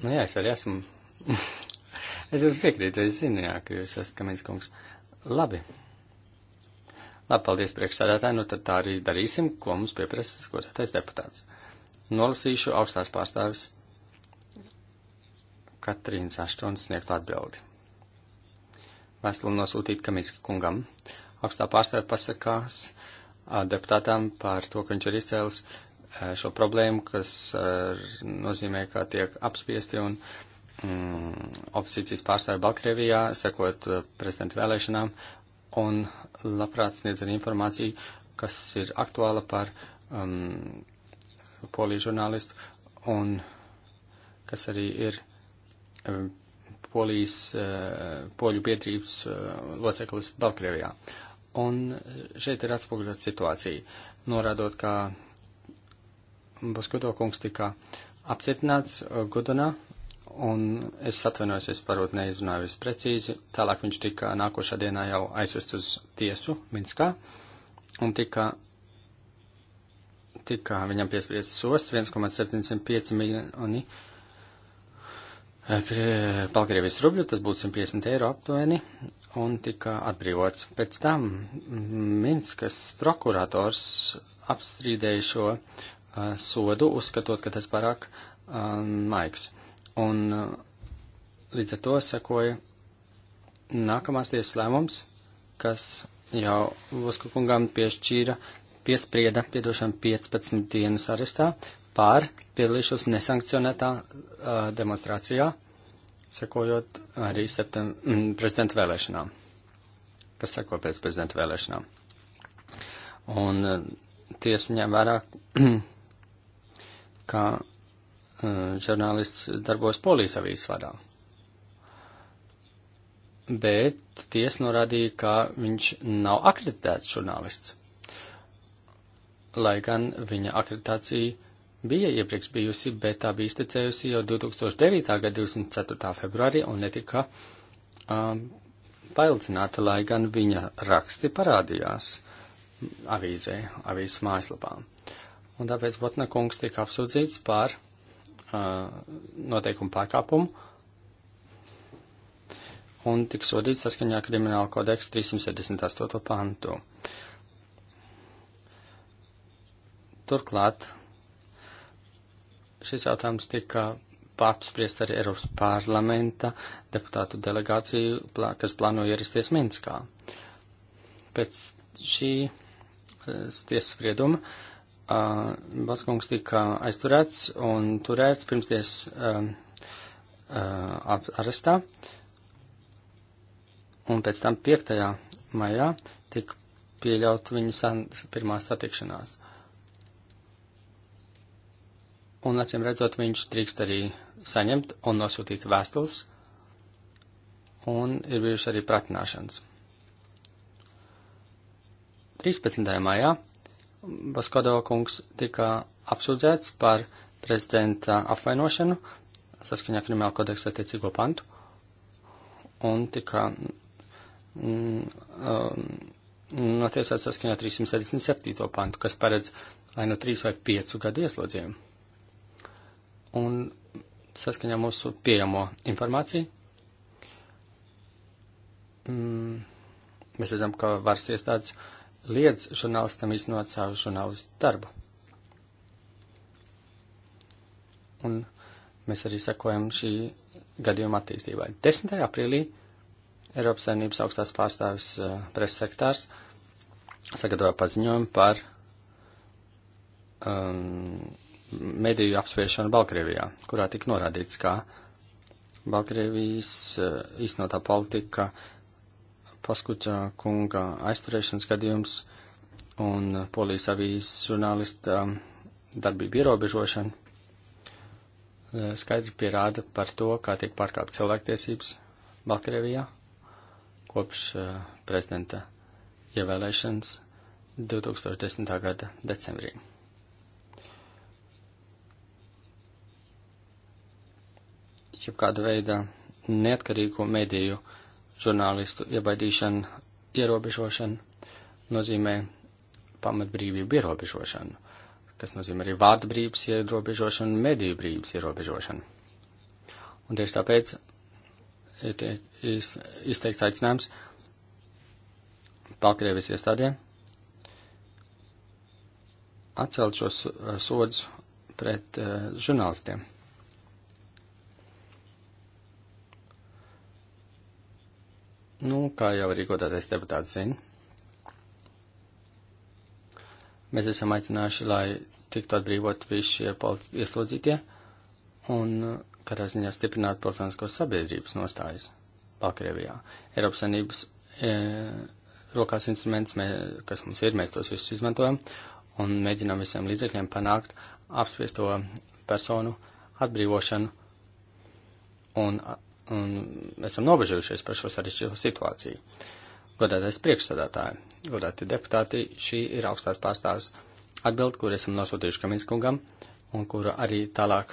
Nu, jā, es arī esmu. es jums piekrītu, es zinu, jā, ka jūs esat kamīns kungs. Labi. Labi, paldies priekšsādātāji, nu tad tā arī darīsim, ko mums pieprasas godātais deputāts. Nolasīšu augstās pārstāvis Katrīnas Aštons sniegtu atbildi. Vēstuli nosūtīt Kaminski kungam. Augstā pārstāve pasakās deputātām par to, ka viņš ir izcēlis šo problēmu, kas nozīmē, ka tiek apspiesti un mm, opozīcijas pārstāvi Balkrievijā, sekot prezidenta vēlēšanām, un labprāt sniedz arī informāciju, kas ir aktuāla par um, mm, poliju žurnālistu, un kas arī ir polijas, eh, poļu biedrības eh, loceklis Baltkrievijā. Un šeit ir atspoguļot situāciju, norādot, ka Baskudo kungs tika apcietināts eh, Gudonā, un es atvainojos, es varbūt neizrunāju visu precīzi, tālāk viņš tika nākošā dienā jau aizvest uz tiesu Minskā, un tika tika viņam piespriests sosts 1,75 miljoni Baltkrievijas rubļu, tas būtu 150 eiro aptuveni, un tika atbrīvots. Pēc tam Minskas prokurators apstrīdēja šo uh, sodu, uzskatot, ka tas pārāk uh, maigs. Un uh, līdz ar to sekoja nākamās tiesas lēmums, kas jau Voskukungam piešķīra, piesprieda, piedošana 15 dienas arestā pār piedalīšos nesankcionētā uh, demonstrācijā, sekojot arī septem, mm, prezidenta vēlēšanām, kas seko pēc prezidenta vēlēšanām. Un uh, tiesa ņem vērā, ka uh, žurnālists darbojas polijas avīzes vadā. Bet tiesa norādīja, ka viņš nav akreditēts žurnālists, lai gan viņa akreditācija bija iepriekš bijusi, bet tā bija iztecējusi jau 2009. gada 24. februārī un netika um, paildzināta, lai gan viņa raksti parādījās avīzē, avīzes mājaslapā. Un tāpēc Botna kungs tika apsūdzīts par uh, noteikumu pārkāpumu un tika sodīts saskaņā krimināla kodeksa 378. pantu. Turklāt šis jautājums tika apspriest ar Eiropas parlamenta deputātu delegāciju, kas plāno ierasties Minskā. Pēc šī eh, tiesas sprieduma uh, eh, Baskungs tika aizturēts un turēts pirmsties uh, uh, arestā. Un pēc tam 5. maijā tika pieļaut viņa san, pirmā satikšanās. Uh, un, acīm redzot, viņš drīkst arī saņemt un nosūtīt vēstules, un ir bijuši arī pratināšanas. 13. maijā Baskodova kungs tika apsūdzēts par prezidenta apvainošanu saskaņā krimināla kodeksa attiecīgo pantu un tika mm, um, notiesāts saskaņā 377. pantu, kas paredz vai no nu 3 vai 5 gadu ieslodzījumu un saskaņā mūsu pieejamo informāciju. Mm, mēs redzam, ka varas iestādes liedz žurnālistam iznot savu žurnālistu darbu. Un mēs arī sekojam šī gadījuma attīstībai. 10. aprīlī Eiropas saimnības augstās pārstāvis uh, eh, presa sektārs sagatavoja paziņojumu par um, mediju apspiešanu Baltkrievijā, kurā tika norādīts, ka Baltkrievijas eh, īstenotā politika paskuķa kunga aizturēšanas gadījums un polijas avīs žurnālista mm, darbību ierobežošana eh, skaidri pierāda par to, kā tiek pārkāpt cilvēktiesības Baltkrievijā kopš eh, prezidenta ievēlēšanas 2010. gada decembrī. jebkāda veida neatkarīgu mediju žurnālistu iebaidīšana, ierobežošana nozīmē pamatbrīvību ierobežošanu, kas nozīmē arī vārdu brīvības ierobežošanu, mediju brīvības ierobežošanu. Un tieši tāpēc ir e, izteikts aicinājums Baltkrievijas iestādēm atcelt šos e, sodus pret uh, žurnālistiem. Nu, kā jau arī godātais deputāts zina, mēs esam aicinājuši, lai tiktu atbrīvot visi šie ieslodzītie un katrā ziņā stiprināt pilsoniskos sabiedrības nostājas Balkrievijā. Eiropas Sanības e, rokās instruments, mē, kas mums ir, mēs tos visus izmantojam un mēģinām visiem līdzekļiem panākt apspiesto personu atbrīvošanu un un esam nobežījušies par šo sarežģīto situāciju. Godātais priekšsādātāji, godāti deputāti, šī ir augstās pārstāvs atbild, kur esam nosūtījuši Kaminskungam un kuru arī tālāk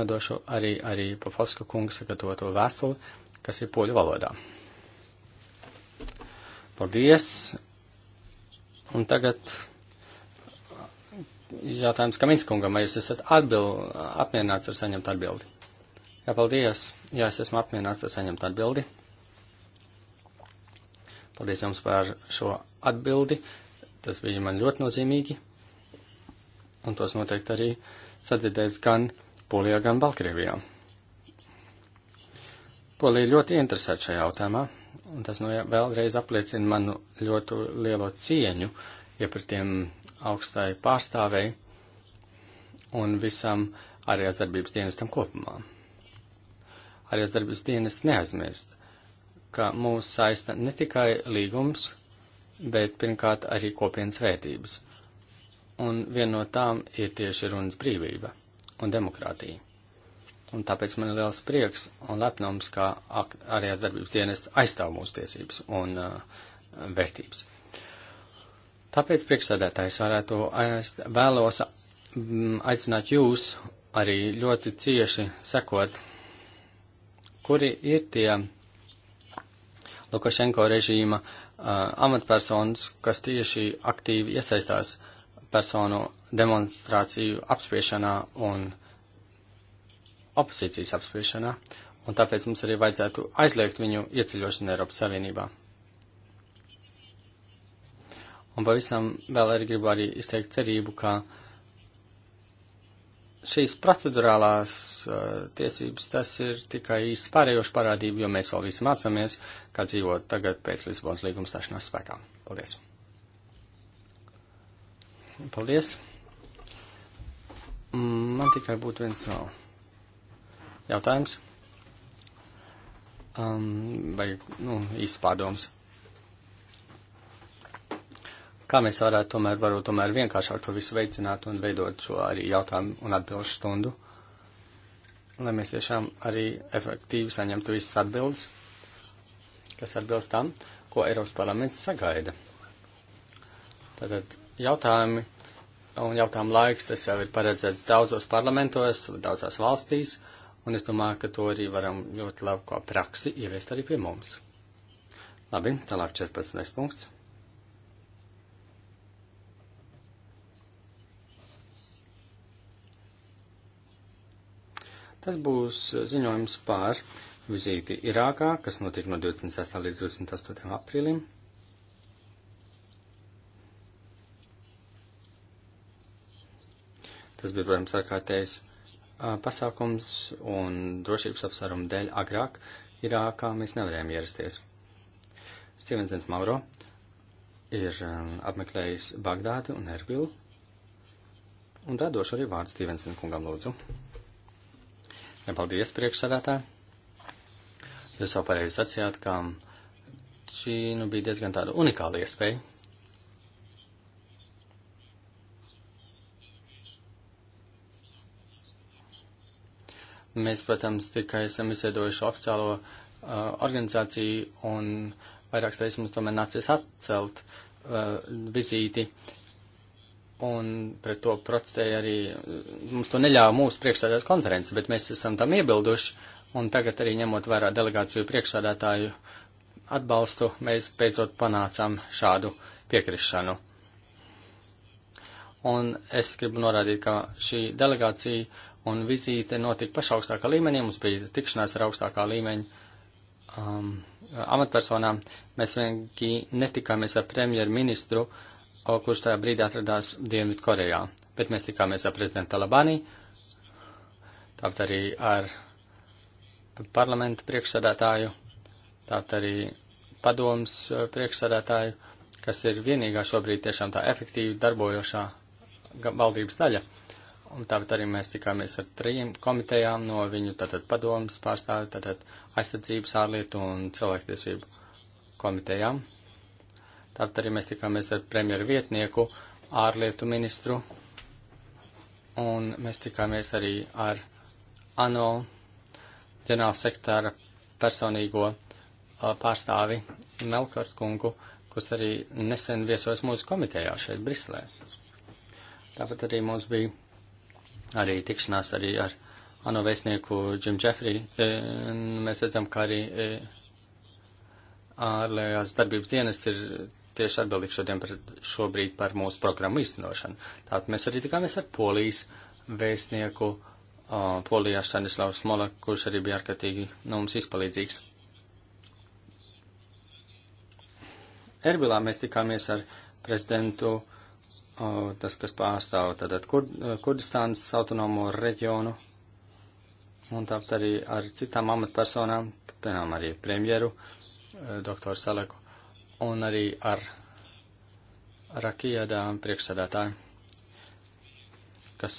nodošu arī, arī Pofovska kunga sagatavoto vēstuli, kas ir poļu valodā. Paldies! Un tagad jautājums Kaminskungam, vai jūs esat atbild, apmierināts ar saņemt atbildi? Jā, paldies. Jā, es esmu apmierināts ar saņemtu atbildi. Paldies jums par šo atbildi. Tas bija man ļoti nozīmīgi. Un tos noteikti arī sadzirdēs gan Polijā, gan Baltkrievijā. Polija ļoti interesēta šajā jautājumā, un tas nu vēlreiz apliecina manu ļoti lielo cieņu iepratiem augstai pārstāvei un visam ārējās darbības dienestam kopumā. Ārējās darbības dienas neaizmirst, ka mūs saista ne tikai līgums, bet pirmkārt arī kopienas vērtības. Un viena no tām ir tieši runas brīvība un demokrātija. Un tāpēc man ir liels prieks un lepnums, ka ārējās darbības dienests aizstāv mūsu tiesības un uh, vērtības. Tāpēc priekšsēdētājs varētu aizst, vēlos mm, aicināt jūs arī ļoti cieši sekot kuri ir tie Lukašenko režīma uh, amatpersonas, kas tieši aktīvi iesaistās personu demonstrāciju apspiešanā un opozīcijas apspiešanā, un tāpēc mums arī vajadzētu aizliegt viņu ieceļošanu Eiropas Savienībā. Un pavisam vēl arī gribu arī izteikt cerību, ka uh, šīs procedurālās uh, tiesības, tas ir tikai īsts pārējoši parādība, jo mēs vēl visi mācāmies, kā dzīvot tagad pēc Lisabonas līguma stāšanās spēkā. Paldies! Paldies! Man tikai būtu viens vēl jautājums. Um, vai, nu, īsts pārdoms kā mēs varētu tomēr, varbūt tomēr vienkāršāk to visu veicināt un veidot šo arī jautājumu un atbilžu stundu, lai mēs tiešām arī efektīvi saņemtu visas atbildes, kas atbilst tam, ko Eiropas parlaments sagaida. Tātad jautājumi un jautājumu laiks, tas jau ir paredzēts daudzos parlamentos, daudzās valstīs, un es domāju, ka to arī varam ļoti labi kā praksi ieviest arī pie mums. Labi, tālāk 14. punkts. Tas būs ziņojums par vizīti Irākā, kas notiek no 26. līdz 28. aprīlim. Tas bija, protams, ārkārtējs pasākums un drošības apsvērumu dēļ agrāk Irākā mēs nevarējām ierasties. Stevensens Mauro ir apmeklējis Bagdādu un Erbilu. Un tā došu arī vārdu Stevensen kungam lūdzu. Ja, paldies, priekšsēdētā. Jūs jau pareizi sacījāt, ka šī nu, bija diezgan tāda unikāla iespēja. Mēs, protams, tikai esam izveidojuši oficiālo uh, organizāciju un vairākas reizes mums tomēr nācies atcelt uh, vizīti, un pret to protestēja arī, mums to neļāva mūsu priekšsādātājas konferences, bet mēs esam tam iebilduši, un tagad arī ņemot vērā delegāciju priekšsādātāju atbalstu, mēs beidzot panācām šādu piekrišanu. Un es gribu norādīt, ka šī delegācija un vizīte notika pašā augstākā līmenī, mums bija tikšanās ar augstākā līmeņa um, amatpersonām, mēs vienkārši netikāmies ar premjerministru, uh, kurš tajā brīdī atradās Dienvidkorejā. Bet mēs tikāmies ar prezidentu Talabani, tāpat arī ar parlamentu priekšsādātāju, tāpat arī padoms e, priekšsādātāju, kas ir vienīgā šobrīd tiešām tā efektīvi darbojošā valdības daļa. Un tāpat arī mēs tikāmies ar trim komitejām no viņu tātad padomas pārstāvi, tātad aizsardzības ārlietu un cilvēktiesību komitejām, Tāpat arī mēs tikāmies ar premjeru vietnieku, ārlietu ministru, un mēs tikāmies arī ar ANO ģenerālsektāra personīgo pārstāvi Melkart kungu, kas arī nesen viesojas mūsu komitejā šeit Briselē. Tāpat arī mums bija arī tikšanās arī ar ANO vēstnieku Jim Jeffrey. Mēs redzam, ka arī ārlējās darbības dienas ir tieši atbildīgs šodien par, šobrīd par mūsu programmu īstenošanu. Tātad mēs arī tikāmies ar polijas vēstnieku uh, Polijā Stanislavs Mola, kurš arī bija ārkārtīgi nu, mums izpalīdzīgs. Erbilā mēs tikāmies ar prezidentu, uh, tas, kas pārstāv tātad Kurd, Kurdistānas autonomo reģionu, un tāpat arī ar citām amatpersonām, piemēram, arī premjeru, uh, doktoru Saleku un arī ar Rakijādā priekšsēdētāju, kas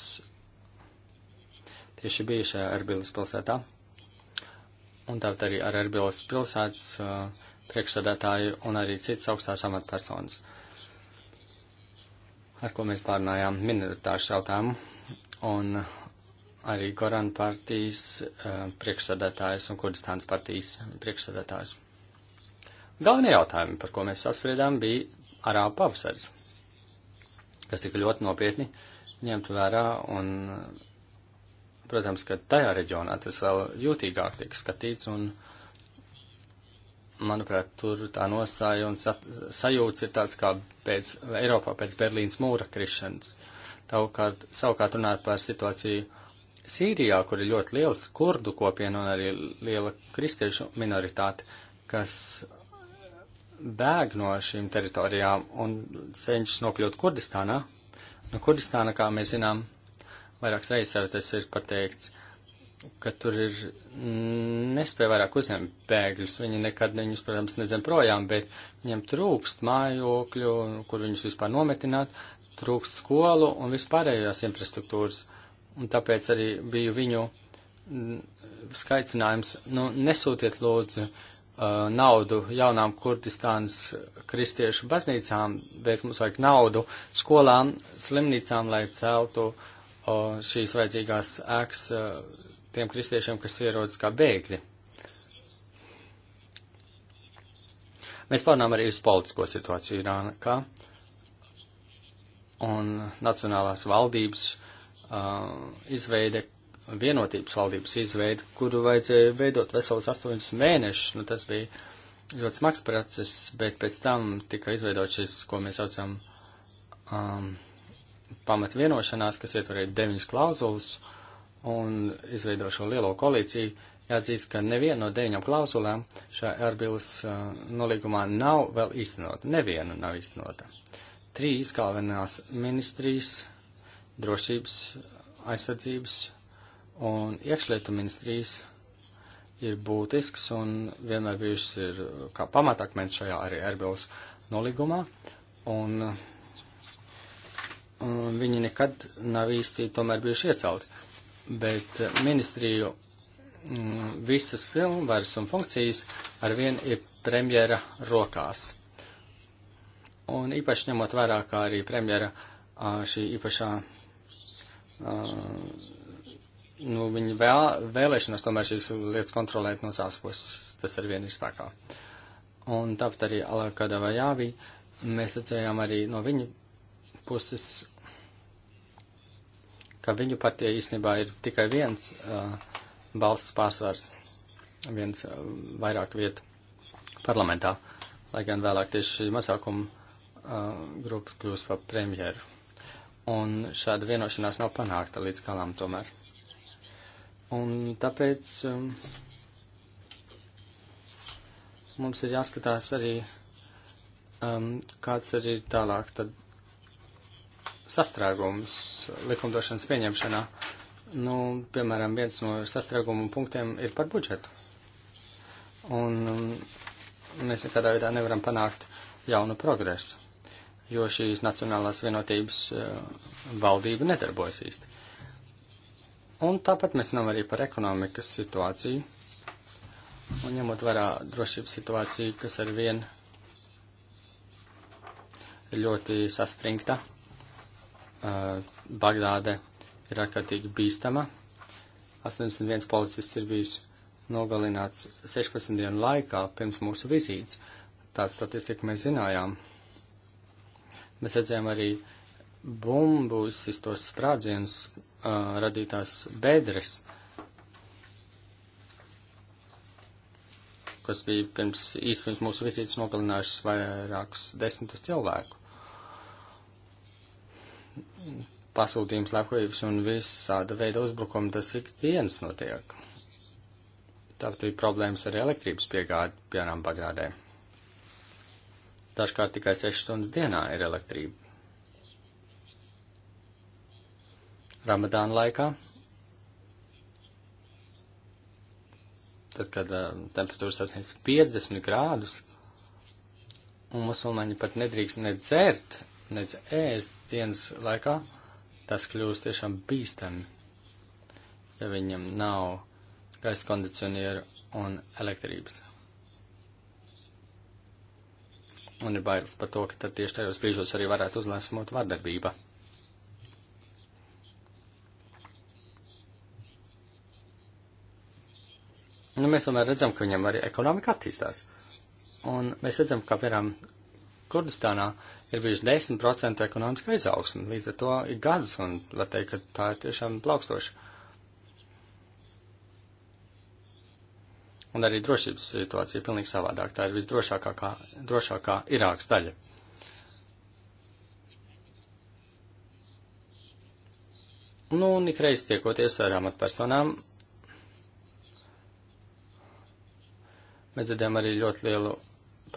tieši bija šajā Erbilas pilsētā, un tāpat arī ar Erbilas pilsētas uh, priekšsēdētāju un arī citas augstās amatpersonas, ar ko mēs pārnājām minoritāšu jautājumu, un arī Goran partijas uh, priekšsēdētājs un Kurdistānas partijas priekšsēdētājs. Galvenie jautājumi, par ko mēs apspriedām, bija arābu pavasaris, kas tika ļoti nopietni ņemt vērā, un, protams, ka tajā reģionā tas vēl jūtīgāk tika skatīts, un, manuprāt, tur tā nostāja un sajūta ir tāds kā pēc Eiropā, pēc Berlīnas mūra krišanas. Tavukārt, savukārt runāt par situāciju Sīrijā, kur ir ļoti liels kurdu kopiena un arī liela kristiešu minoritāte, kas bēg no šīm teritorijām un cenšas nokļūt Kurdistānā. No Kurdistāna, kā mēs zinām, vairākas reizes jau tas ir pateikts, ka tur ir nespēja vairāk uzņemt bēgļus. Viņi nekad viņus, protams, nezin projām, bet viņiem trūkst mājokļu, kur viņus vispār nometināt, trūkst skolu un vispārējās infrastruktūras. Un tāpēc arī biju viņu skaicinājums, nu, nesūtiet lūdzu uh, Uh, naudu jaunām Kurdistānas kristiešu baznīcām, bet mums vajag naudu skolām, slimnīcām, lai celtu o, uh, šīs vajadzīgās ēkas uh, tiem kristiešiem, kas ierodas kā bēgļi. Mēs pārnām arī uz politisko situāciju Irānā un nacionālās valdības uh, izveide, vienotības valdības izveidi, kuru vajadzēja veidot veselas astoņus mēnešus. Nu, tas bija ļoti smags process, bet pēc tam tika izveidot šis, ko mēs saucam, um, pamat vienošanās, kas ietvarēja deviņas klauzulas un izveido šo lielo koalīciju. Jāatzīst, ka neviena no deviņām klauzulēm šajā ārbildes uh, nolīgumā nav vēl īstenota. Neviena nav īstenota. Trīs galvenās ministrijas - drošības, aizsardzības un iekšlietu ministrijas ir būtisks un vienmēr bijušas ir uh, kā pamatakmens šajā arī Erbilas noligumā, un, un viņi nekad nav īsti tomēr bijuši iecelti. Bet uh, ministriju m, mm, visas pilnvaras un funkcijas ar vien ir premjera rokās. Un īpaši ņemot vērā, kā arī premjera uh, šī īpašā uh, nu, viņi vēl, vēlēšanās tomēr šīs lietas kontrolēt no savas puses. Tas ar vienu ir spēkā. Un tāpat arī Alakada Vajāvi mēs redzējām arī no viņa puses, ka viņu partija īstenībā ir tikai viens uh, balsts pārsvars, viens uh, vairāk vietu parlamentā, lai gan vēlāk tieši mazākuma uh, grupa kļūst par premjeru. Un šāda vienošanās nav panākta līdz galam tomēr. Un tāpēc um, mums ir jāskatās arī, um, kāds arī ir tālāk tad sastrēgums likumdošanas pieņemšanā. Nu, piemēram, viens no sastrēgumu punktiem ir par budžetu. Un um, mēs nekādā veidā nevaram panākt jaunu progresu, jo šīs Nacionālās vienotības uh, valdība nedarbojas īsti. Uh, Un tāpat mēs nav arī par ekonomikas situāciju. Un ņemot vērā drošības situāciju, kas ar vien ļoti saspringta, uh, Bagdāde ir ārkārtīgi bīstama. 81 policists ir bijis nogalināts 16 dienu laikā pirms mūsu vizītes. Tāda statistika mēs zinājām. Mēs redzējām arī bumbu izsistos sprādzienus uh, radītās bedres, kas bija pirms, īsti pirms mūsu vizītes nogalinājušas vairākus desmitus cilvēku. Pasūtījums, lepkavības un visāda veida uzbrukumi, tas ik viens notiek. Tāpat ir problēmas ar elektrības piegādi, piemēram, Bagdādē. Dažkārt tikai 6 stundas dienā ir elektrība. Ramadāna laikā, tad, kad uh, temperatūra sasniedz 50 grādus, un musulmaņi pat nedrīkst ne dzert, ne ēst dienas laikā, tas kļūst tiešām bīstami, ja viņam nav gaisa kondicionieru un elektrības. Un ir bailes par to, ka tad tieši tajos brīžos arī varētu uzlēsmot vardarbība. nu, mēs tomēr redzam, ka viņam arī ekonomika attīstās. Un mēs redzam, ka, piemēram, Kurdistānā ir bijusi 10% ekonomiska izaugsme, līdz ar to ir gadus, un var teikt, ka tā ir tiešām plaukstoša. Un arī drošības situācija ir pilnīgi savādāk. Tā ir visdrošākā kā, drošākā Irākas daļa. Nu, un ikreiz tiekoties ar amatpersonām, Mēs dzirdējām arī ļoti lielu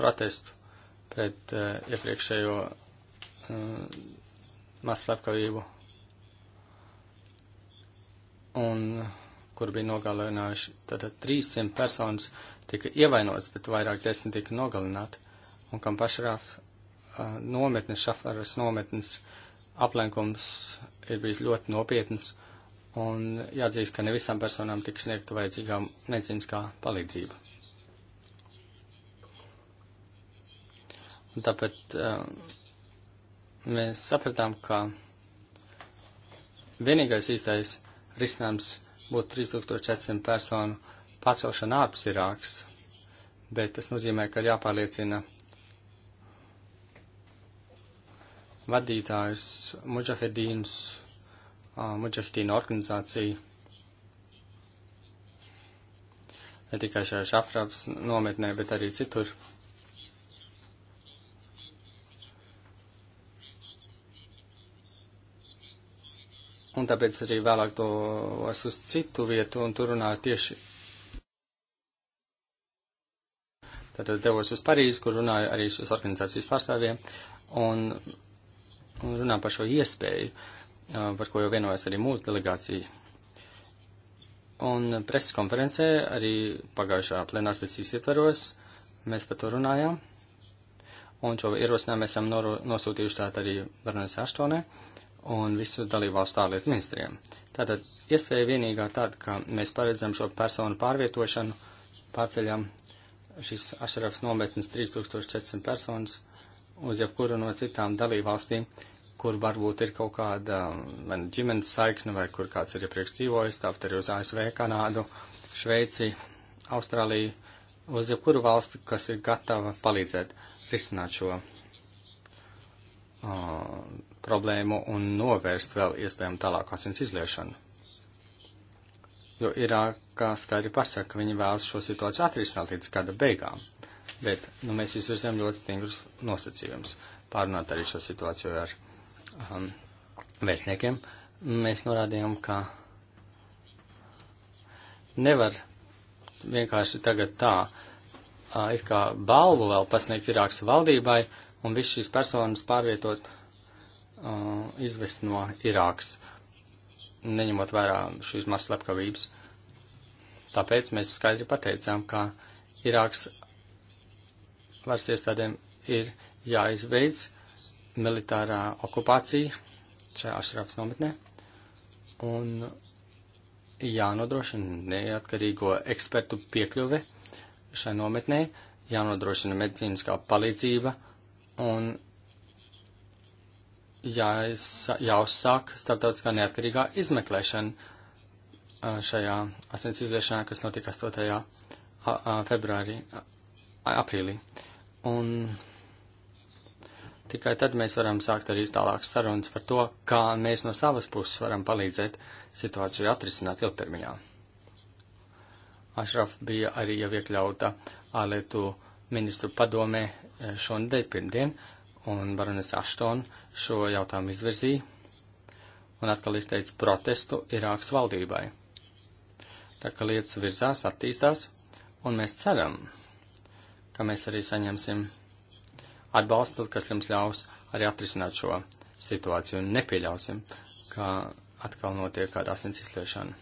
protestu pret uh, iepriekšējo uh, eh, mazslepkavību, un kur bija nogalinājuši tātad 300 personas tika ievainots, bet vairāk desmit tika nogalināti, un kam pašrāf uh, nometnes, šafaras nometnes aplenkums ir bijis ļoti nopietns, un jāatzīst, ka ne visām personām tika sniegta vajadzīgā medicīniskā palīdzība. Un tāpēc uh, mēs sapratām, ka vienīgais īstais risinājums būtu 3400 personu pacelšana ārpus Irākas, bet tas nozīmē, ka ir jāpārliecina vadītājs Mudžahedīns, Mudžahedīna organizācija, ne tikai šajā Šafravas nometnē, bet arī citur. un tāpēc arī vēlāk tos uz citu vietu un tur runāju tieši. Tātad devos uz Parīzi, kur runāju arī šīs organizācijas pārstāvjiem un, un runāju par šo iespēju, par ko jau vienojas arī mūsu delegācija. Un preses konferencē arī pagājušā plenārstasīs ietveros mēs par to runājām. Un šo ierosinājumu mēs esam nosūtījuši tātad arī Baronesa Aštonē. Uh, un visu dalībvalstu ārlietu ministriem. Tātad iespēja vienīgā tāda, ka mēs paredzam šo personu pārvietošanu, pārceļam šīs ašarafs nometnes 3400 personas uz jebkuru no citām dalībvalstīm, kur varbūt ir kaut kāda vai nu ģimenes saikne, vai kur kāds ir iepriekš dzīvojis, tāpat arī uz ASV, Kanādu, Šveici, Austrāliju, uz jebkuru valstu, kas ir gatava palīdzēt risināt šo uh, problēmu un novērst vēl iespējami tālāk asins izliešanu. Jo Irākā skaidri pasaka, ka viņi vēlas šo situāciju atrisināt līdz gada beigām, bet nu, mēs izvirzām ļoti stingrus nosacījumus pārunāt arī šo situāciju ar um, vēstniekiem. Mēs norādījām, ka nevar vienkārši tagad tā, uh, it kā balvu vēl pasniegt Irākas valdībai un visu šīs personas pārvietot uh, izvest no Irākas, neņemot vērā šīs mazas slepkavības. Tāpēc mēs skaidri pateicām, ka Irākas varas iestādēm ir jāizveic militārā okupācija šajā ašrafs nometnē un jānodrošina neatkarīgo ekspertu piekļuve šai nometnē, jānodrošina medicīniskā palīdzība un jāuzsāk starptautiskā neatkarīgā izmeklēšana šajā asins izliešanā, kas notika 8. februārī, aprīlī. Un tikai tad mēs varam sākt arī tālākas sarunas par to, kā mēs no savas puses varam palīdzēt situāciju atrisināt ilgtermiņā. Ašraf bija arī jau iekļauta ārlietu ministru padomē šonadēļ pirmdien, uh, un Baronis Aštona šo jautājumu izvirzīja un atkal izteica protestu Irākas valdībai. Tā kā lietas virzās, attīstās, un mēs ceram, ka mēs arī saņemsim atbalstu, kas jums ļaus arī atrisināt šo situāciju un nepieļausim, ka atkal notiek kāda asins izliešana.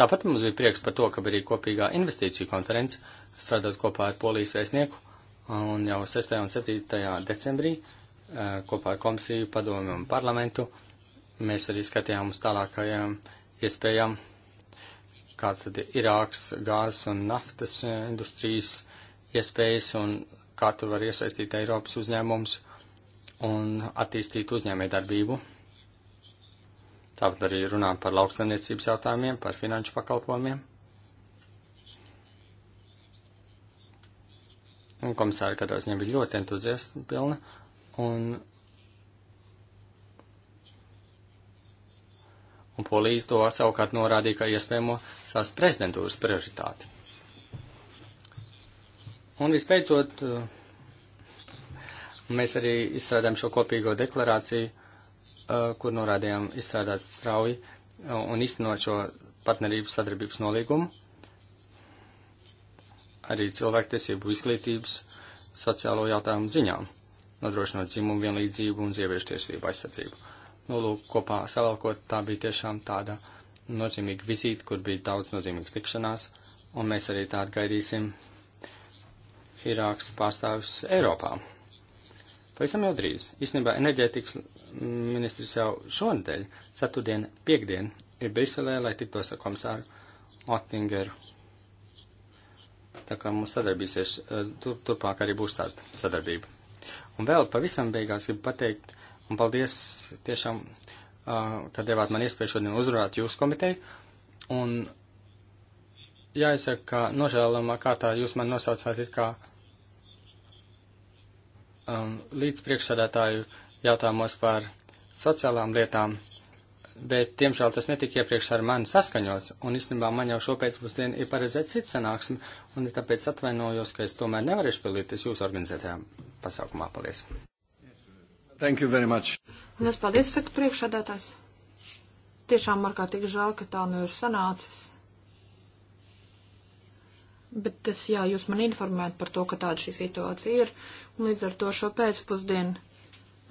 Tāpat mums bija prieks par to, ka bija kopīgā investīciju konference, strādāt kopā ar polijas vēstnieku, un jau 6. un 7. decembrī eh, kopā ar komisiju, padomu un parlamentu mēs arī skatījām uz tālākajām iespējām, kā tad ir Irāks gāzes un naftas eh, industrijas iespējas un kā tur var iesaistīt Eiropas uzņēmums un attīstīt uzņēmē darbību. Tāpat arī runājam par lauksaimniecības jautājumiem, par finanšu pakalpojumiem. Un komisāri katrā ziņā bija ļoti entuziasti pilna. Un, un Polijas to savukārt norādīja kā iespējamo savas prezidentūras prioritāti. Un visbeidzot, mēs arī izstrādājam šo kopīgo deklarāciju Uh, kur norādījām izstrādāt strauji uh, un iztenot šo partnerību sadarbības nolīgumu, arī cilvēktiesību izglītības sociālo jautājumu ziņā, nodrošinot dzimumu vienlīdzību un sieviešu tiesību aizsardzību. Nu, lūk, kopā savalkot, tā bija tiešām tāda nozīmīga vizīte, kur bija daudz nozīmīgas tikšanās, un mēs arī tādu gaidīsim Irākas pārstāvis Eiropā. Pavisam jau drīz. Īstenībā enerģētikas ministrs jau šonadēļ, ceturtdien, piekdien, ir Briselē, lai tiktos ar komisāru Ottingeru. Tā kā mums sadarbīsies, eh, tur, turpāk arī būs tāda sadarbība. Un vēl pavisam beigās gribu pateikt, un paldies tiešām, eh, ka devāt man iespēju šodien uzrunāt jūsu komiteju. Un jāizsaka, ka nožēlamā kārtā jūs man nosaucāt it kā um, līdz priekšsādātāju jautājumos par sociālām lietām, bet, diemžēl, tas netika iepriekš ar mani saskaņots, un īstenībā man jau šopēcpusdien ir paredzēts cits sanāksme, un tāpēc atvainojos, ka es tomēr nevarēšu piedalīties jūsu organizētajā pasākumā. Paldies! Thank you very much! Liels paldies, saka priekšādātājs! Tiešām markā tik žēl, ka tā nu ir sanācis. Bet es, jā, jūs man informēt par to, ka tāda šī situācija ir, un līdz ar to šo pēcpusdienu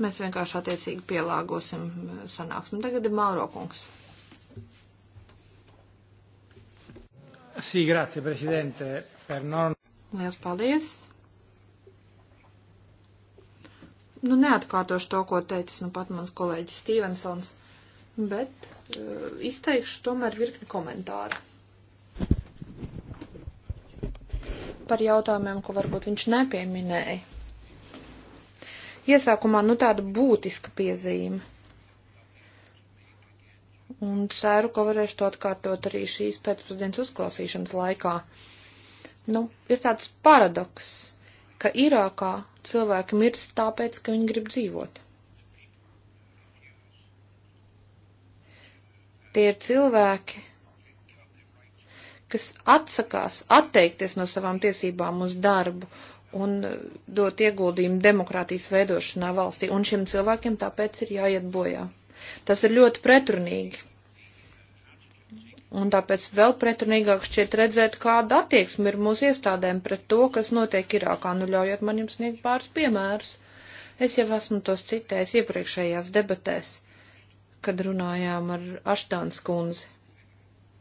Mēs vienkārši attiecīgi pielāgosim uh, sanāksmi. Tagad ir Māro kungs. Sī, grāci, prezidente, par normu. Liels paldies. Nu, neatkārtošu to, ko teicis nu pat mans kolēģis Stevensons, bet uh, izteikšu tomēr virkni komentāru. Par jautājumiem, ko varbūt viņš nepieminēja Iesākumā nu tāda būtiska piezīme. Un ceru, ka varēšu to atkārtot arī šīs pēcpusdienas uzklausīšanas laikā. Nu, ir tāds paradoks, ka Irākā cilvēki mirst tāpēc, ka viņi grib dzīvot. Tie ir cilvēki, kas atsakās atteikties no savām tiesībām uz darbu, un e, dot ieguldījumu demokrātijas veidošanā valstī, un šiem cilvēkiem tāpēc ir jāiet bojā. Tas ir ļoti pretrunīgi. Un tāpēc vēl pretrunīgāk šķiet redzēt, kāda attieksme ir mūsu iestādēm pret to, kas notiek Irākā. Nu, ļaujiet man jums sniegt pāris piemērus. Es jau esmu tos citējis iepriekšējās debatēs, kad runājām ar Aštāns kundzi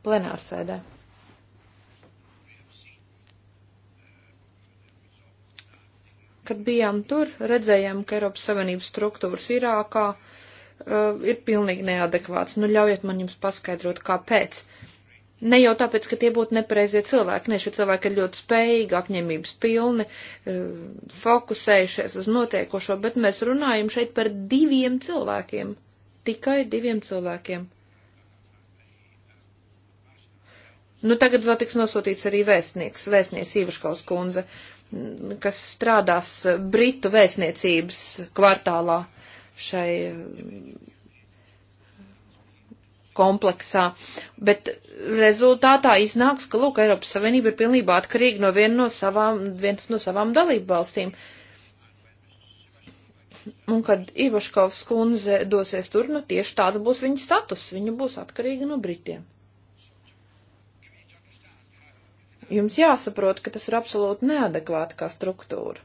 plenārsēdē. Ar Kad bijām tur, redzējām, ka Eiropas Savienības struktūras Irākā uh, ir pilnīgi neadekvāts. Nu, ļaujiet man jums paskaidrot, kāpēc. Ne jau tāpēc, ka tie būtu nepareizie cilvēki, ne šie cilvēki ir ļoti spējīgi, apņemības pilni, uh, fokusējušies uz notiekošo, bet mēs runājam šeit par diviem cilvēkiem. Tikai diviem cilvēkiem. Nu, tagad vēl tiks nosūtīts arī vēstnieks, vēstnieks Īvaškaus kundze. Uh, kas strādās Britu vēstniecības kvartālā šai mm, kompleksā, bet rezultātā iznāks, ka, lūk, Eiropas Savienība ir pilnībā atkarīga no, vien no savām, viens no savām dalību valstīm. Un, kad Ivaškovs kundze dosies tur, nu tieši tāds būs viņa status, viņa būs atkarīga no Britiem. jums jāsaprot, ka tas ir absolūti neadekvāta kā struktūra.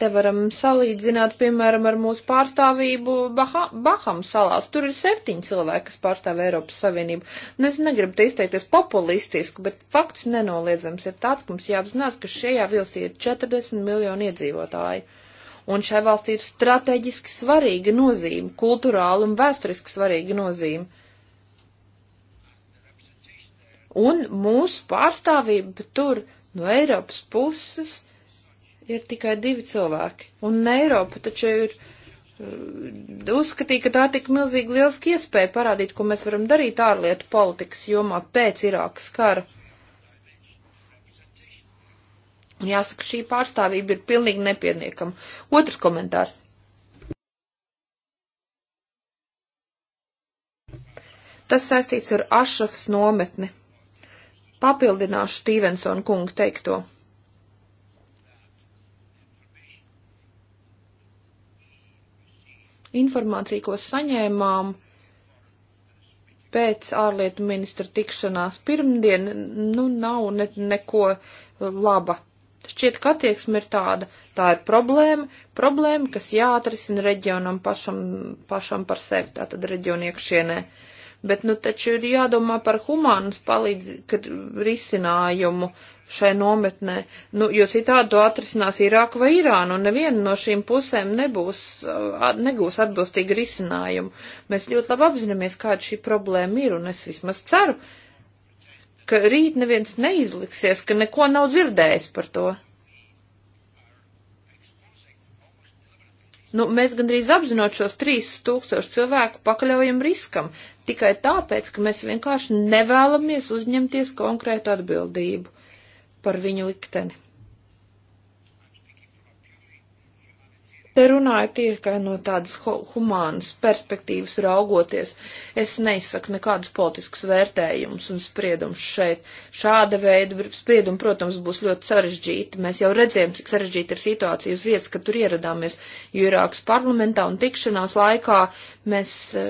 Te varam salīdzināt, piemēram, ar mūsu pārstāvību Baha Baham salās. Tur ir septiņi cilvēki, kas pārstāv Eiropas Savienību. Nu, es negribu te izteikties populistiski, bet fakts nenoliedzams ir tāds, ka mums jāapzinās, ka šajā vilsī ir 40 miljoni iedzīvotāji. Un šai valstī ir strateģiski svarīga nozīme, kulturāli un vēsturiski svarīga nozīme un mūsu pārstāvība tur no Eiropas puses ir tikai divi cilvēki. Un Eiropa taču ir uh, uzskatīja, ka tā ir tik milzīgi lieliski iespēja parādīt, ko mēs varam darīt ārlietu politikas jomā pēc Irākas kara. Un jāsaka, šī pārstāvība ir pilnīgi nepietiekama. Otrs komentārs. Tas saistīts ar Ašafas nometni. Papildināšu Stevensona kungu teikto. Informācija, ko saņēmām pēc ārlietu ministra tikšanās pirmdien, nu, nav ne, neko laba. Šķiet, ka attieksme ir tāda. Tā ir problēma, problēma, kas jāatrisina reģionam pašam, pašam par sevi, tātad reģionu iekšienē. Uh, bet nu taču ir jādomā par humānas palīdzību risinājumu šai nometnē, nu, jo citādi to atrisinās Irāku vai Irānu, un neviena no šīm pusēm nebūs, at, negūs atbilstīgu risinājumu. Mēs ļoti labi apzināmies, kāda šī problēma ir, un es vismaz ceru, ka rīt neviens neizliksies, ka neko nav dzirdējis par to. Nu, mēs gandrīz apzinot šos 3000 cilvēku pakļaujam riskam, tikai tāpēc, ka mēs vienkārši nevēlamies uzņemties konkrētu atbildību par viņu likteni. Te runāju tikai no tādas humānas perspektīvas raugoties. Es neizsaku nekādus politiskus vērtējumus un spriedumus šeit. Šāda veida spriedumi, protams, būs ļoti sarežģīti. Mēs jau redzējām, cik sarežģīta ir situācija uz vietas, kad tur ieradāmies Jurāks parlamentā un tikšanās laikā Mēs e,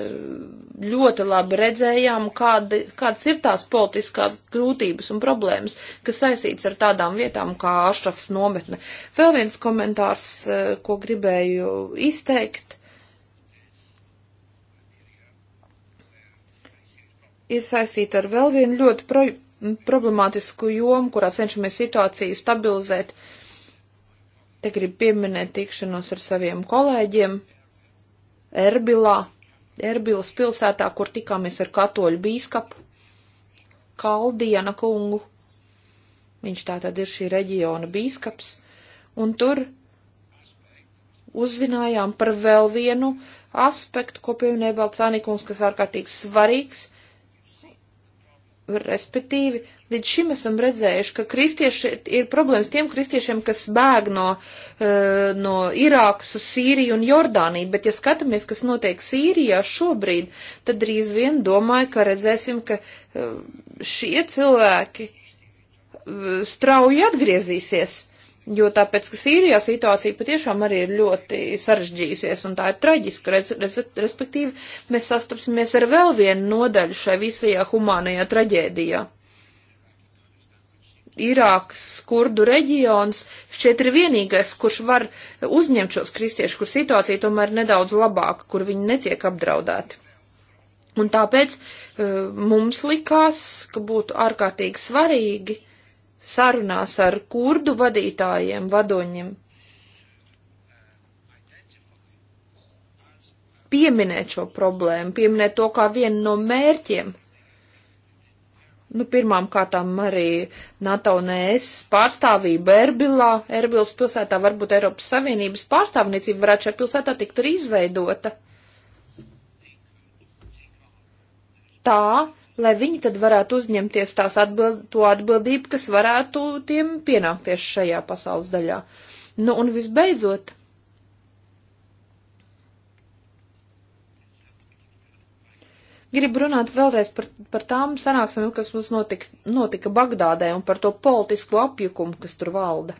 ļoti labi redzējām, kāda, kādas ir tās politiskās grūtības un problēmas, kas saistīts ar tādām vietām kā Ašrafs nometne. Vēl viens komentārs, e, ko gribēju izteikt. ir saistīta ar vēl vienu ļoti pro problemātisku jomu, kurā cenšamies situāciju stabilizēt. Te gribu pieminēt tikšanos ar saviem kolēģiem, Erbilā, Erbilas pilsētā, kur tikāmies ar katoļu bīskapu Kaldiena kungu. Viņš tā tad ir šī reģiona bīskaps, un tur uzzinājām par vēl vienu aspektu, ko pieminēja Balcānī kungs, kas ārkārtīgi svarīgs Respektīvi, līdz šim esam redzējuši, ka kristieši ir problēmas tiem kristiešiem, kas bēg no, eh, no Irākas uz Sīriju un Jordāniju, bet ja skatāmies, kas notiek Sīrijā šobrīd, tad drīz vien domāju, ka redzēsim, ka eh, šie cilvēki eh, strauji atgriezīsies jo tāpēc, ka Sīrijā situācija patiešām arī ir ļoti sarežģījusies un tā ir traģiska, rez, rez, respektīvi mēs sastapsimies ar vēl vienu nodaļu šai visajā humānajā traģēdijā. Irākas kurdu reģions šķiet ir vienīgais, kurš var uzņemt šos kristiešus, kur situācija tomēr nedaudz labāka, kur viņi netiek apdraudēti. Un tāpēc uh, mums likās, ka būtu ārkārtīgi svarīgi sarunās ar kurdu vadītājiem, vadoņiem. Pieminēt šo problēmu, pieminēt to kā vienu no mērķiem. Nu, pirmām kārtām arī NATO un ES pārstāvība Erbilā, Erbils pilsētā, varbūt Eiropas Savienības pārstāvniecība varētu šajā pilsētā tikt arī izveidota. Tā, lai viņi tad varētu uzņemties tās atbild, to atbildību, kas varētu tiem pienākties šajā pasaules daļā. Nu, un visbeidzot. Gribu runāt vēlreiz par, par tām sanāksmēm, kas mums notika, notika Bagdādē un par to politisko apjukumu, kas tur valda.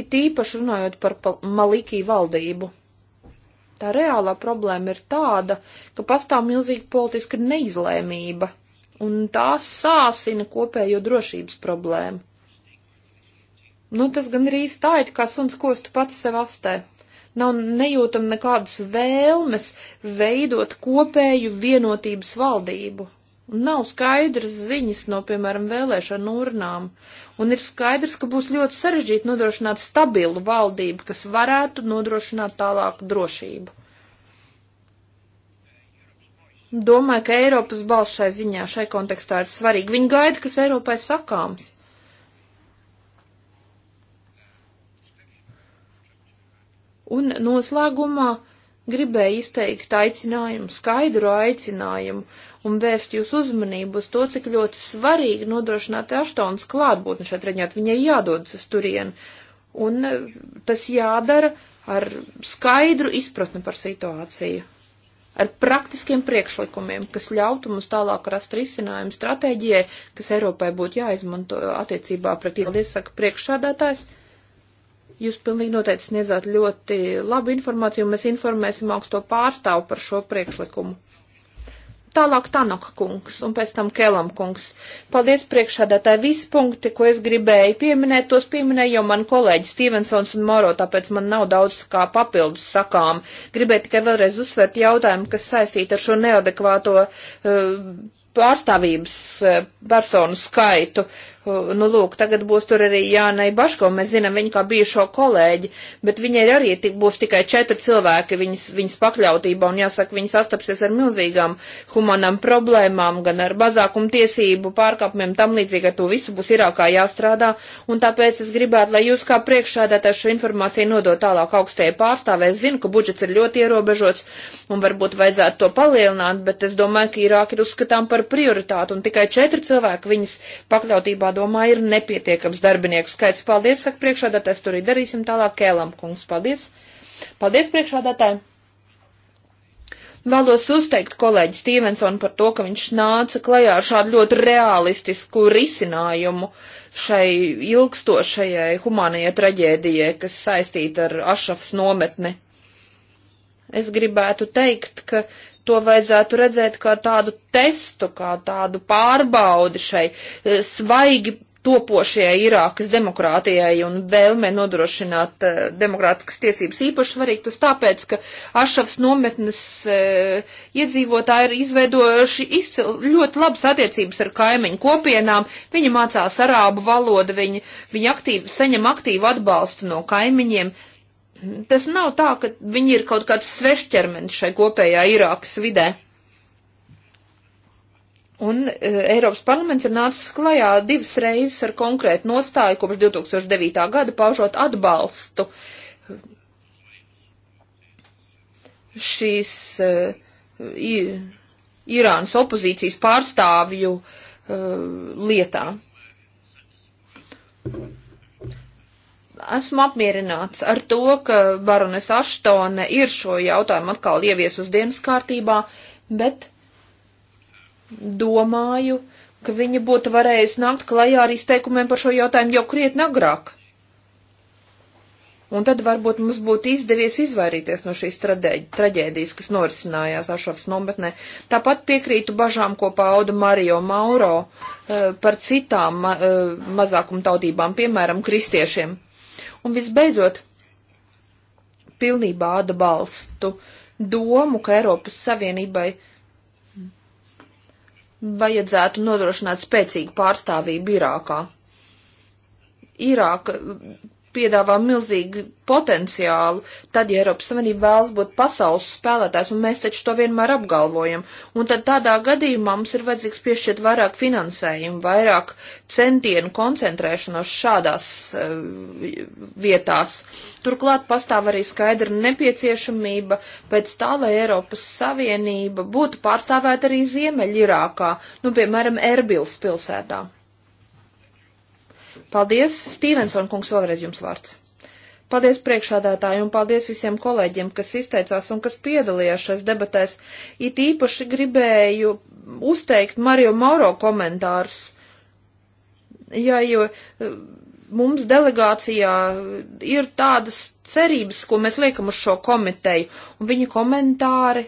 it īpaši runājot par Malikī valdību. Tā reālā problēma ir tāda, ka pastāv milzīga politiska neizlēmība, un tā sāsina kopējo drošības problēmu. Nu, tas gan arī tā, it kā suns kostu pats sev astē. Nav nejūtam nekādas vēlmes veidot kopēju vienotības valdību, Un nav skaidras ziņas no, piemēram, vēlēšanu urnām. Un ir skaidrs, ka būs ļoti sarežģīti nodrošināt stabilu valdību, kas varētu nodrošināt tālāku drošību. Domāju, ka Eiropas balss šai ziņā, šai kontekstā ir svarīgi. Viņi gaida, kas Eiropai sakāms. Un noslēgumā gribēju izteikt aicinājumu, skaidru aicinājumu un vērst jūsu uzmanību uz to, cik ļoti svarīgi nodrošināt Aštons klātbūtni šeit reģionāt. Viņai jādodas uz turieni. Un e, tas jādara ar skaidru izpratni par situāciju, ar praktiskiem priekšlikumiem, kas ļautu mums tālāk rast risinājumu stratēģijai, kas Eiropai būtu jāizmanto attiecībā pret ielas, saka priekšsādātājs. Jūs pilnīgi noteikti sniedzāt ļoti labu informāciju, un mēs informēsim augsto pārstāvu par šo priekšlikumu. Tālāk Tanaka kungs un pēc tam Kelam kungs. Paldies priekšādātāji. Visi punkti, ko es gribēju pieminēt, tos pieminēja jau man kolēģi Stevensons un Moro, tāpēc man nav daudz kā papildus sakām. Gribēju tikai vēlreiz uzsvērt jautājumu, kas saistīta ar šo neadekvāto uh, pārstāvības eh, personu skaitu Uh, nu, lūk, tagad būs tur arī Jānai Baško, mēs zinām viņu kā bijušo kolēģi, bet viņai arī tik, būs tikai četri cilvēki viņas, viņas pakļautībā, un jāsaka, viņas astapsies ar milzīgām humanām problēmām, gan ar mazākumu tiesību pārkāpumiem, tam līdzīgi ar to visu būs Irākā jāstrādā, un tāpēc es gribētu, lai jūs kā priekšādātāju šo informāciju nodot tālāk augstajai pārstāvē. Es zinu, ka budžets ir ļoti ierobežots, un varbūt vajadzētu to palielināt, bet es domāju, ka Irāk ir uzskatām par prioritātu, un tikai četri cilvēki viņas pakļautībā jādomā, ir nepietiekams darbinieku skaits. Paldies, saka priekšādātājs, tur arī darīsim tālāk Kēlam kungs. Paldies. Paldies priekšādātājiem. Vēlos uzteikt kolēģi Stevensonu par to, ka viņš nāca klajā ar šādu ļoti realistisku risinājumu šai ilgstošajai humānajai traģēdijai, kas saistīta ar Ašafs nometni. Es gribētu teikt, ka to vajadzētu redzēt kā tādu testu, kā tādu pārbaudi šai eh, svaigi topošajai Irākas demokrātijai un vēlmē nodrošināt uh, demokrātiskas tiesības īpaši svarīgi. Tas tāpēc, ka Ašavs nometnes uh, iedzīvotāji ir izveidojuši izcil, ļoti labas attiecības ar kaimiņu kopienām. Viņi mācās arābu valodu, viņi, viņi aktīvi, saņem aktīvu atbalstu no kaimiņiem. Uh, Tas nav tā, ka viņi ir kaut kāds svešķermenis šai kopējā Irākas vidē. Un e, Eiropas parlaments ir nācis klajā divas reizes ar konkrētu nostāju kopš 2009. gada paužot atbalstu šīs e, Irānas opozīcijas pārstāvju e, lietā esmu apmierināts ar to, ka Barones Aštone ir šo jautājumu atkal ievies uz dienas kārtībā, bet domāju, ka viņa būtu varējusi nākt klajā ar izteikumiem par šo jautājumu jau krietni agrāk. Un tad varbūt mums būtu izdevies izvairīties no šīs traģēdijas, kas norisinājās Ašavas nometnē. Tāpat piekrītu bažām, ko pauda Mario Mauro eh, par citām eh, mazākumtautībām, piemēram, kristiešiem. Un visbeidzot, pilnībā atbalstu domu, ka Eiropas Savienībai vajadzētu nodrošināt spēcīgu pārstāvību Irākā. Irāka piedāvā milzīgu potenciālu, tad, ja Eiropas Savienība vēlas būt pasaules spēlētājs, un mēs taču to vienmēr apgalvojam, un tad tādā gadījumā mums ir vajadzīgs piešķirt vairāk finansējumu, vairāk centienu koncentrēšanos šādās uh, vietās. Turklāt pastāv arī skaidra nepieciešamība pēc tā, lai Eiropas Savienība būtu pārstāvēta arī Ziemeļirākā, nu, piemēram, Erbils pilsētā. Paldies, Stevenson kungs, vēlreiz jums vārds. Paldies priekšādātāju un paldies visiem kolēģiem, kas izteicās un kas piedalījās šajās debatēs. It īpaši gribēju uzteikt Mario Mauro komentārus. Jā, jo eh, mums delegācijā ir tādas cerības, ko mēs liekam uz šo komiteju, un viņa komentāri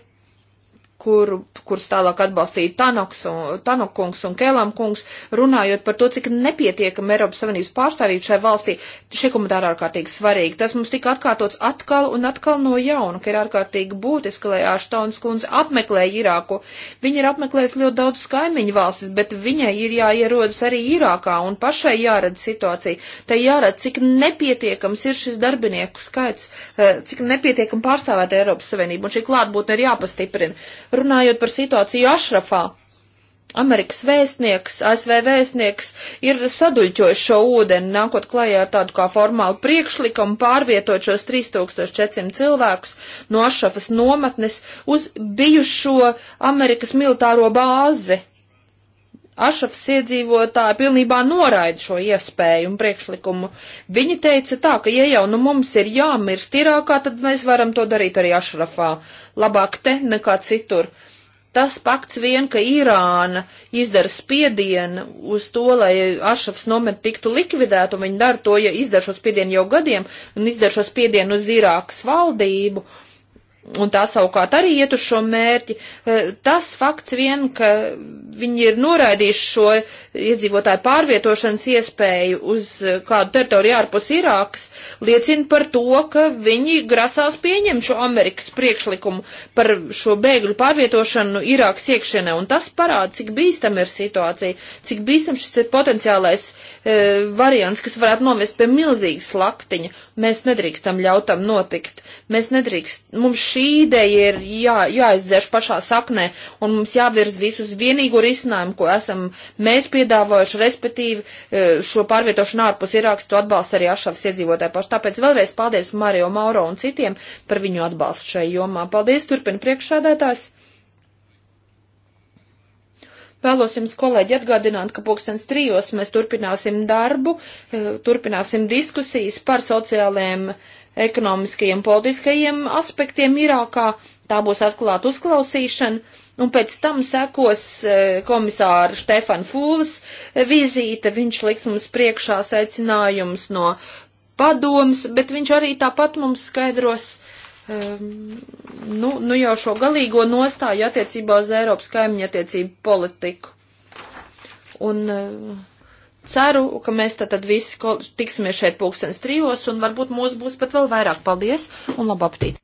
kur, kurus tālāk atbalstīja Tanoks un, Tanokungs un Kēlam kungs, runājot par to, cik nepietiekami Eiropas Savienības pārstāvība šai valstī, šie komentāri ārkārtīgi svarīgi. Tas mums tika atkārtots atkal un atkal no jauna, ka ir ārkārtīgi būtiski, lai Aštons kundze apmeklē Irāku. Viņa ir apmeklējusi ļoti daudz kaimiņu valstis, bet viņai ir jāierodas arī Irākā un pašai jārada situācija. Tai jārada, cik nepietiekams ir šis darbinieku skaits, eh, cik nepietiekami pārstāvēt Eiropas Savienību un šī klātbūtne ir jāpastiprina Runājot par situāciju Ašrafā, Amerikas vēstnieks, ASV vēstnieks ir saduļķojis šo ūdeni, nākot klajā ar tādu kā formālu priekšlikumu pārvietot šos 3400 cilvēkus no Ašrafas nometnes uz bijušo Amerikas militāro bāzi Ašafs iedzīvotāji pilnībā noraida šo iespēju un priekšlikumu. Viņi teica tā, ka ja jau nu mums ir jāmirst Irākā, tad mēs varam to darīt arī Ašrafā. Labāk te nekā citur. Tas pakts vien, ka Irāna izdara spiedienu uz to, lai Ašafs nomet tiktu likvidēt, un viņi dara to, ja izdara šo spiedienu jau gadiem, un izdara šo spiedienu uz Irākas valdību, uh, un tā savukārt arī iet uz šo mērķi. E, tas fakts vien, ka viņi ir noraidījuši šo iedzīvotāju pārvietošanas iespēju uz e, kādu teritoriju ārpus Irākas, liecina par to, ka viņi grasās pieņemt šo Amerikas priekšlikumu par šo bēgļu pārvietošanu Irākas iekšienē, un tas parāda, cik bīstam ir situācija, cik bīstam šis ir potenciālais e, variants, kas varētu novest pie milzīgas laktiņa. Mēs nedrīkstam ļautam notikt. Mēs nedrīkst, mums šī ideja ir jā, jāizdzēš pašā saknē, un mums jāvirz visus vienīgo risinājumu, ko esam mēs piedāvojuši, respektīvi e, šo pārvietošanu ārpus Irākas, to atbalsta arī Ašavas iedzīvotāji paši. Tāpēc vēlreiz paldies Mario Mauro un citiem par viņu atbalstu šai jomā. Paldies, turpina priekšsādētājs. Vēlos jums, kolēģi, atgādināt, ka pulkstens trijos mēs turpināsim darbu, e, turpināsim diskusijas par sociālajiem ekonomiskajiem, politiskajiem aspektiem Irākā. Tā būs atklāta uzklausīšana, un pēc tam sekos e, komisāra Štefan Fūles e, vizīte. Viņš liks mums priekšā secinājums no padoms, bet viņš arī tāpat mums skaidros, um, nu, nu jau šo galīgo nostāju attiecībā uz Eiropas kaimiņu attiecību politiku. Un, uh, ceru, ka mēs tad, tad visi tiksimies šeit pulkstens trijos un varbūt mūs būs pat vēl vairāk. Paldies un labu apetīti!